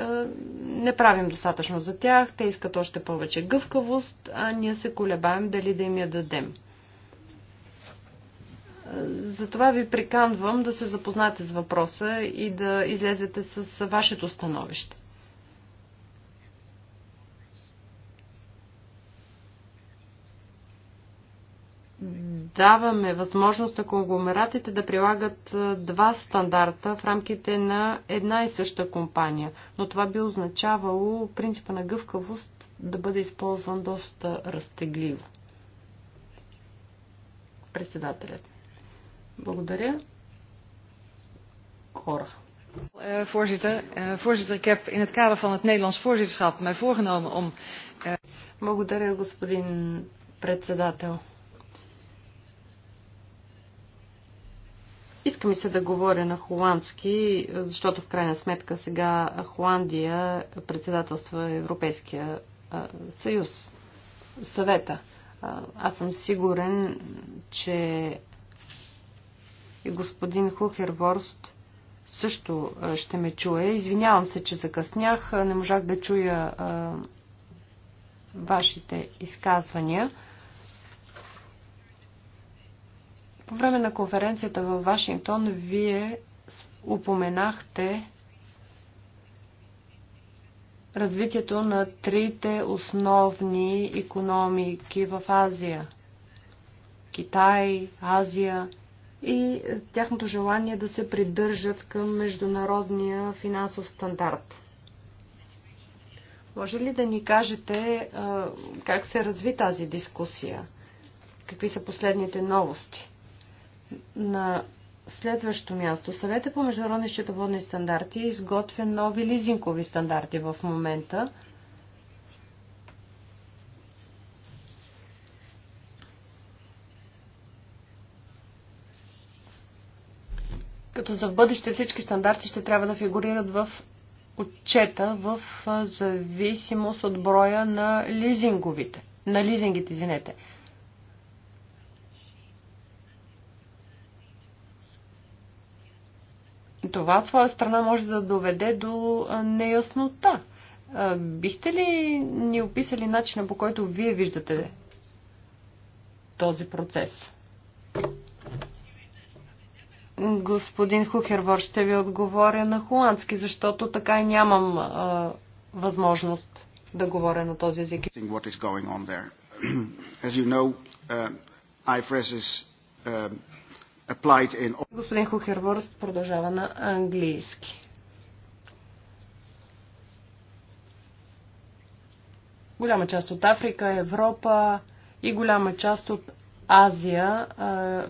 не правим достатъчно за тях. Те искат още повече гъвкавост, а ние се колебаем дали да им я дадем. Затова ви приканвам да се запознаете с въпроса и да излезете с вашето становище. даваме възможност на конгломератите да прилагат два стандарта в рамките на една и съща компания. Но това би означавало принципа на гъвкавост да бъде използван доста разтегливо. Председателят. Благодаря. Хора. Е, voorzitter, е, voorzitter, ik heb in het kader van het Nederlands voorzitterschap mij voorgenomen om. Е, Благодаря, господин председател. Иска ми се да говоря на холандски, защото в крайна сметка сега Холандия председателства Европейския съюз, съвета. Аз съм сигурен, че и господин Хухерворст също ще ме чуе. Извинявам се, че закъснях. Не можах да чуя вашите изказвания. По време на конференцията във Вашингтон вие упоменахте развитието на трите основни економики в Азия. Китай, Азия и тяхното желание да се придържат към международния финансов стандарт. Може ли да ни кажете как се разви тази дискусия? Какви са последните новости? На следващо място, съвета по международни счетоводни стандарти изготвя нови лизинкови стандарти в момента. като за в бъдеще всички стандарти ще трябва да фигурират в отчета в зависимост от броя на лизинговите, на лизингите, извинете. това от своя страна може да доведе до неяснота. Бихте ли ни описали начина по който вие виждате този процес? Господин Хухервор, ще ви отговоря на холандски, защото така и нямам а, възможност да говоря на този език. What (clears throat) applied in... Господин Хухерворст продължава на английски. Голяма част от Африка, Европа и голяма част от Азия а,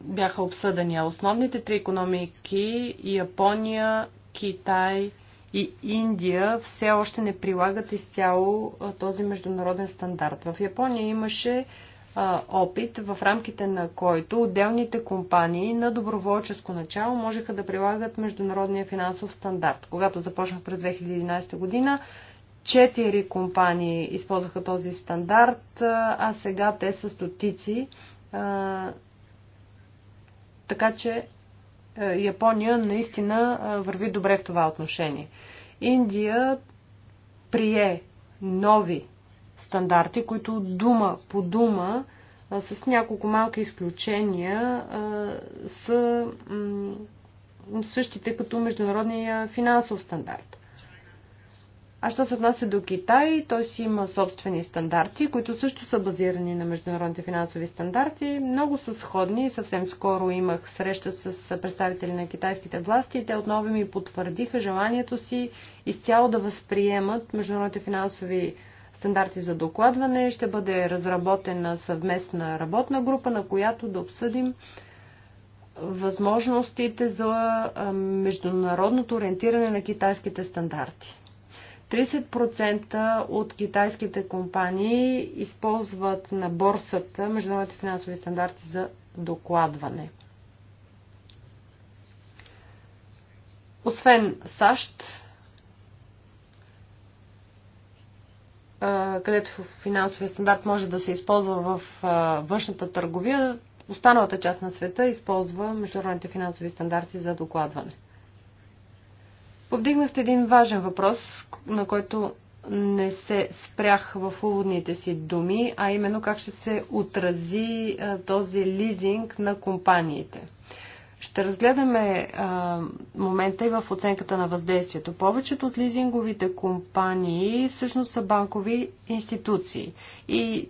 бяха обсъдени. Основните три економики Япония, Китай и Индия все още не прилагат изцяло този международен стандарт. В Япония имаше опит, в рамките на който отделните компании на доброволческо начало можеха да прилагат международния финансов стандарт. Когато започнах през 2011 година, четири компании използваха този стандарт, а сега те са стотици. Така че Япония наистина върви добре в това отношение. Индия прие нови стандарти, които дума по дума, с няколко малки изключения, са същите като международния финансов стандарт. А що се отнася до Китай, той си има собствени стандарти, които също са базирани на международните финансови стандарти. Много са сходни. Съвсем скоро имах среща с представители на китайските власти и те отново ми потвърдиха желанието си изцяло да възприемат международните финансови стандарти стандарти за докладване. Ще бъде разработена съвместна работна група, на която да обсъдим възможностите за международното ориентиране на китайските стандарти. 30% от китайските компании използват на борсата международните финансови стандарти за докладване. Освен САЩ, където финансовия стандарт може да се използва в външната търговия, останалата част на света използва международните финансови стандарти за докладване. Повдигнахте един важен въпрос, на който не се спрях в уводните си думи, а именно как ще се отрази този лизинг на компаниите. Ще разгледаме а, момента и в оценката на въздействието. Повечето от лизинговите компании всъщност са банкови институции и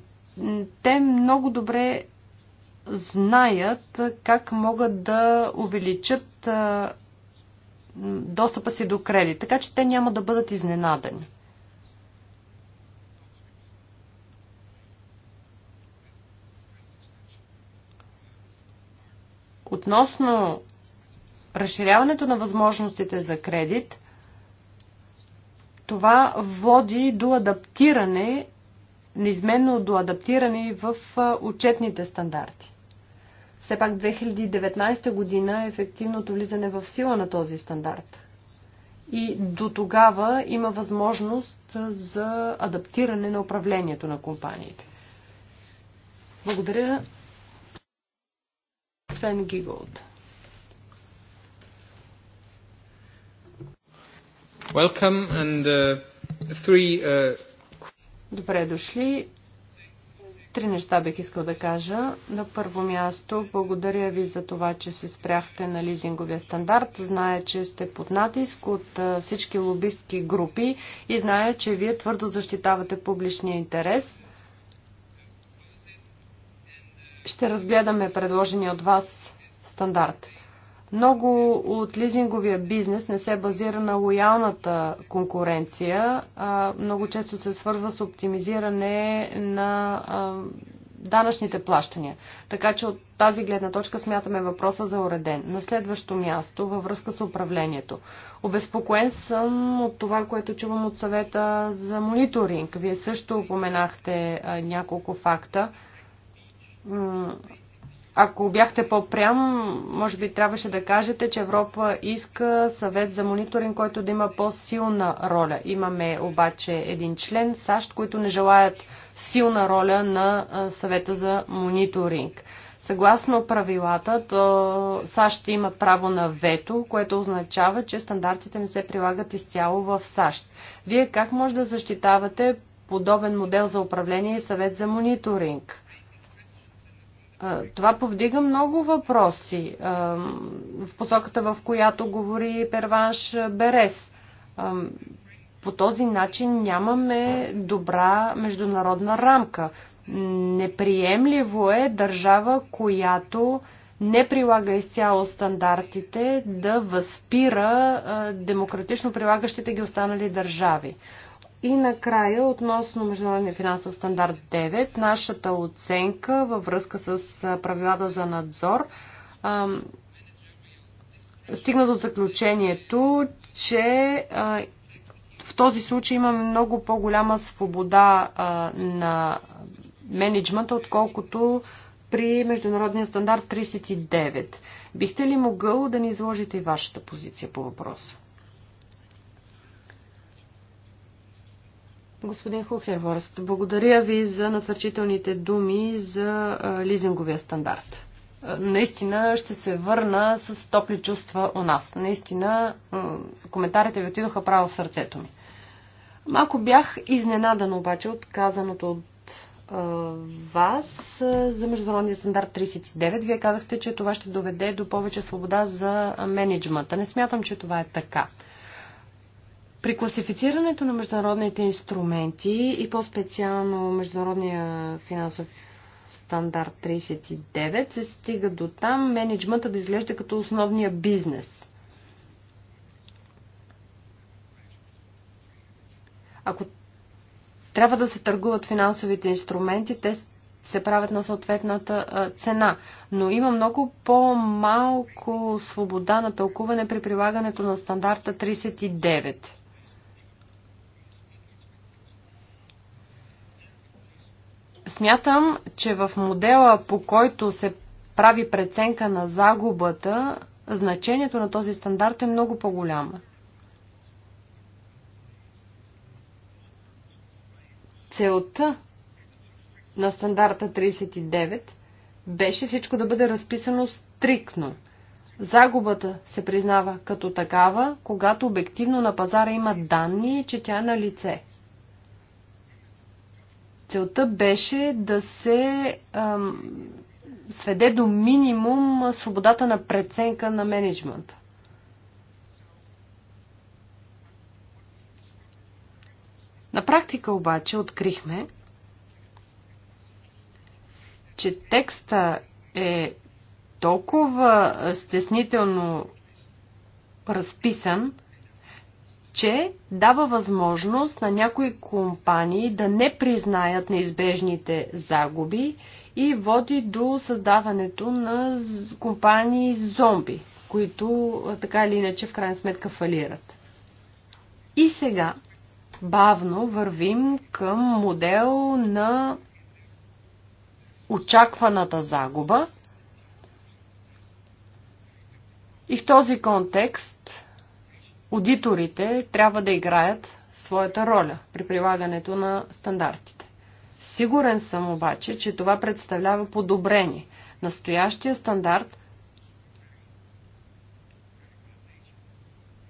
те много добре знаят как могат да увеличат а, достъпа си до кредит, така че те няма да бъдат изненадани. Относно разширяването на възможностите за кредит, това води до адаптиране, неизменно до адаптиране в отчетните стандарти. Все пак 2019 година е ефективното влизане в сила на този стандарт. И до тогава има възможност за адаптиране на управлението на компаниите. Благодаря Sven Giegold. Welcome and uh, three, uh... Добре дошли. Три неща бих искал да кажа. На първо място, благодаря ви за това, че се спряхте на лизинговия стандарт. Зная, че сте под натиск от всички лобистки групи и зная, че вие твърдо защитавате публичния интерес ще разгледаме предложения от вас стандарт. Много от лизинговия бизнес не се базира на лоялната конкуренция, а много често се свързва с оптимизиране на данъчните плащания. Така че от тази гледна точка смятаме въпроса за уреден. На следващо място във връзка с управлението. Обезпокоен съм от това, което чувам от съвета за мониторинг. Вие също упоменахте а, няколко факта ако бяхте по-прям, може би трябваше да кажете, че Европа иска съвет за мониторинг, който да има по-силна роля. Имаме обаче един член САЩ, които не желаят силна роля на съвета за мониторинг. Съгласно правилата, то САЩ има право на вето, което означава, че стандартите не се прилагат изцяло в САЩ. Вие как може да защитавате подобен модел за управление и съвет за мониторинг? Това повдига много въпроси в посоката, в която говори Перванш Берес. По този начин нямаме добра международна рамка. Неприемливо е държава, която не прилага изцяло стандартите, да възпира демократично прилагащите ги останали държави. И накрая, относно Международния финансов стандарт 9, нашата оценка във връзка с правилата за надзор стигна до заключението, че в този случай имаме много по-голяма свобода на менеджмента, отколкото при международния стандарт 39. Бихте ли могъл да ни изложите и вашата позиция по въпроса? Господин Хухерворст, благодаря ви за насърчителните думи за лизинговия стандарт. Наистина ще се върна с топли чувства у нас. Наистина коментарите ви отидоха право в сърцето ми. Малко бях изненадан обаче от казаното от вас за международния стандарт 39. Вие казахте, че това ще доведе до повече свобода за менеджмента. Не смятам, че това е така. При класифицирането на международните инструменти и по-специално Международния финансов стандарт 39 се стига до там менеджмента да изглежда като основния бизнес. Ако трябва да се търгуват финансовите инструменти, те се правят на съответната цена. Но има много по-малко свобода на тълкуване при прилагането на стандарта 39. Смятам, че в модела, по който се прави преценка на загубата, значението на този стандарт е много по-голямо. Целта на стандарта 39 беше всичко да бъде разписано стриктно. Загубата се признава като такава, когато обективно на пазара има данни, че тя е на лице. Целта беше да се ам, сведе до минимум свободата на преценка на менеджмента. На практика обаче открихме, че текста е толкова стеснително разписан, че дава възможност на някои компании да не признаят неизбежните загуби и води до създаването на компании зомби, които така или иначе в крайна сметка фалират. И сега бавно вървим към модел на очакваната загуба. И в този контекст аудиторите трябва да играят своята роля при прилагането на стандартите. Сигурен съм обаче, че това представлява подобрение. Настоящия стандарт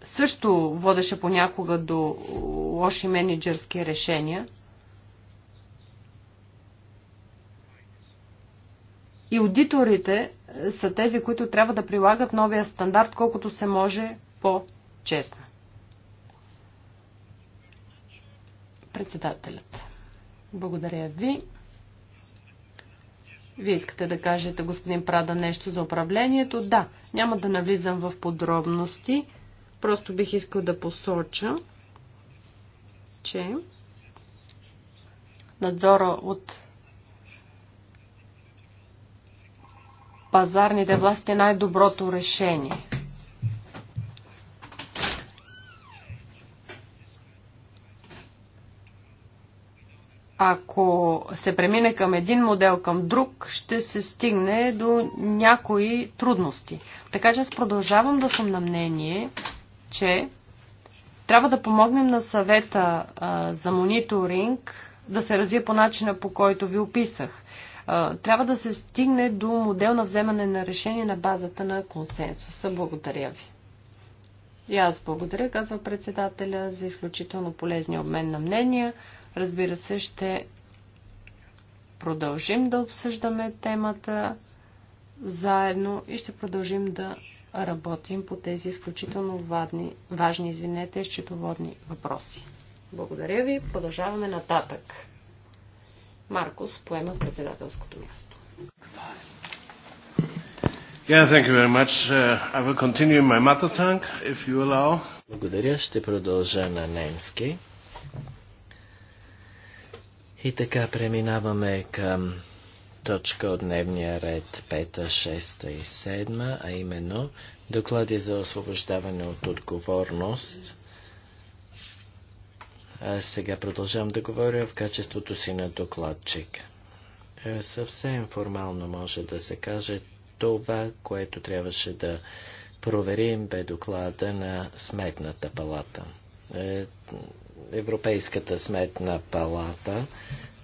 също водеше понякога до лоши менеджерски решения. И аудиторите са тези, които трябва да прилагат новия стандарт колкото се може по-добре честно. Председателят. Благодаря ви. Вие искате да кажете, господин Прада, нещо за управлението? Да, няма да навлизам в подробности. Просто бих искал да посоча, че надзора от пазарните власти е най-доброто решение. ако се премине към един модел към друг, ще се стигне до някои трудности. Така че аз продължавам да съм на мнение, че трябва да помогнем на съвета а, за мониторинг да се развие по начина, по който ви описах. А, трябва да се стигне до модел на вземане на решение на базата на консенсуса. Благодаря ви. И аз благодаря, казва председателя, за изключително полезния обмен на мнения. Разбира се, ще продължим да обсъждаме темата заедно и ще продължим да работим по тези изключително важни, важни извинете, счетоводни въпроси. Благодаря ви. Продължаваме нататък. Маркус поема председателското място. Yeah, thank you very much. Uh, I will continue my mother tongue, if you allow. Благодаря. Ще продължа на немски. И така преминаваме към точка от дневния ред 5, 6 и 7, а именно доклади за освобождаване от отговорност. А сега продължавам да говоря в качеството си на докладчик. Е, съвсем формално може да се каже това, което трябваше да проверим бе доклада на Сметната палата. Е, Европейската сметна палата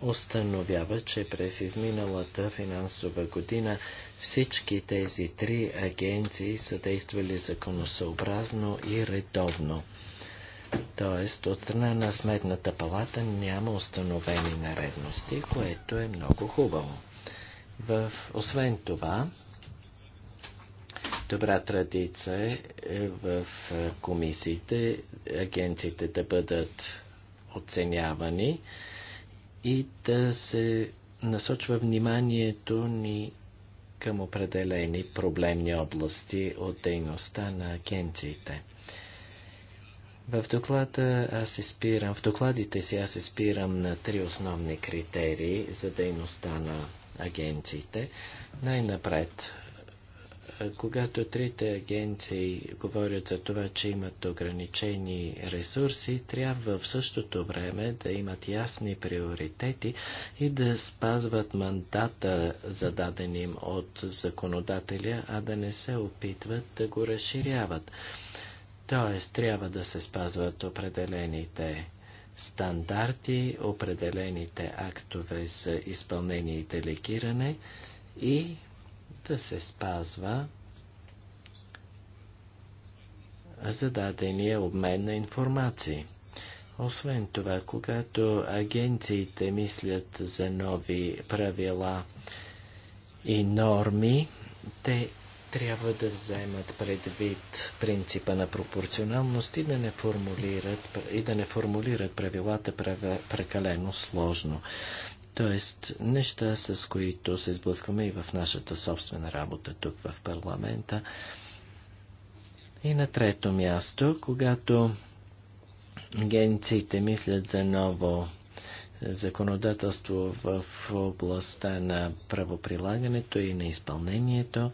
установява, че през изминалата финансова година всички тези три агенции са действали законосъобразно и редовно. Тоест, от страна на Сметната палата няма установени наредности, което е много хубаво. В... Освен това, Добра традиция е в е, комисиите агенциите да бъдат оценявани и да се насочва вниманието ни към определени проблемни области от дейността на агенциите. В доклада аз изпирам, в докладите си аз изпирам на три основни критерии за дейността на агенциите. Най-напред когато трите агенции говорят за това, че имат ограничени ресурси, трябва в същото време да имат ясни приоритети и да спазват мандата, зададен им от законодателя, а да не се опитват да го разширяват. Тоест, трябва да се спазват определените стандарти, определените актове за изпълнение и делегиране и да се спазва зададения обмен на информации. Освен това, когато агенциите мислят за нови правила и норми, те трябва да вземат предвид принципа на пропорционалност и да не формулират, и да не формулират правилата прекалено сложно. Тоест, неща, с които се сблъскваме и в нашата собствена работа тук в парламента. И на трето място, когато генците мислят за ново законодателство в областта на правоприлагането и на изпълнението,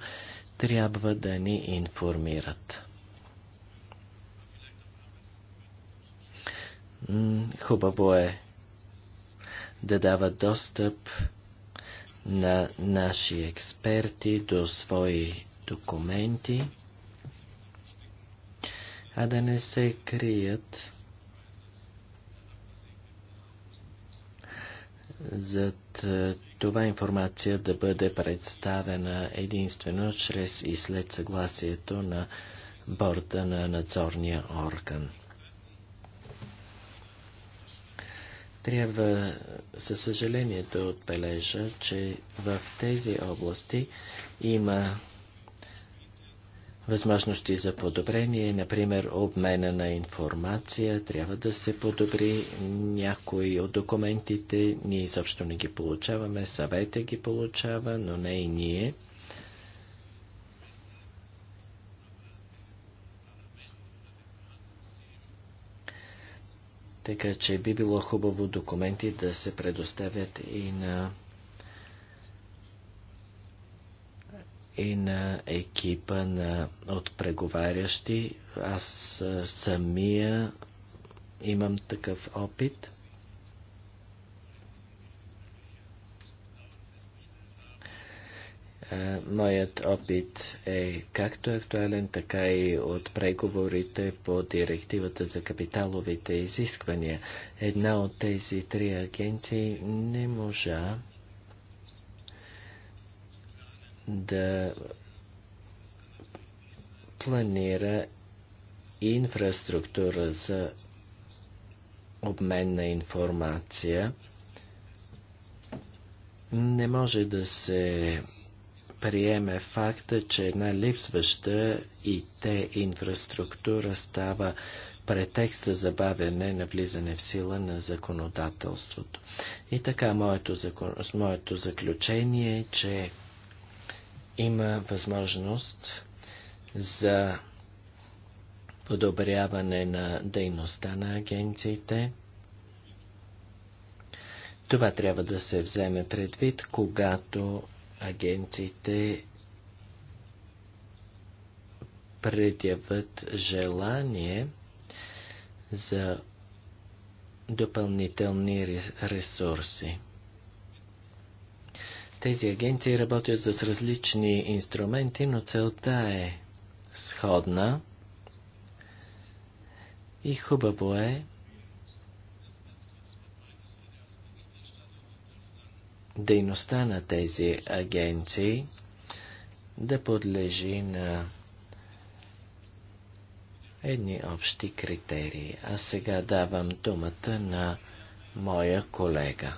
трябва да ни информират. Хубаво е да дава достъп на наши експерти до свои документи, а да не се крият зад е, това информация да бъде представена единствено чрез и след съгласието на борда на надзорния орган. Трябва със съжаление да отбележа, че в тези области има възможности за подобрение, например обмена на информация, трябва да се подобри някои от документите, ние изобщо не ги получаваме, съвета ги получава, но не и ние. Така че би било хубаво документи да се предоставят и на и на екипа на, от преговарящи. Аз самия имам такъв опит. Е, моят опит е както актуален, така и от преговорите по директивата за капиталовите изисквания. Една от тези три агенции не можа да планира инфраструктура за обмен на информация. Не може да се приеме факта, че една липсваща и те инфраструктура става претекст за забавяне на влизане в сила на законодателството. И така, моето, закон... моето заключение е, че има възможност за подобряване на дейността на агенциите. Това трябва да се вземе предвид, когато Агенциите предяват желание за допълнителни ресурси. Тези агенции работят с различни инструменти, но целта е сходна и хубаво е дейността на тези агенции да подлежи на едни общи критерии. А сега давам думата на моя колега.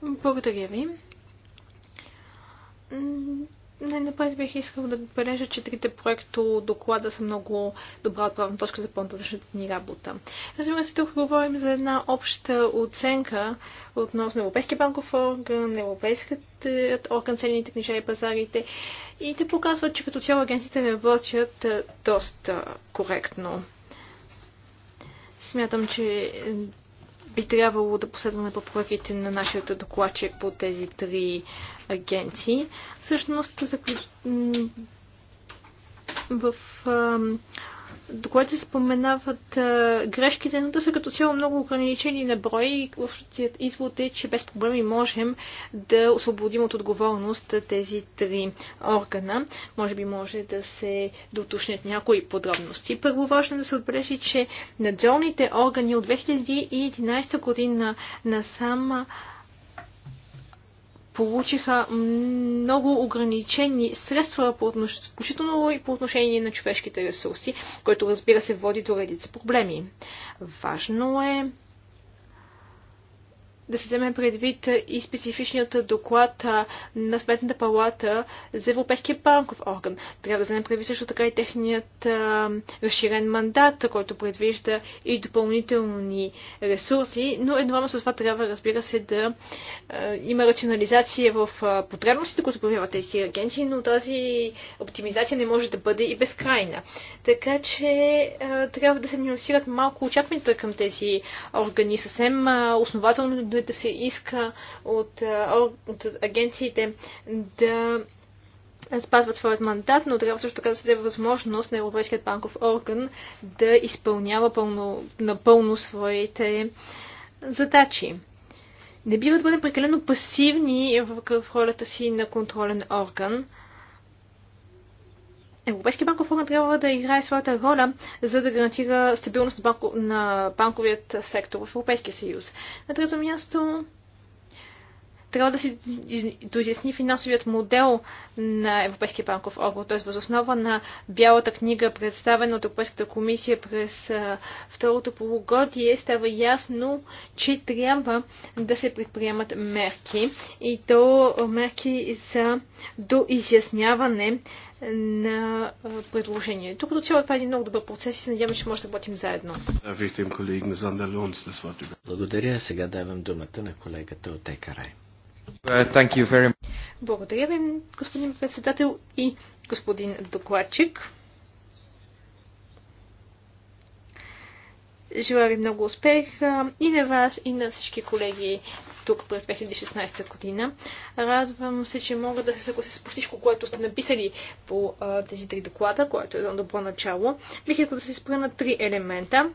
Благодаря ви. Най-напред бих искал да отбележа, че трите проекто доклада са много добра отправна точка за по-нататъчната ни работа. Разбира се, тук говорим за една обща оценка относно Европейския банков орган, Европейският е, орган ценните книжа и пазарите. И те показват, че като цяло агенциите работят е, доста коректно. Смятам, че би трябвало да последваме препоръките на нашите докладчик по тези три агенции. Всъщност, в до което се споменават а, грешките, но те са като цяло много ограничени на брой и общият извод е, че без проблеми можем да освободим от отговорност тези три органа. Може би може да се доточнят някои подробности. Първо важно е да се отбележи, че надзорните органи от 2011 година на сама получиха много ограничени средства, включително и по отношение на човешките ресурси, което разбира се води до редица проблеми. Важно е да се вземе предвид и специфичният доклад на Сметната палата за Европейския банков орган. Трябва да вземе предвид също така и техният а, разширен мандат, който предвижда и допълнителни ресурси, но едновременно с това трябва, разбира се, да а, има рационализация в а, потребностите, които проявяват тези агенции, но тази оптимизация не може да бъде и безкрайна. Така че трябва да се нюансират малко очакванията към тези органи. Съвсем основателно Необходимо да се иска е, от, от агенциите да спазват своят мандат, но трябва също така да се даде възможност на Европейският банков орган да изпълнява пълно, напълно своите задачи. Не бива да бъдем прекалено пасивни в ролята си на контролен орган. Европейския банков орган трябва да играе своята роля, за да гарантира стабилност на, на банковият сектор в Европейския съюз. На трето място трябва да се доизясни финансовият модел на Европейския банков орган, т.е. възоснова на бялата книга, представена от Европейската комисия през второто полугодие, става ясно, че трябва да се предприемат мерки и то мерки за доизясняване на предложението. Като цяло това е един много добър процес и се надявам, че може да работим заедно. Благодаря. Сега давам думата на колегата от ЕКАРАЙ. Uh, Благодаря ви, господин председател и господин докладчик. Желая ви много успех и на вас, и на всички колеги тук през 2016 година. Радвам се, че мога да се съглася с всичко, което сте написали по а, тези три доклада, което е едно добро начало. Бих искал да се спра на три елемента.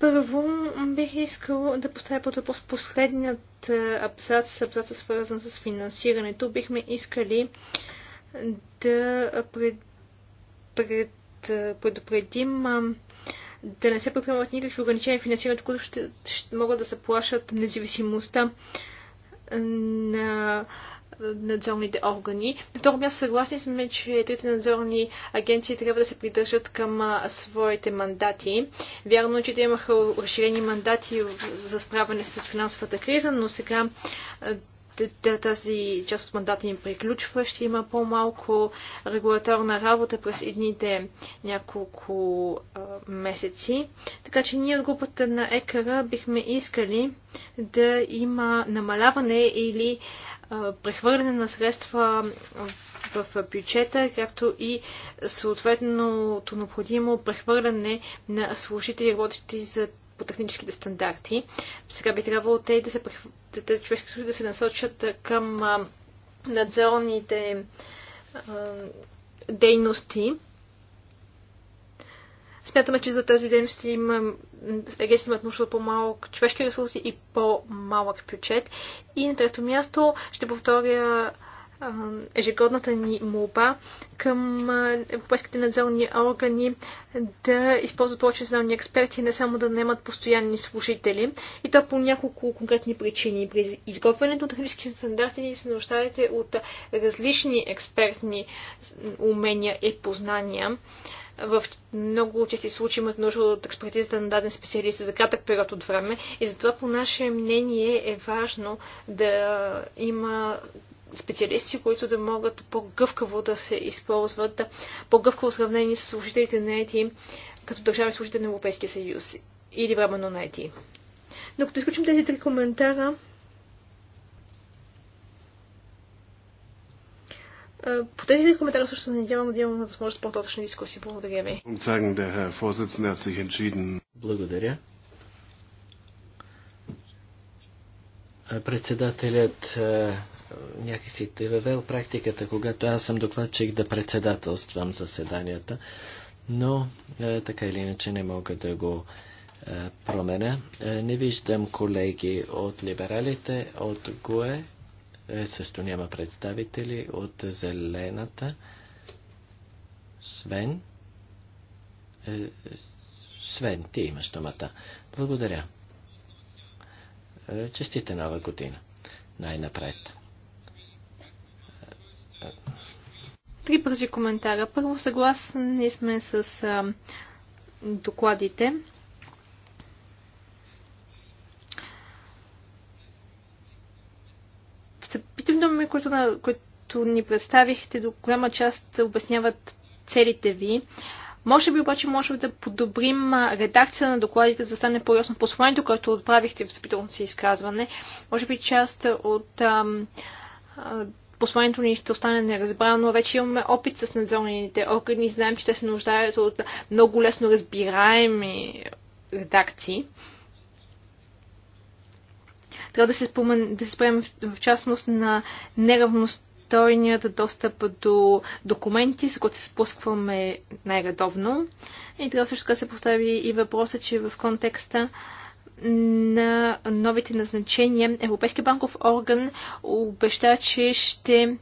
Първо бих искал да поставя под въпрос последният абзац, абзаца свързан с финансирането. Бихме искали да пред, пред, предупредим да не се предприемат никакви ограничения в финансирането, които ще, ще могат да се плашат независимостта на надзорните органи. На второ място съгласни сме, че трите надзорни агенции трябва да се придържат към а, своите мандати. Вярно е, че те имаха разширени мандати за справяне с финансовата криза, но сега а, тази част от мандата им приключва, ще има по-малко регулаторна работа през едните няколко а, месеци. Така че ние от групата на ЕКРА бихме искали да има намаляване или а, прехвърляне на средства в бюджета, както и съответното необходимо прехвърляне на служители, работещи за по техническите стандарти. Сега би трябвало те да се, тези човешки служби да се насочат към надзорните дейности. Смятаме, че за тази дейност има, агенцията имат нужда по-малък човешки ресурси и по-малък бюджет. И на трето място ще повторя ежегодната ни молба към европейските надзорни органи да използват повече знални експерти, не само да наемат постоянни служители. И то по няколко конкретни причини. При изготвянето на технически стандарти ни се нуждаете от различни експертни умения и познания в много чести случаи имат нужда от експертизата на даден специалист за кратък период от време и затова по наше мнение е важно да има специалисти, които да могат по-гъвкаво да се използват, по-гъвкаво сравнение с служителите на ЕТИ като държави служители на Европейския съюз или временно на ЕТИ. Но като изключим тези три коментара, По тези три коментара също се надявам да имаме възможност по точна дискусия. Благодаря ви. Е Благодаря. Председателят някакси те е въвел практиката, когато аз съм докладчик да председателствам заседанията, но е, така или иначе не мога да го е, променя. Е, не виждам колеги от либералите, от ГУЕ, е, също няма представители, от Зелената, Свен. Е, Свен, ти имаш думата. Благодаря. Е, честите нова година. Най-напред. Три бързи коментара. Първо, съгласни сме с а, докладите. Встъпително ми, което, на, което ни представихте, до голяма част обясняват целите ви. Може би обаче можем да подобрим редакция на докладите, за да стане по-ясно посланието, което отправихте в встъпителното си изказване. Може би част от ам, посланието ни ще остане неразбрано. но Вече имаме опит с надзорните органи. Знаем, че те се нуждаят от много лесно разбираеми редакции. Трябва да се, спомен, да се спрем в, в частност на неравностойният достъп до документи, с които се спускваме най-редовно. И трябва също така се постави и въпроса, че в контекста на новите назначения. Европейския банков орган обеща, че ще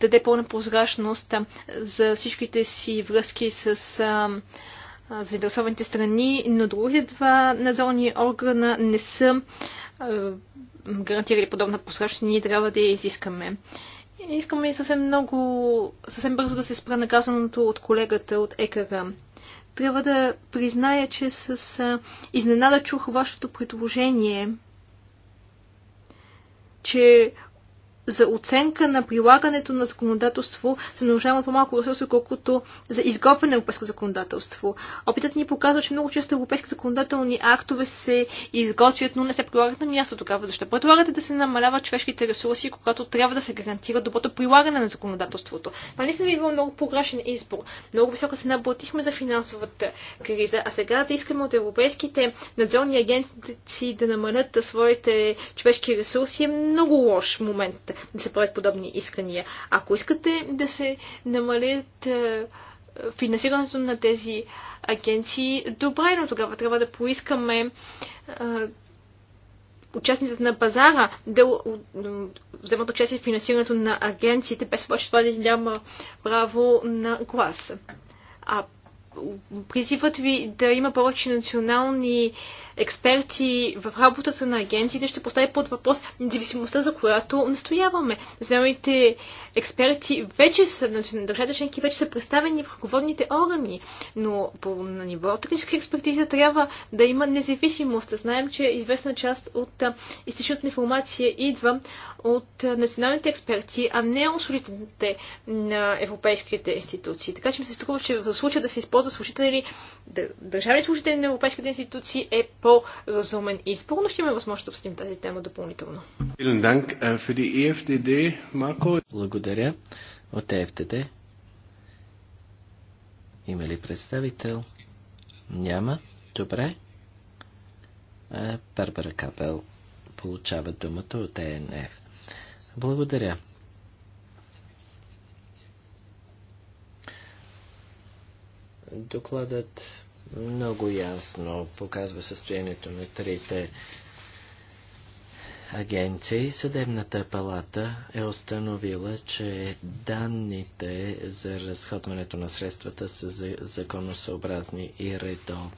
даде пълна прозрачност за всичките си връзки с заинтересованите страни, но другите два надзорни органа не са гарантирали подобна прозрачност и ние трябва да я изискаме. Искаме и съвсем много, съвсем бързо да се спра на казаното от колегата от Екара трябва да призная, че с а, изненада чух вашето предложение, че за оценка на прилагането на законодателство се нуждаем по-малко ресурси, колкото за изготвяне на европейско законодателство. Опитът ни показва, че много често европейски законодателни актове се изготвят, но не се прилагат на място тогава. Защо предлагате да се намаляват човешките ресурси, когато трябва да се гарантира доброто прилагане на законодателството? Това наистина ви било много погрешен избор. Много висока цена платихме за финансовата криза, а сега да искаме от европейските надзорни агенции да намалят своите човешки ресурси е много лош момент правят, да се правят подобни искания. Ако искате да се намалят е, финансирането на тези агенции, добре, но тогава трябва да поискаме е, участниците на пазара да вземат участие в финансирането на агенциите, без обаче това да няма право на глас. А призивът ви да има повече национални експерти в работата на агенциите ще постави под въпрос независимостта, за която настояваме. Знаемите експерти вече са, значи, на държавите членки вече са представени в ръководните органи, но по, на ниво техническа експертиза трябва да има независимост. Знаем, че е известна част от изтичната информация идва от националните експерти, а не от служителите на европейските институции. Така че ми се струва, че в случая да се използват служители, държавни служители на европейските институции е по по-разумен и но ще имаме възможност да обсъдим тази тема допълнително. Е, e Благодаря. От ЕФТД има ли представител? Няма. Добре. Барбара Капел получава думата от ЕНФ. Благодаря. Докладът много ясно показва състоянието на трите агенции. Съдебната палата е установила, че данните за разходването на средствата са законосъобразни и, редов...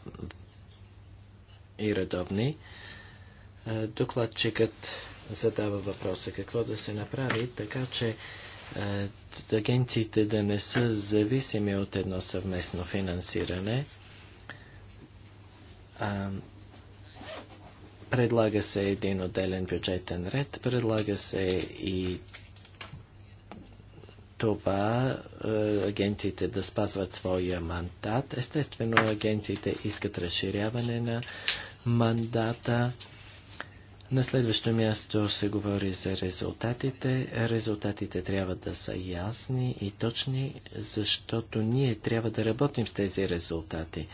и редовни. Докладчикът задава въпроса какво да се направи, така че агенциите да не са зависими от едно съвместно финансиране предлага се един отделен бюджетен ред, предлага се и това агенциите да спазват своя мандат. Естествено, агенциите искат разширяване на мандата. На следващо място се говори за резултатите. Резултатите трябва да са ясни и точни, защото ние трябва да работим с тези резултати.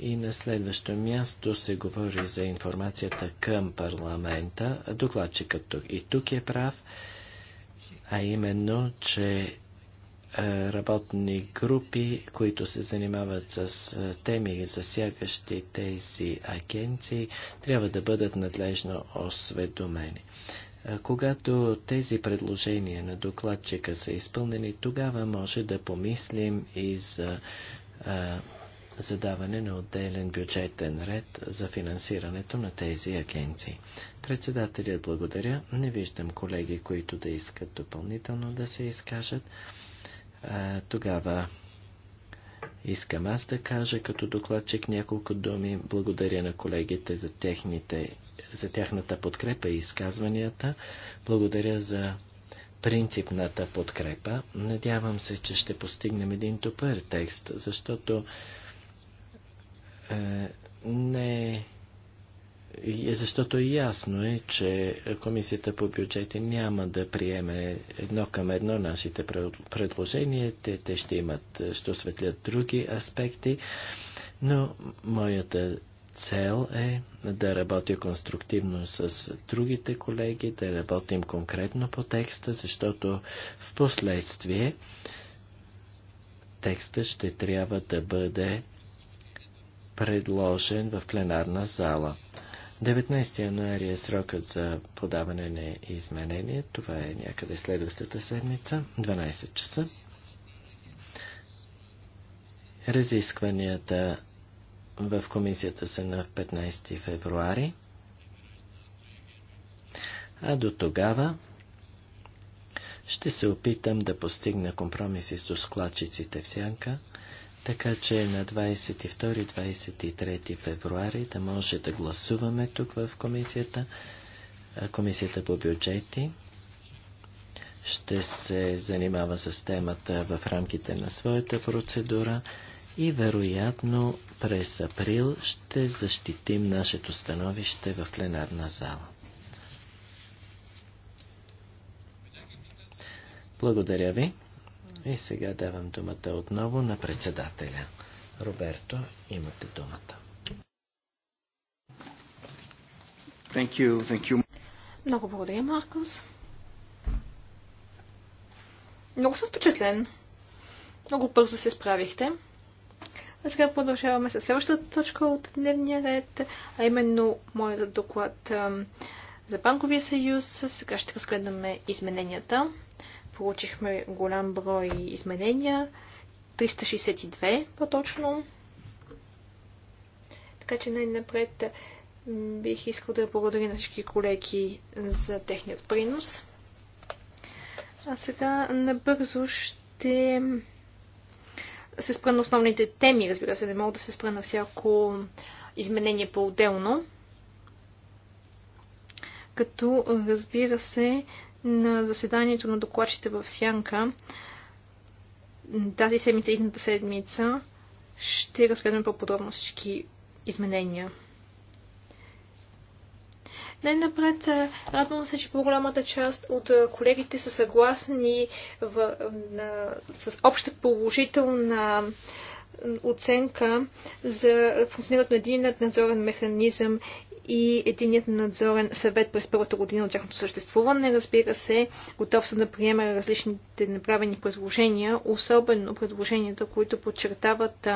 И на следващо място се говори за информацията към парламента. Докладчикът тук и тук е прав, а именно, че е, работни групи, които се занимават с е, теми, засягащи тези агенции, трябва да бъдат надлежно осведомени. Е, когато тези предложения на докладчика са изпълнени, тогава може да помислим и за за даване на отделен бюджетен ред за финансирането на тези агенции. Председателят благодаря. Не виждам колеги, които да искат допълнително да се изкажат. А, тогава искам аз да кажа като докладчик няколко думи. Благодаря на колегите за, техните, за тяхната подкрепа и изказванията. Благодаря за принципната подкрепа. Надявам се, че ще постигнем един добър текст, защото е, не защото ясно е, че Комисията по бюджети няма да приеме едно към едно нашите предложения. Те, те ще имат, е, ще осветлят други аспекти, но моята цел е да работя конструктивно с другите колеги, да работим конкретно по текста, защото в последствие текста ще трябва да бъде предложен в пленарна зала. 19 януари е срокът за подаване на изменение. Това е някъде следващата седмица, 12 часа. Разискванията в комисията са на 15 февруари. А до тогава ще се опитам да постигна компромиси с ускладчиците в сянка – така че на 22-23 февруари да може да гласуваме тук в комисията, комисията по бюджети ще се занимава с темата в рамките на своята процедура и вероятно през април ще защитим нашето становище в пленарна зала. Благодаря ви. И е, сега давам думата отново на председателя. Роберто, имате думата. Thank you, thank you. Много благодаря, Маркус. Много съм впечатлен. Много бързо се справихте. А сега продължаваме с следващата точка от дневния ред, а именно моят доклад за Банковия съюз. Сега ще разгледаме измененията. Получихме голям брой изменения. 362 по-точно. Така че най-напред бих искал да благодаря на всички колеги за техният принос. А сега набързо ще се спра на основните теми. Разбира се, не мога да се спра на всяко изменение по-отделно. Като, разбира се, на заседанието на докладчите в Сянка тази седмица, идната седмица, ще разгледаме по-подробно всички изменения. Най-напред, е, радвам се, че по-голямата част от е, колегите са съгласни в, е, на, с обща положителна оценка за функционирането на един надзорен механизъм и единият надзорен съвет през първата година от тяхното съществуване. Разбира се, готов съм да приема различните направени предложения, особено предложенията, които подчертават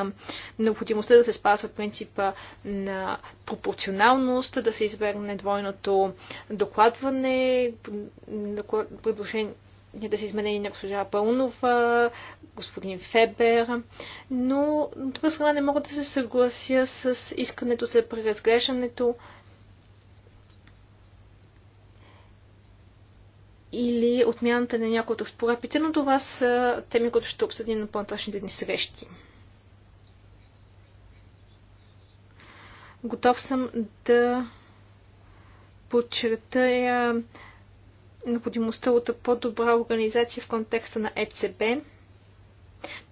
необходимостта да се спазва принципа на пропорционалност, да се избегне двойното докладване, предложение да се и на госпожа Пълнова, господин Фебер, но от друга страна не мога да се съглася с искането за преразглеждането или отмяната на някои от разпоредбите, но това са теми, които ще обсъдим на по-нататъчните ни срещи. Готов съм да подчертая необходимостта от по-добра организация в контекста на ЕЦБ,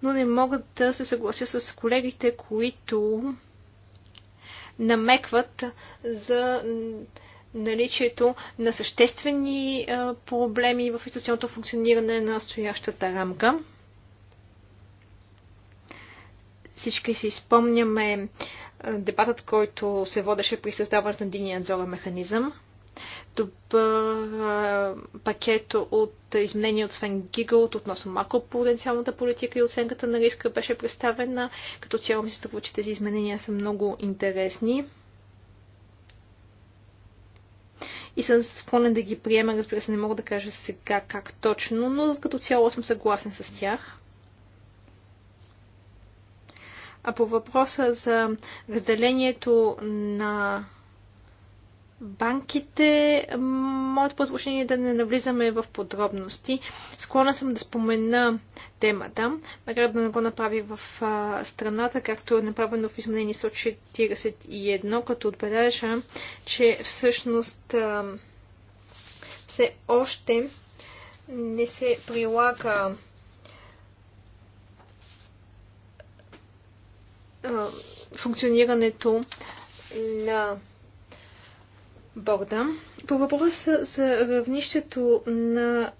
но не мога да се съглася с колегите, които намекват за наличието на съществени проблеми в институционното функциониране на настоящата рамка. Всички си спомняме дебатът, който се водеше при създаването на единия надзорен механизъм. Добър пакет от изменения от Свен Гигълт относно макропотенциалната политика и оценката на риска беше представена. Като цяло ми се струва, че тези изменения са много интересни. и съм склонен да ги приема. Разбира се, не мога да кажа сега как точно, но като цяло съм съгласен с тях. А по въпроса за разделението на банките, моето предложение е да не навлизаме в подробности. Склона съм да спомена темата, макар да не го направи в страната, както е направено в изменение 141, като отбележа, че всъщност все още не се прилага функционирането на борда. По въпроса за равнището на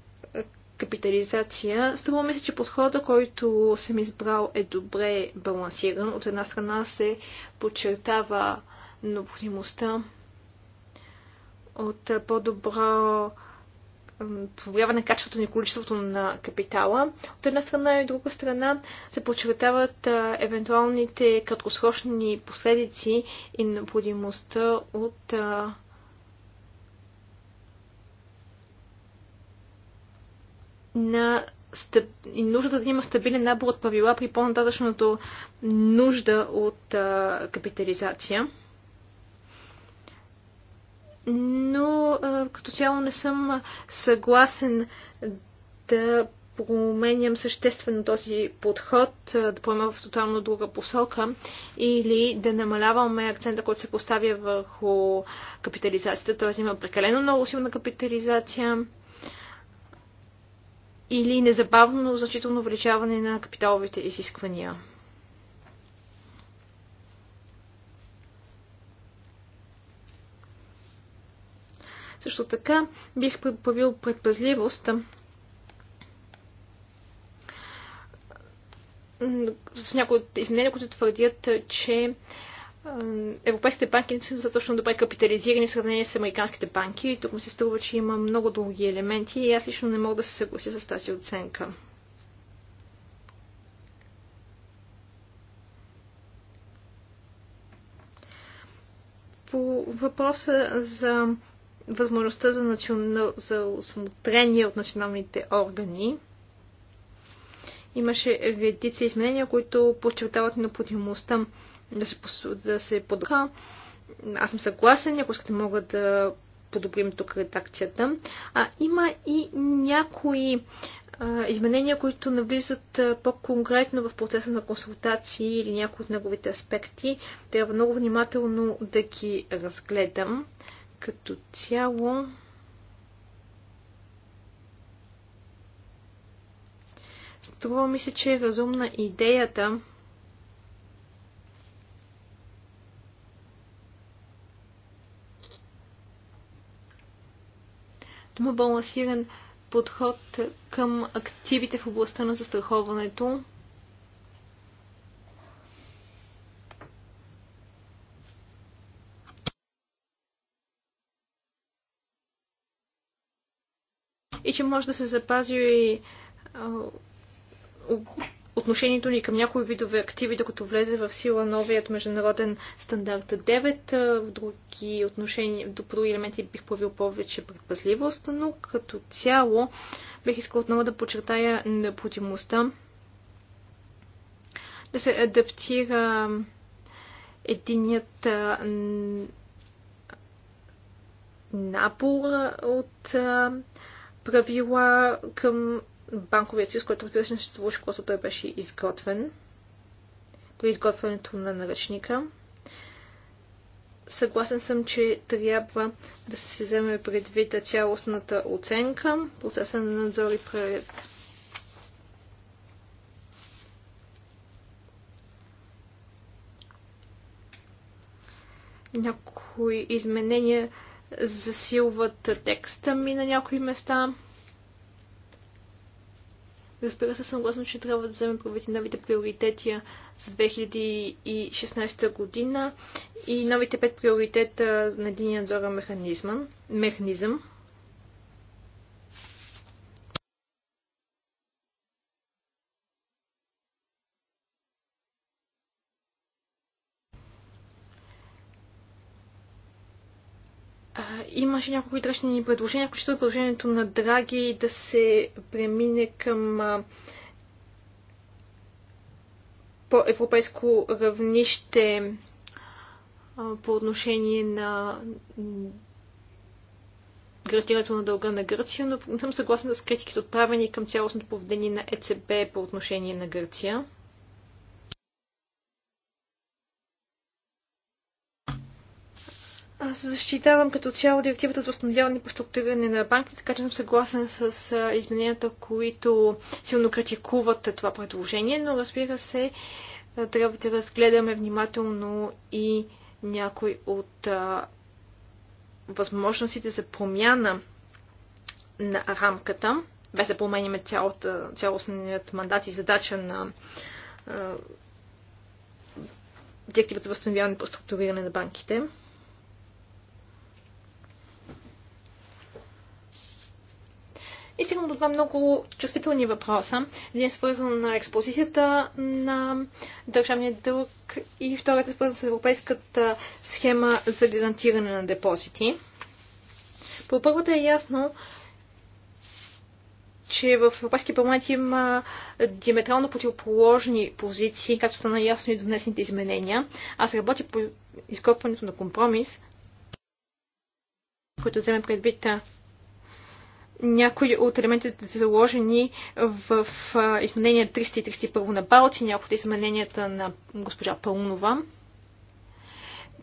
капитализация, струва ми се, че подхода, който съм избрал е добре балансиран. От една страна се подчертава необходимостта от по-добро подобряване на качеството на количеството на капитала. От една страна и от друга страна се подчертават евентуалните краткосрочни последици и необходимостта от а, на стъп... и нуждата да има стабилен набор от правила при по-нататъчното нужда от а, капитализация. Но а, като цяло не съм съгласен да променям съществено този подход, да поема в тотално друга посока или да намаляваме акцента, който се поставя върху капитализацията, т.е. има прекалено много силна капитализация или незабавно значително увеличаване на капиталовите изисквания. Също така бих проявил предпазливост с някои от изменения, които твърдят, че европейските банки не са достатъчно добре капитализирани в сравнение с американските банки. И тук ми се струва, че има много други елементи и аз лично не мога да се съглася с тази оценка. По въпроса за възможността за, национал... за осмотрение от националните органи, имаше редица изменения, които подчертават необходимостта да се, да се подобра. Аз съм съгласен, ако искате мога да подобрим тук редакцията. А, има и някои а, изменения, които навлизат по-конкретно в процеса на консултации или някои от неговите аспекти. Трябва много внимателно да ги разгледам. Като цяло. Струва ми се, че е разумна идеята има балансиран подход към активите в областта на застраховането. И че може да се запази и отношението ни към някои видове активи, докато влезе в сила новият международен стандарт 9. В други отношения, до други елементи бих появил повече предпазливост, но като цяло бих искал отново да подчертая необходимостта да се адаптира единият набор от правила към банковият съюз, който разбира се не съществуваше, когато той беше изготвен, при изготвянето на наръчника. Съгласен съм, че трябва да се вземе предвид цялостната оценка, процеса на надзор и преред. Някои изменения засилват текста ми на някои места. Разбира се, съм гласна, че трябва да вземем правите новите приоритети за 2016 година и новите пет приоритета на един надзорен механизъм. механизъм. имаше няколко интересни предложения, включително предложението на Драги да се премине към по-европейско равнище по отношение на гарантирането на дълга на Гърция, но не съм съгласна с критиките отправени към цялостното поведение на ЕЦБ по отношение на Гърция. Аз защитавам като цяло директивата за възстановяване и преструктуриране на банките, така че съм съгласен с измененията, които силно критикуват това предложение, но разбира се, трябва да разгледаме внимателно и някой от а, възможностите за промяна на рамката, без да променяме цялостният мандат и задача на а, директивата за възстановяване и преструктуриране на банките. И стигам до два много чувствителни въпроса. Един е свързан на експозицията на държавния дълг и втората е свързан с европейската схема за гарантиране на депозити. По първата е ясно, че в Европейския парламент има диаметрално противоположни позиции, както стана ясно и до днесните изменения. Аз работя по изкопването на компромис, който вземе предвид някои от елементите са заложени в изменения 300 331 на балти, някои от измененията на госпожа Пълнова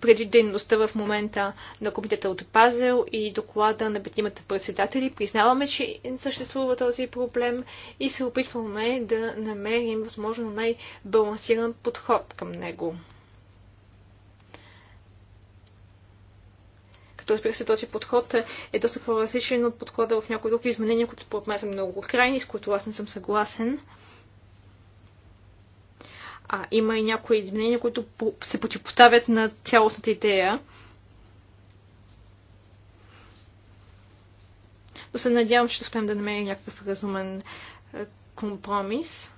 предвид дейността в момента на комитета от Пазел и доклада на петимата председатели. Признаваме, че съществува този проблем и се опитваме да намерим възможно най-балансиран подход към него. като разбира се този подход е доста по-различен от подхода в някои други изменения, които според мен са много крайни, с които аз не съм съгласен. А има и някои изменения, които се противопоставят на цялостната идея. Но се надявам, че успеем да намерим някакъв разумен компромис.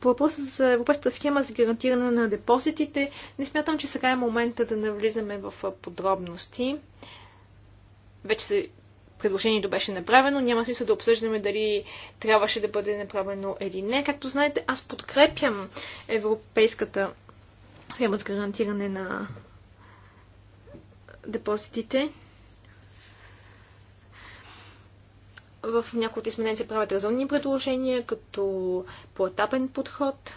По въпроса за европейската схема за гарантиране на депозитите, не смятам, че сега е момента да навлизаме в подробности. Вече се предложението беше направено, няма смисъл да обсъждаме дали трябваше да бъде направено или не. Както знаете, аз подкрепям европейската схема за гарантиране на депозитите. В някои от изменения се правят разумни предложения, като поетапен подход.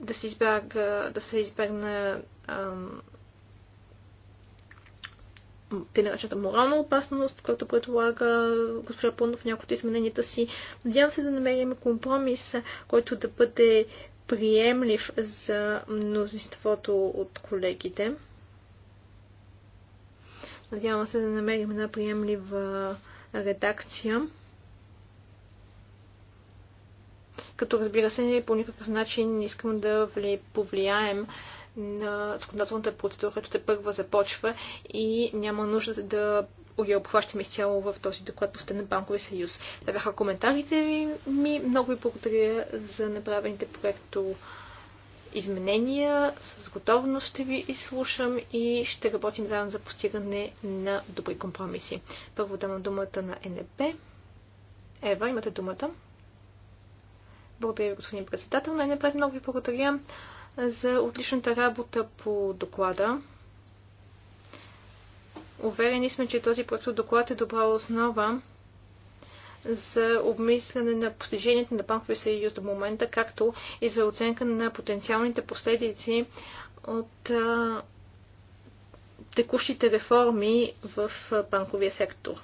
Да се избяга, да се избегне те наречената морална опасност, която предлага госпожа Пълнов в някои от измененията си. Надявам се да намерим компромис, който да бъде приемлив за мнозинството от колегите. Надявам се да намерим една приемлива редакция. Като разбира се, по никакъв начин не искам да повлияем на законодателната процедура, която те първа започва и няма нужда да я обхващаме изцяло в този доклад по на Банкови съюз. Това бяха коментарите ми. Много ви благодаря за направените проекто изменения. С готовност ще ви изслушам и ще работим заедно за постигане на добри компромиси. Първо дам думата на НП. Ева, имате думата. Благодаря ви, господин председател. на НП. много ви благодаря за отличната работа по доклада. Уверени сме, че този проект доклад е добра основа за обмислене на постижението на банковия съюз до момента, както и за оценка на потенциалните последици от а, текущите реформи в банковия сектор.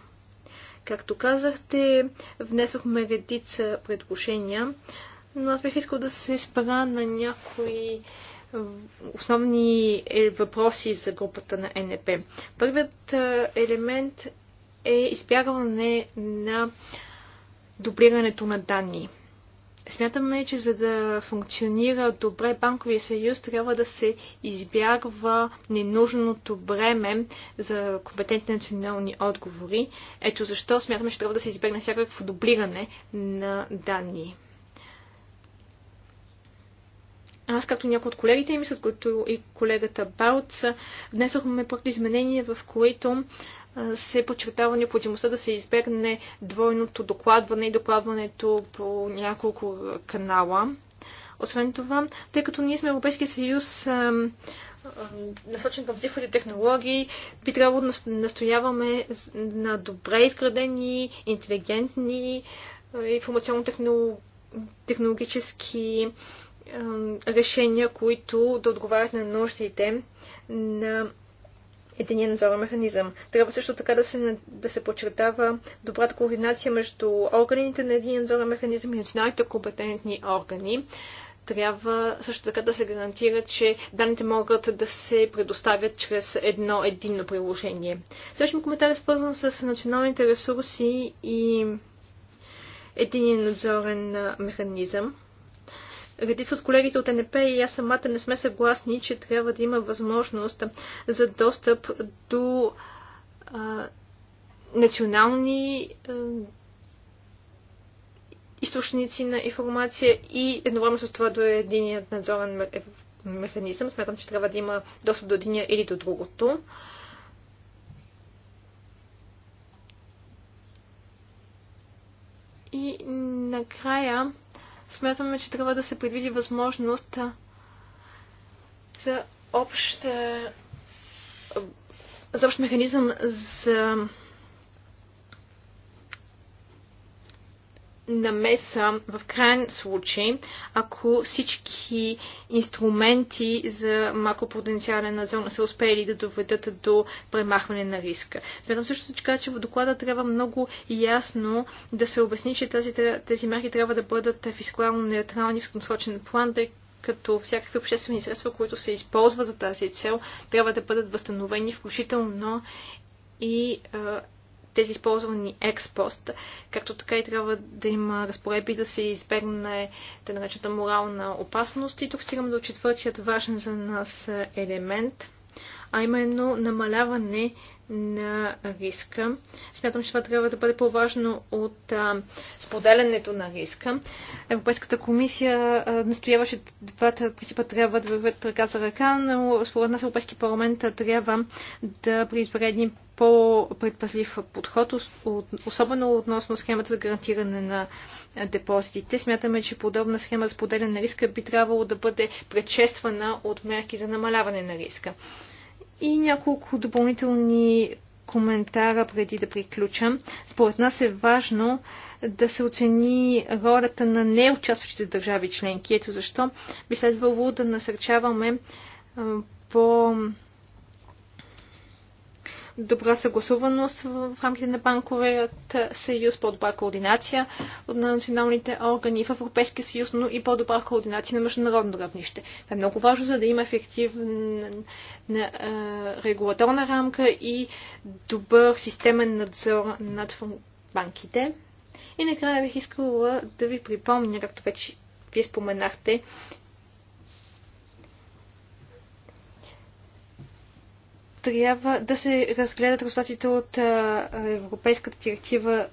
Както казахте, внесохме редица предложения, но аз бих искал да се спра на някои основни е, въпроси за групата на НП. Първият елемент е избягване на дублирането на данни. Смятаме, че за да функционира добре банковия съюз, трябва да се избягва ненужното бреме за компетентни национални отговори. Ето защо смятаме, че трябва да се избегне всякакво дублиране на данни. Аз, както някои от колегите ми, след които и колегата Балц, внесохме проекто изменения, в които се подчертава необходимостта да се избегне двойното докладване и докладването по няколко канала. Освен това, тъй като ние сме Европейския съюз насочен към цифрови технологии, би трябвало да настояваме на добре изградени, интелигентни информационно-технологически решения, които да отговарят на нуждите на единия надзорен механизъм. Трябва също така да се, да се подчертава добрата координация между органите на един надзорен механизъм и националните компетентни органи. Трябва също така да се гарантира, че данните могат да се предоставят чрез едно единно приложение. Следващия коментар е свързан с националните ресурси и единен надзорен механизъм. Редица от колегите от НП и аз самата не сме съгласни, че трябва да има възможност за достъп до а, национални а, източници на информация и едновременно с това до единият надзорен механизъм. Смятам, че трябва да има достъп до единия или до другото. И накрая смятаме, че трябва да се предвиди възможност за общ, за общ механизъм за намеса в крайен случай, ако всички инструменти за макропотенциален зона са успели да доведат до премахване на риска. Смятам също така, че в доклада трябва много ясно да се обясни, че тази, тези мерки трябва да бъдат фискално неутрални в срочен план, тъй като всякакви обществени средства, които се използват за тази цел, трябва да бъдат възстановени, включително и тези използвани експост, както така и трябва да има разпоредби да се избегне да наречата морална опасност. И тук стигаме до четвъртият важен за нас елемент, а именно намаляване на риска. Смятам, че това трябва да бъде по-важно от а, споделянето на риска. Европейската комисия а, настояваше двата принципа трябва да вървят ръка за ръка, но според нас Европейски парламент трябва да преизбере един по-предпазлив подход, особено относно схемата за гарантиране на депозитите. Смятаме, че подобна схема за споделяне на риска би трябвало да бъде предшествана от мерки за намаляване на риска. И няколко допълнителни коментара преди да приключа. Според нас е важно да се оцени ролята на неучастващите държави членки. Ето защо би следвало да насърчаваме по добра съгласуваност в рамките на банковият съюз, по-добра координация на националните органи в Европейския съюз, но и по-добра координация на международно равнище. Това е много важно, за да има ефективна регулаторна рамка и добър системен надзор над банките. И накрая бих искала да ви припомня, както вече вие споменахте, трябва да се разгледат резултатите от Европейската директива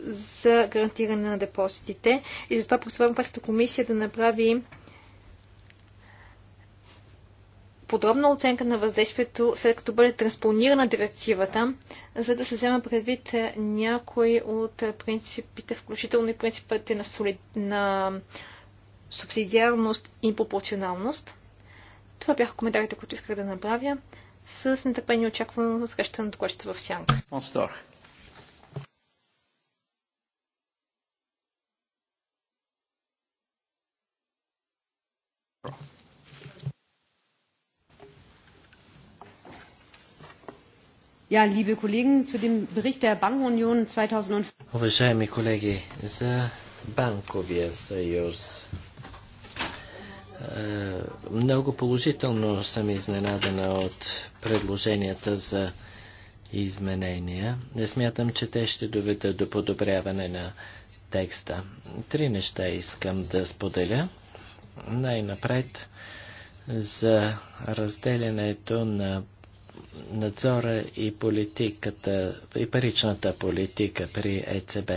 за гарантиране на депозитите. И затова призовавам Пасата комисия да направи подробна оценка на въздействието, след като бъде транспонирана директивата, за да се взема предвид някои от принципите, включително и принципите на, солид... на субсидиарност и пропорционалност. Това бяха коментарите, които исках да направя. С нетърпение очаквам срещата на докладчета в Сянка. Ja, liebe Kollegen, zu dem Bericht der Bankenunion 2005. Уважаеми колеги, за Банковия съюз е, много положително съм изненадана от предложенията за изменения. Не смятам, че те ще доведат до подобряване на текста. Три неща искам да споделя. Най-напред за разделянето на надзора и политиката и паричната политика при ЕЦБ.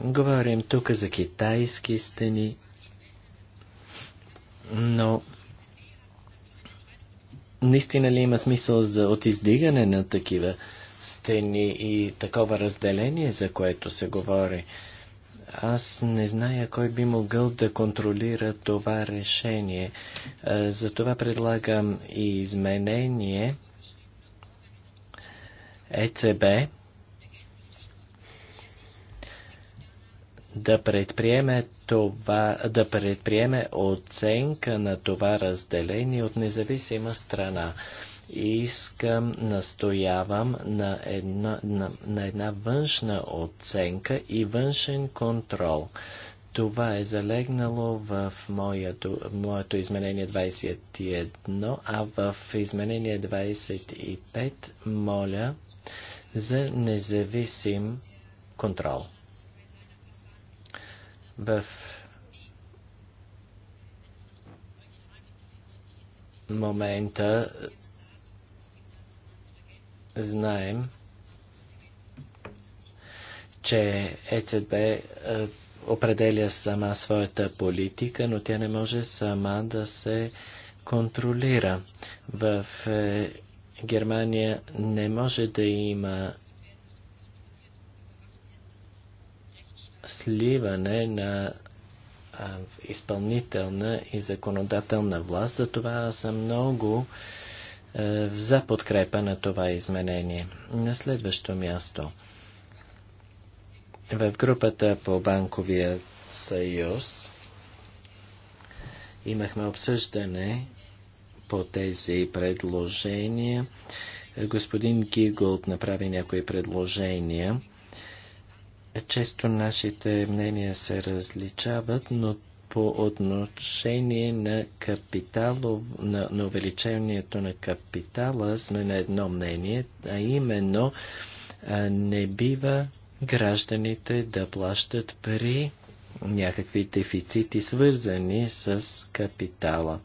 Говорим тук за китайски стени, но наистина ли има смисъл за, от издигане на такива стени и такова разделение, за което се говори? Аз не зная кой би могъл да контролира това решение. Затова предлагам и изменение ЕЦБ да предприеме, това, да предприеме оценка на това разделение от независима страна. Искам, настоявам на една, на, на една външна оценка и външен контрол. Това е залегнало в моето, моето изменение 21, а в изменение 25 моля за независим контрол. В момента знаем, че ЕЦБ определя сама своята политика, но тя не може сама да се контролира. В е, Германия не може да има сливане на изпълнителна и законодателна власт. Затова съм много за подкрепа на това изменение. На следващо място. В групата по Банковия съюз имахме обсъждане по тези предложения. Господин Гигулт направи някои предложения често нашите мнения се различават, но по отношение на капиталов, на, на увеличението на капитала сме на едно мнение, а именно а, не бива гражданите да плащат при някакви дефицити, свързани с капитала.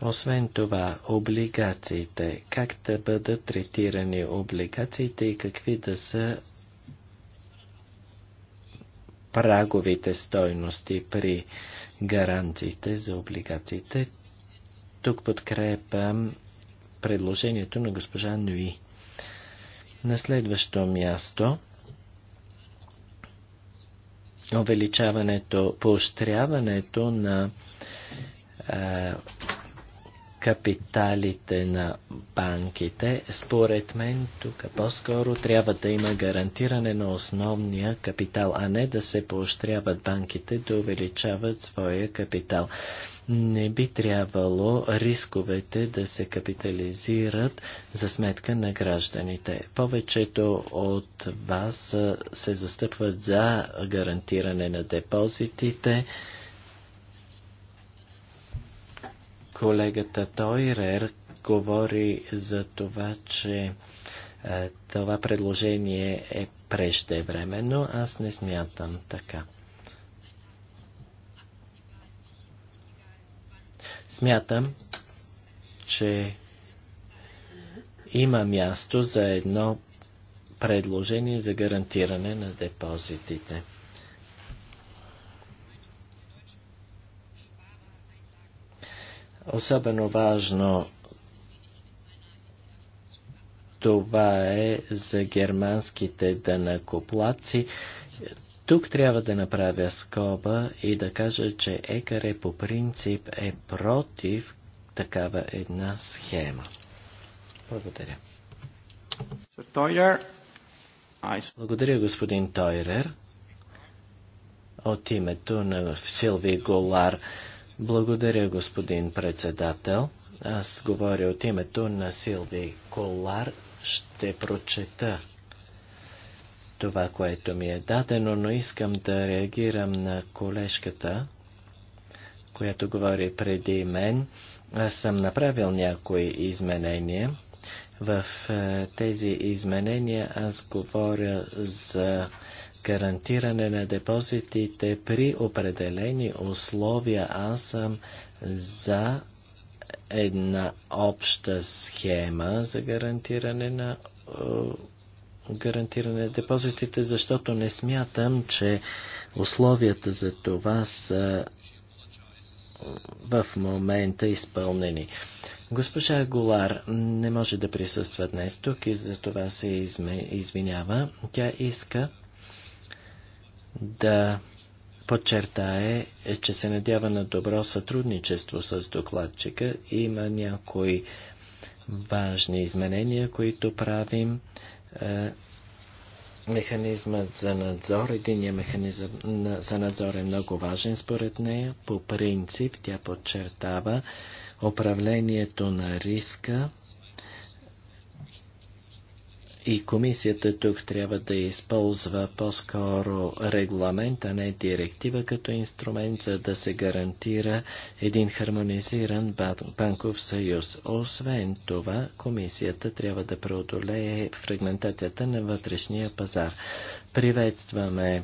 Освен това, облигациите, как да бъдат третирани облигациите и какви да са праговите стойности при гаранциите за облигациите. Тук подкрепям предложението на госпожа Нуи. На следващо място увеличаването, поощряването на капиталите на банките, според мен тук по-скоро трябва да има гарантиране на основния капитал, а не да се поощряват банките да увеличават своя капитал. Не би трябвало рисковете да се капитализират за сметка на гражданите. Повечето от вас се застъпват за гарантиране на депозитите, Колегата Тойрер говори за това, че е, това предложение е преждевременно. Аз не смятам така. Смятам, че има място за едно предложение за гарантиране на депозитите. Особено важно това е за германските данакоплаци. Тук трябва да направя скоба и да кажа, че ЕКАРЕ по принцип е против такава една схема. Благодаря. Благодаря, господин Тойрер. От името на Силви Голар. Благодаря, господин председател. Аз говоря от името на Силви Колар. Ще прочета това, което ми е дадено, но искам да реагирам на колежката, която говори преди мен. Аз съм направил някои изменения. В е, тези изменения аз говоря за гарантиране на депозитите при определени условия. Аз съм за една обща схема за гарантиране на е, гарантиране на депозитите, защото не смятам, че условията за това са в момента изпълнени. Госпожа Голар не може да присъства днес тук и за това се извинява. Тя иска да подчертае, че се надява на добро сътрудничество с докладчика. Има някои важни изменения, които правим. Е, механизмът за надзор, единият механизъм за надзор е много важен според нея. По принцип тя подчертава управлението на риска и комисията тук трябва да използва по-скоро регламент, а не директива като инструмент, за да се гарантира един хармонизиран банков съюз. Освен това, комисията трябва да преодолее фрагментацията на вътрешния пазар. Приветстваме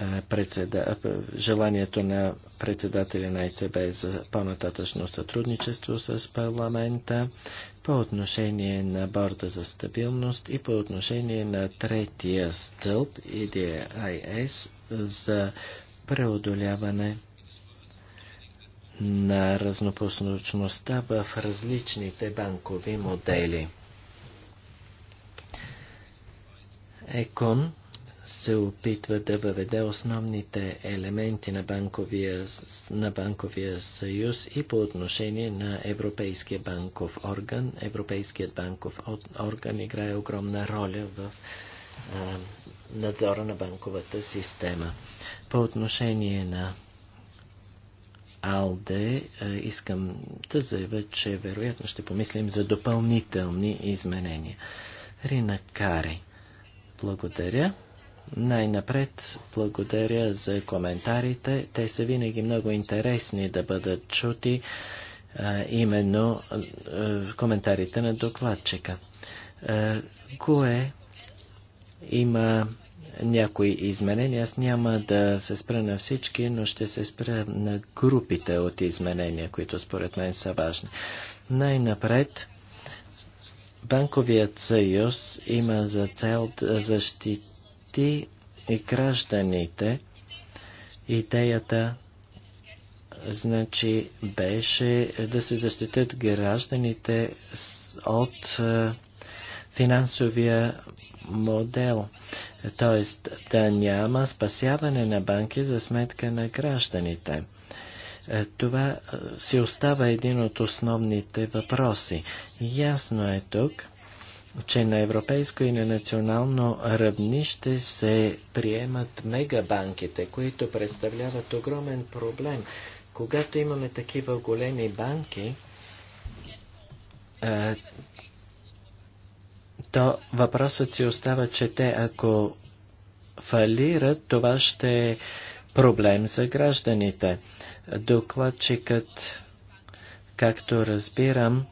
е, председа... Е, желанието на председателя на ЕЦБ за по-нататъчно сътрудничество с парламента по отношение на борда за стабилност и по отношение на третия стълб EDIS за преодоляване на разнопосночността в различните банкови модели. ЕКОН се опитва да въведе основните елементи на банковия, на банковия съюз и по отношение на Европейския банков орган. Европейският банков орган играе огромна роля в а, надзора на банковата система. По отношение на АЛДЕ искам да заявя, че вероятно ще помислим за допълнителни изменения. Рина Кари. Благодаря. Най-напред благодаря за коментарите. Те са винаги много интересни да бъдат чути, а, именно а, коментарите на докладчика. А, кое има някои изменения. Аз няма да се спра на всички, но ще се спра на групите от изменения, които според мен са важни. Най-напред, Банковият съюз има за цел да защити посвети и гражданите. Идеята значи беше да се защитят гражданите от е, финансовия модел, т.е. да няма спасяване на банки за сметка на гражданите. Е, това е, си остава един от основните въпроси. Ясно е тук, че на европейско и на национално равнище се приемат мегабанките, които представляват огромен проблем. Когато имаме такива големи банки, то въпросът си остава, че те ако фалират, това ще е проблем за гражданите. Докладчикът, както разбирам,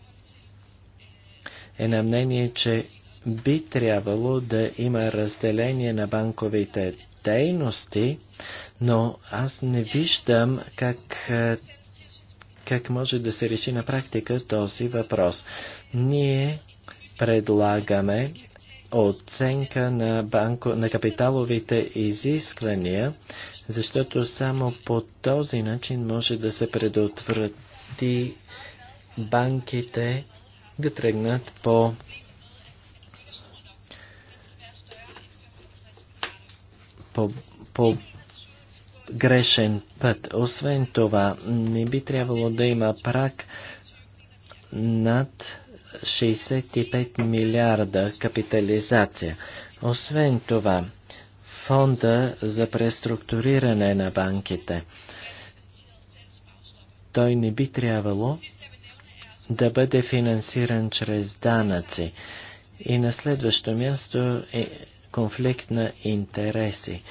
е на мнение, че би трябвало да има разделение на банковите дейности, но аз не виждам как, е, как може да се реши на практика този въпрос. Ние предлагаме оценка на, банко, на капиталовите изисквания, защото само по този начин може да се предотврати банките да тръгнат по по, по грешен път. Освен това, не би трябвало да има прак над 65 милиарда капитализация. Освен това, фонда за преструктуриране на банките. Той не би трябвало да бъде финансиран чрез данъци. И на следващо място е конфликт на интереси.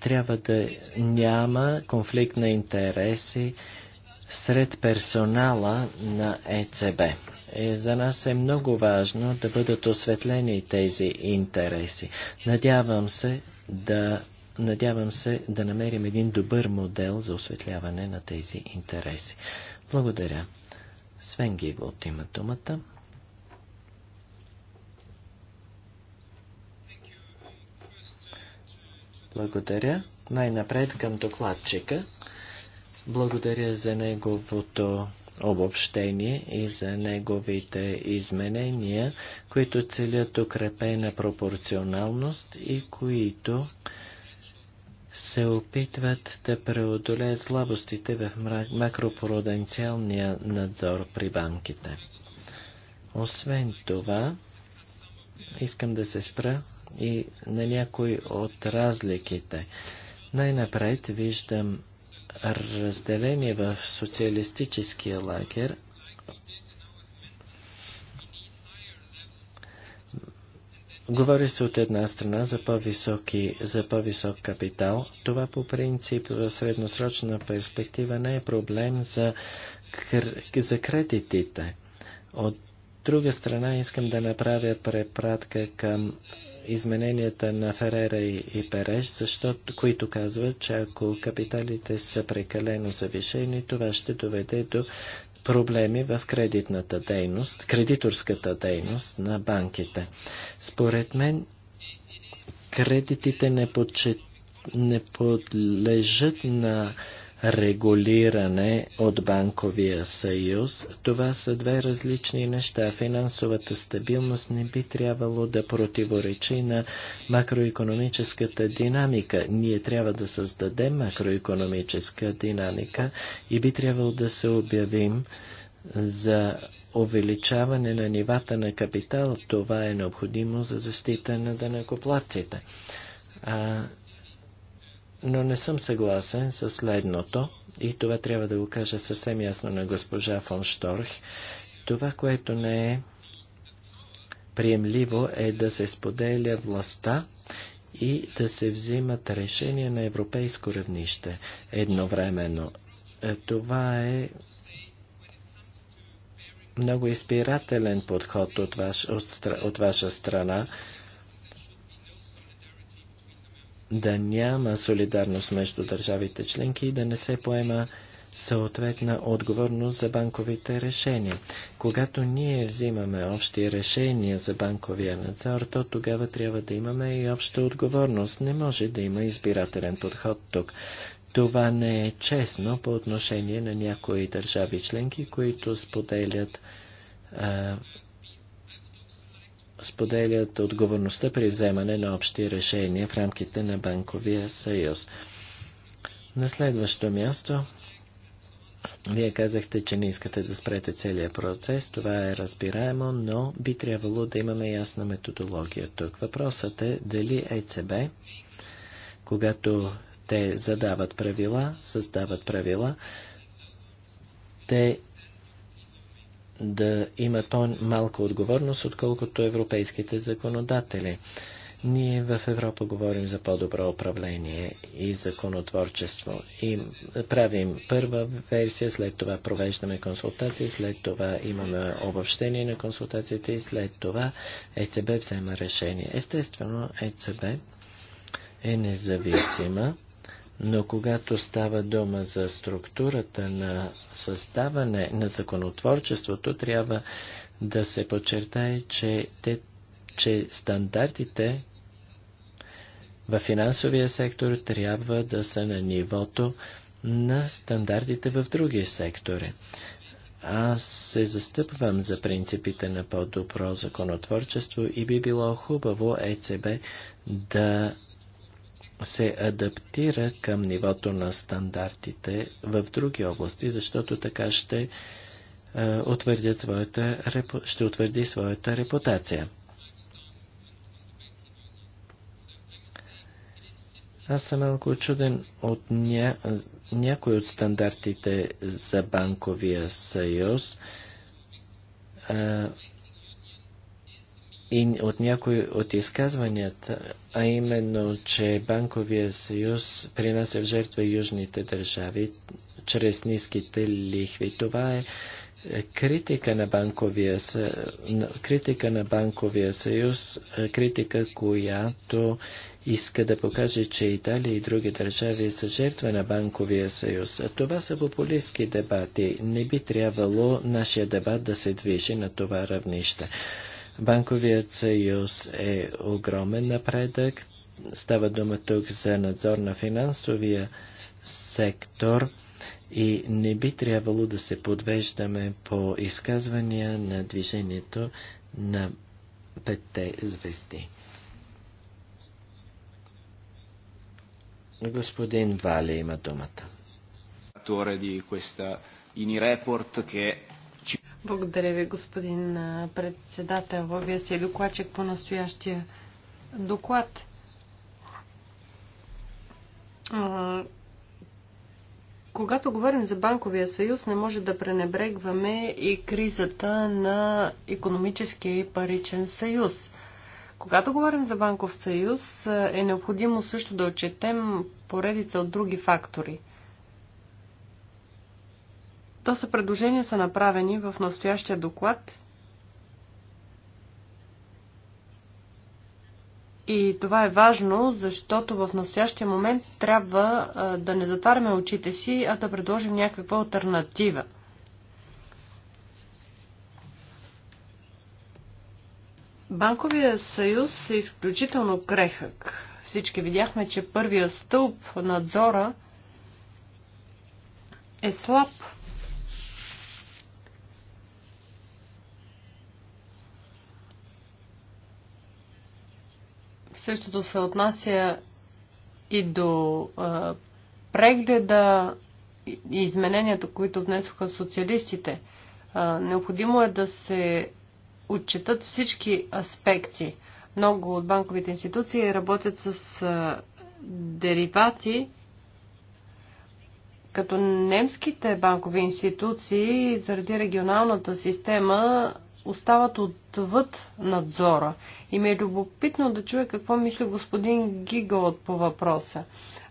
Трябва да няма конфликт на интереси сред персонала на ЕЦБ. И е, за нас е много важно да бъдат осветлени тези интереси. Надявам се да, надявам се да намерим един добър модел за осветляване на тези интереси. Благодаря. Свен Гиголт има думата. Благодаря. Най-напред към докладчика. Благодаря за неговото обобщение и за неговите изменения, които целят укрепена пропорционалност и които се опитват да преодолеят слабостите в макропроденциалния надзор при банките. Освен това, искам да се спра и на някои от разликите. Най-напред виждам разделение в социалистическия лагер Говори се от една страна за, по-високи, за по-висок капитал. Това по принцип в средносрочна перспектива не е проблем за, за кредитите. От друга страна искам да направя препратка към измененията на Ферера и, и Переш, защото, които казват, че ако капиталите са прекалено завишени, това ще доведе до проблеми в кредитната дейност, кредиторската дейност на банките. Според мен, кредитите не, подчет... не подлежат на регулиране от банковия съюз. Това са две различни неща. Финансовата стабилност не би трябвало да противоречи на макроекономическата динамика. Ние трябва да създадем макроекономическа динамика и би трябвало да се обявим за увеличаване на нивата на капитал. Това е необходимо за защита на данъкоплатците. А, но не съм съгласен с следното, и това трябва да го кажа съвсем ясно на госпожа фон Шторх. Това, което не е приемливо, е да се споделя властта и да се взимат решения на европейско равнище едновременно. Е, това е много избирателен подход от, ваш, от, от ваша страна да няма солидарност между държавите членки и да не се поема съответна отговорност за банковите решения. Когато ние взимаме общи решения за банковия надзор, то тогава трябва да имаме и обща отговорност. Не може да има избирателен подход тук. Това не е честно по отношение на някои държави членки, които споделят а, споделят отговорността при вземане на общи решения в рамките на Банковия съюз. На следващо място, вие казахте, че не искате да спрете целият процес. Това е разбираемо, но би трябвало да имаме ясна методология тук. Въпросът е дали ЕЦБ, когато те задават правила, създават правила, те да има по-малко отговорност, отколкото европейските законодатели. Ние в Европа говорим за по-добро управление и законотворчество. И правим първа версия, след това провеждаме консултации, след това имаме обобщение на консултациите и след това ЕЦБ взема решение. Естествено, ЕЦБ е независима но когато става дума за структурата на съставане на законотворчеството, трябва да се подчертае, че, те, че стандартите в финансовия сектор трябва да са на нивото на стандартите в други сектори. Аз се застъпвам за принципите на по-добро законотворчество и би било хубаво ЕЦБ да се адаптира към нивото на стандартите в други области, защото така ще, е, своята, ще утвърди своята репутация. Аз съм малко чуден от ня... някои от стандартите за банковия съюз. Е, и от някои от изказванията, а именно, че банковия съюз принася в жертва южните държави чрез ниските лихви. Това е критика на банковия, критика на банковия съюз, критика, която иска да покаже, че Италия и други държави са жертва на банковия съюз. Това са популистски дебати. Не би трябвало нашия дебат да се движи на това равнище. Банковият съюз е огромен напредък. Става дума тук за надзор на финансовия сектор и не би трябвало да се подвеждаме по изказвания на движението на петте звезди. Господин Вали има думата. INI report che благодаря ви, господин председател. Вие сте докладчик по настоящия доклад. Когато говорим за банковия съюз, не може да пренебрегваме и кризата на економическия и паричен съюз. Когато говорим за банков съюз, е необходимо също да отчетем поредица от други фактори – то са предложения са направени в настоящия доклад И това е важно, защото в настоящия момент трябва да не затваряме очите си, а да предложим някаква альтернатива. Банковия съюз е изключително крехък. Всички видяхме, че първия стълб надзора е слаб Същото се отнася и до а, прегледа и измененията, които внесоха социалистите. А, необходимо е да се отчитат всички аспекти. Много от банковите институции работят с а, деривати, като немските банкови институции заради регионалната система остават отвъд надзора. И ми е любопитно да чуя какво мисли господин Гиголът по въпроса.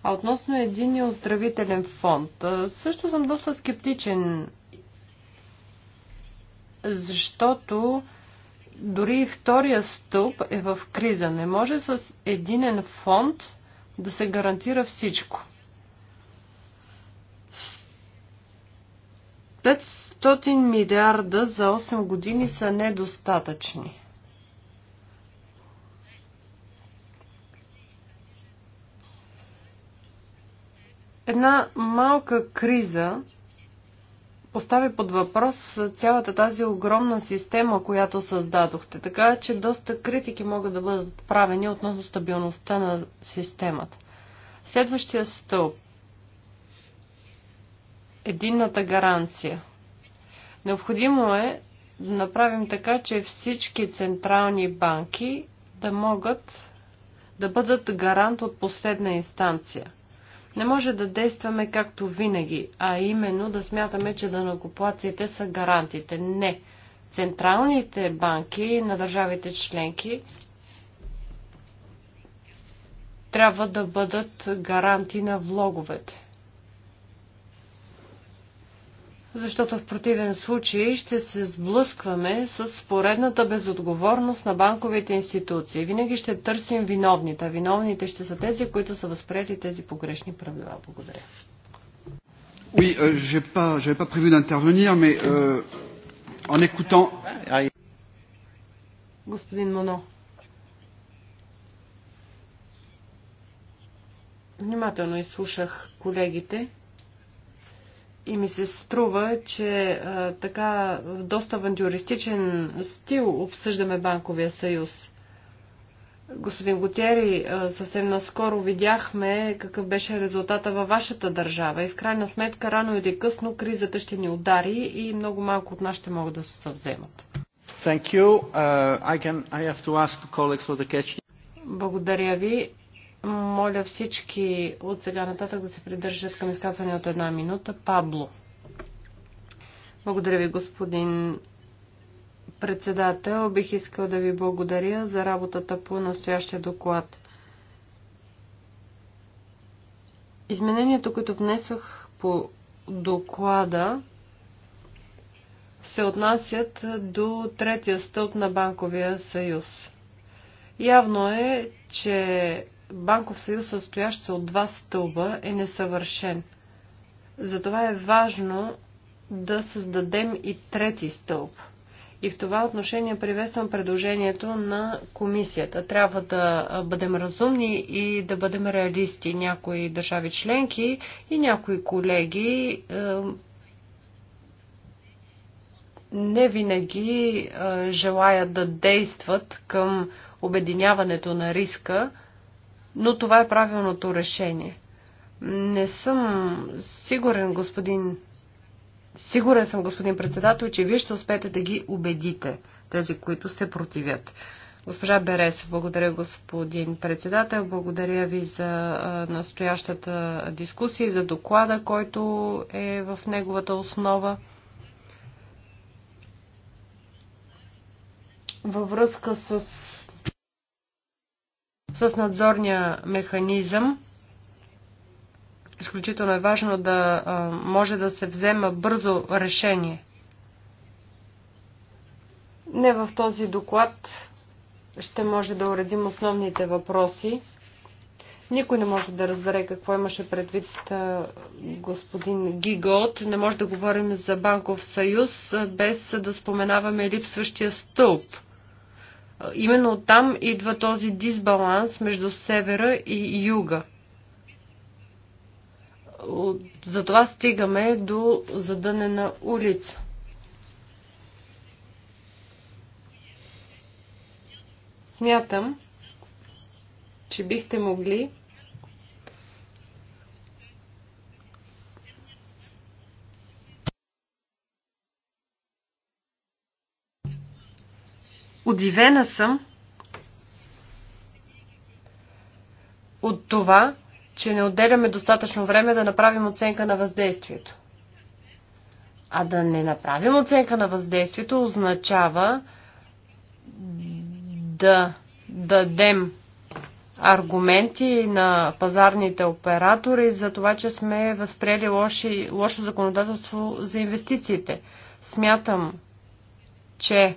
А относно и оздравителен фонд, също съм доста скептичен, защото дори и втория стълб е в криза. Не може с единен фонд да се гарантира всичко. 500 милиарда за 8 години са недостатъчни. Една малка криза постави под въпрос цялата тази огромна система, която създадохте. Така че доста критики могат да бъдат правени относно стабилността на системата. Следващия стълб единната гаранция. Необходимо е да направим така, че всички централни банки да могат да бъдат гарант от последна инстанция. Не може да действаме както винаги, а именно да смятаме, че данокоплаците са гарантите. Не. Централните банки на държавите членки трябва да бъдат гаранти на влоговете защото в противен случай ще се сблъскваме с поредната безотговорност на банковите институции. Винаги ще търсим виновните, а виновните ще са тези, които са възприели тези погрешни правила. Благодаря. Oui, euh, j'ai pas, j'avais pas prévu d'intervenir, mais euh, en écoutant. Господин Моно. Внимателно изслушах колегите и ми се струва, че а, така в доста авантюристичен стил обсъждаме банковия съюз. Господин Готери, съвсем наскоро видяхме какъв беше резултата във вашата държава и в крайна сметка рано или късно кризата ще ни удари и много малко от нас ще могат да се съвземат. Uh, Благодаря ви. Моля всички от сега нататък да се придържат към изказване от една минута. Пабло. Благодаря ви, господин председател. Бих искал да ви благодаря за работата по настоящия доклад. Изменението, което внесох по доклада, се отнасят до третия стълб на Банковия съюз. Явно е, че банков съюз, състоящ се от два стълба, е несъвършен. Затова е важно да създадем и трети стълб. И в това отношение приветствам предложението на комисията. Трябва да бъдем разумни и да бъдем реалисти. Някои държави членки и някои колеги е, не винаги е, желаят да действат към обединяването на риска, но това е правилното решение. Не съм сигурен, господин. Сигурен съм, господин председател, че вие ще успеете да ги убедите, тези, които се противят. Госпожа Берес, благодаря господин председател, благодаря ви за настоящата дискусия и за доклада, който е в неговата основа. Във връзка с с надзорния механизъм изключително е важно да може да се взема бързо решение. Не в този доклад ще може да уредим основните въпроси. Никой не може да разбере какво имаше предвид господин Гигот. Не може да говорим за банков съюз без да споменаваме липсващия стълб – Именно там идва този дисбаланс между севера и юга. Затова стигаме до задънена улица. Смятам, че бихте могли Удивена съм от това, че не отделяме достатъчно време да направим оценка на въздействието. А да не направим оценка на въздействието означава да дадем аргументи на пазарните оператори за това, че сме възприели лоши, лошо законодателство за инвестициите. Смятам, че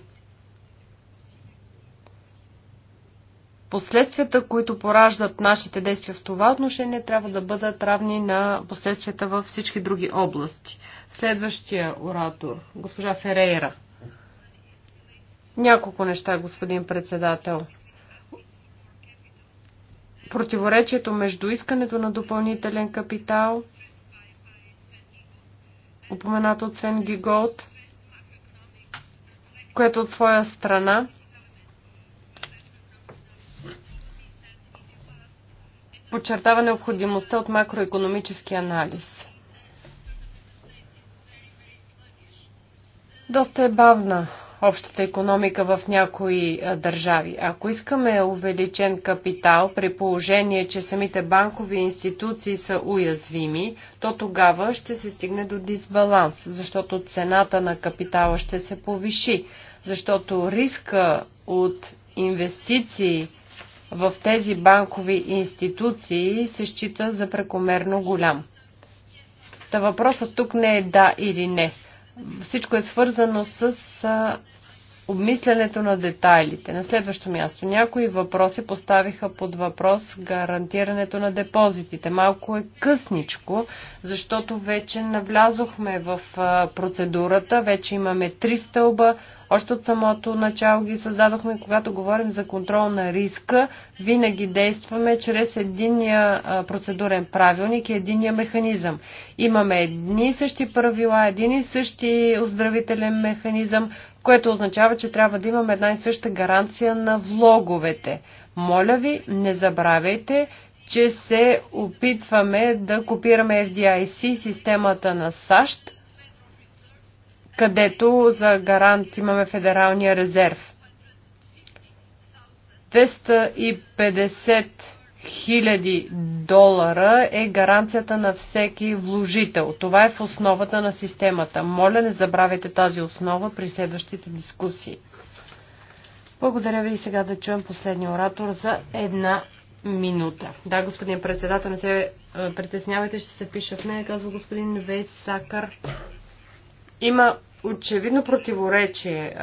последствията, които пораждат нашите действия в това отношение, трябва да бъдат равни на последствията във всички други области. Следващия оратор, госпожа Ферейра. Няколко неща, господин председател. Противоречието между искането на допълнителен капитал, упоменато от Свен Гигот, което от своя страна подчертава необходимостта от макроекономически анализ. Доста е бавна общата економика в някои държави. Ако искаме увеличен капитал при положение, че самите банкови институции са уязвими, то тогава ще се стигне до дисбаланс, защото цената на капитала ще се повиши, защото риска от инвестиции – в тези банкови институции се счита за прекомерно голям. Та въпросът тук не е да или не. Всичко е свързано с обмислянето на детайлите. На следващо място някои въпроси поставиха под въпрос гарантирането на депозитите. Малко е късничко, защото вече навлязохме в процедурата, вече имаме три стълба, още от самото начало ги създадохме, когато говорим за контрол на риска, винаги действаме чрез единия процедурен правилник и единия механизъм. Имаме едни и същи правила, един и същи оздравителен механизъм, което означава, че трябва да имаме една и съща гаранция на влоговете. Моля ви, не забравяйте, че се опитваме да копираме FDIC, системата на САЩ, където за гарант имаме Федералния резерв. 250 хиляди долара е гаранцията на всеки вложител. Това е в основата на системата. Моля, не забравяйте тази основа при следващите дискусии. Благодаря ви и сега да чуем последния оратор за една минута. Да, господин председател, не се е, притеснявайте, ще се пиша в нея, казва господин Вейсакър. Има очевидно противоречие,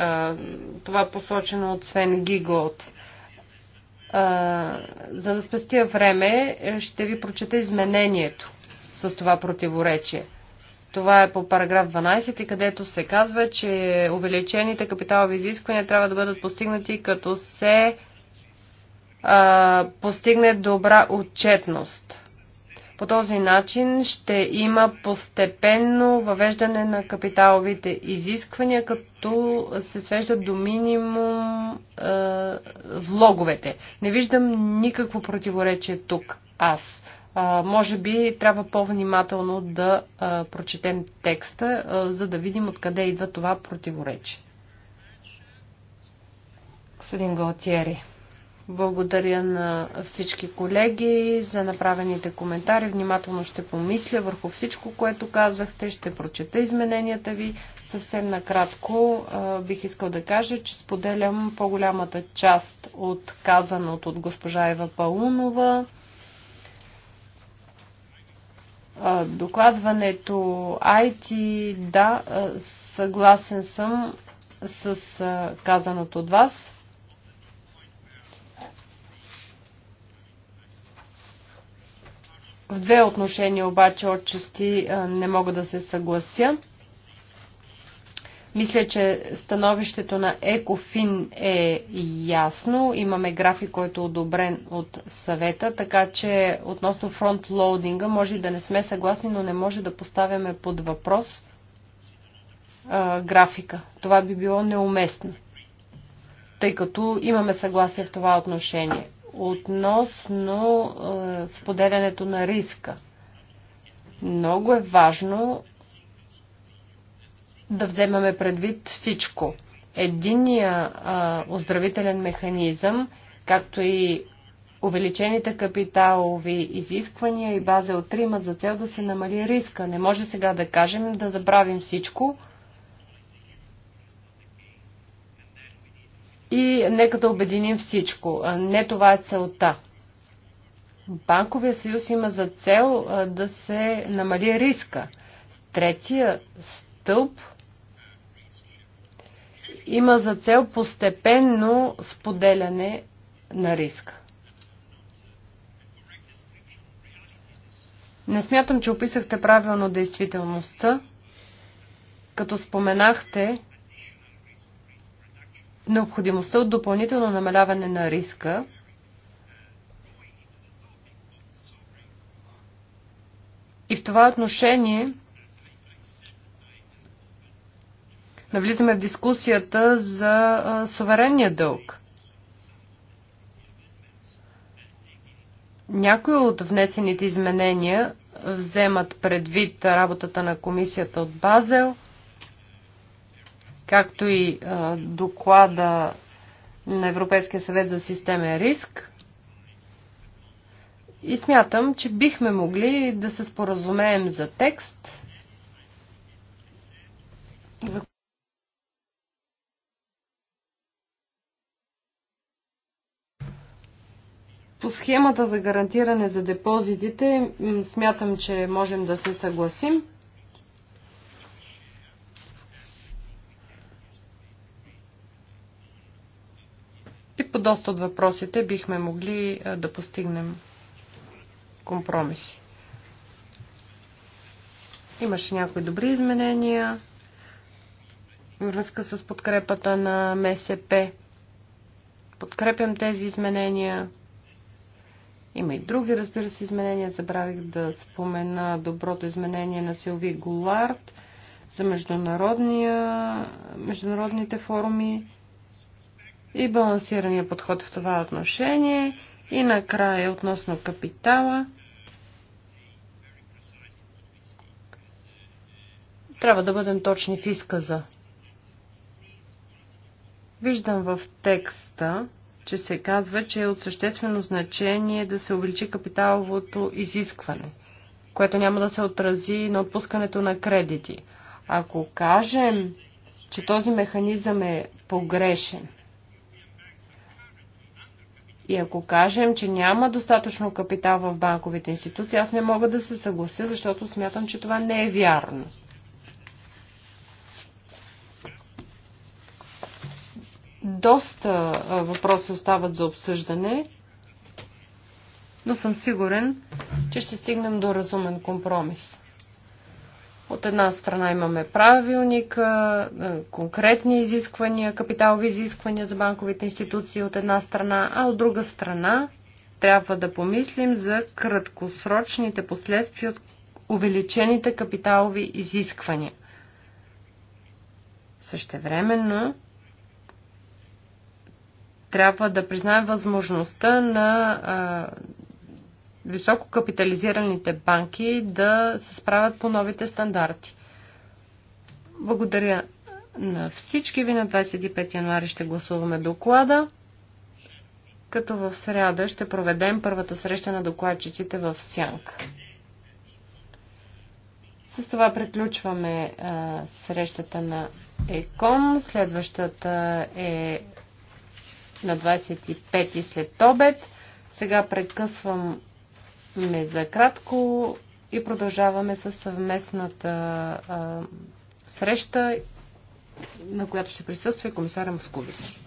това посочено от Свен Гиголт. За да спестия време, ще ви прочета изменението с това противоречие. Това е по параграф 12, където се казва, че увеличените капиталови изисквания трябва да бъдат постигнати, като се а, постигне добра отчетност. По този начин ще има постепенно въвеждане на капиталовите изисквания, като се свеждат до минимум е, влоговете. Не виждам никакво противоречие тук аз. А, може би трябва по-внимателно да а, прочетем текста, а, за да видим откъде идва това противоречие. Господин Галтиери. Благодаря на всички колеги за направените коментари. Внимателно ще помисля върху всичко, което казахте. Ще прочета измененията ви. Съвсем накратко бих искал да кажа, че споделям по-голямата част от казаното от госпожа Ева Паунова. Докладването IT, да, съгласен съм с казаното от вас В две отношения обаче отчасти не мога да се съглася. Мисля, че становището на Екофин е ясно. Имаме график, който е одобрен от съвета, така че относно фронтлоудинга може и да не сме съгласни, но не може да поставяме под въпрос а, графика. Това би било неуместно, тъй като имаме съгласие в това отношение относно е, споделянето на риска. Много е важно да вземаме предвид всичко. Единия е, оздравителен механизъм, както и увеличените капиталови изисквания и база от трима за цел да се намали риска. Не може сега да кажем да забравим всичко, И нека да обединим всичко. Не това е целта. Банковия съюз има за цел да се намали риска. Третия стълб има за цел постепенно споделяне на риска. Не смятам, че описахте правилно действителността, като споменахте, необходимостта от допълнително намаляване на риска, И в това отношение навлизаме в дискусията за суверенния дълг. Някои от внесените изменения вземат предвид работата на комисията от Базел – както и доклада на Европейския съвет за системен риск. И смятам, че бихме могли да се споразумеем за текст, за По схемата за гарантиране за депозитите смятам, че можем да се съгласим. доста от въпросите бихме могли да постигнем компромиси. Имаше някои добри изменения връзка с подкрепата на МСП. Подкрепям тези изменения. Има и други, разбира се, изменения. Забравих да спомена доброто изменение на Силви Голард за международния, международните форуми и балансирания подход в това отношение. И накрая относно капитала. Трябва да бъдем точни в изказа. Виждам в текста, че се казва, че е от съществено значение да се увеличи капиталовото изискване, което няма да се отрази на отпускането на кредити. Ако кажем, че този механизъм е погрешен, и ако кажем, че няма достатъчно капитал в банковите институции, аз не мога да се съглася, защото смятам, че това не е вярно. Доста въпроси остават за обсъждане, но съм сигурен, че ще стигнем до разумен компромис. От една страна имаме правилника, конкретни изисквания, капиталови изисквания за банковите институции от една страна, а от друга страна трябва да помислим за краткосрочните последствия от увеличените капиталови изисквания. Същевременно трябва да признаем възможността на високо капитализираните банки да се справят по новите стандарти. Благодаря на всички ви. На 25 януари ще гласуваме доклада, като в среда ще проведем първата среща на докладчиците в Сянка. С това приключваме а, срещата на ЕКОН. Следващата е на 25 след обед. Сега прекъсвам сме за кратко и продължаваме с съвместната а, среща, на която ще присъства и комисаря Московис.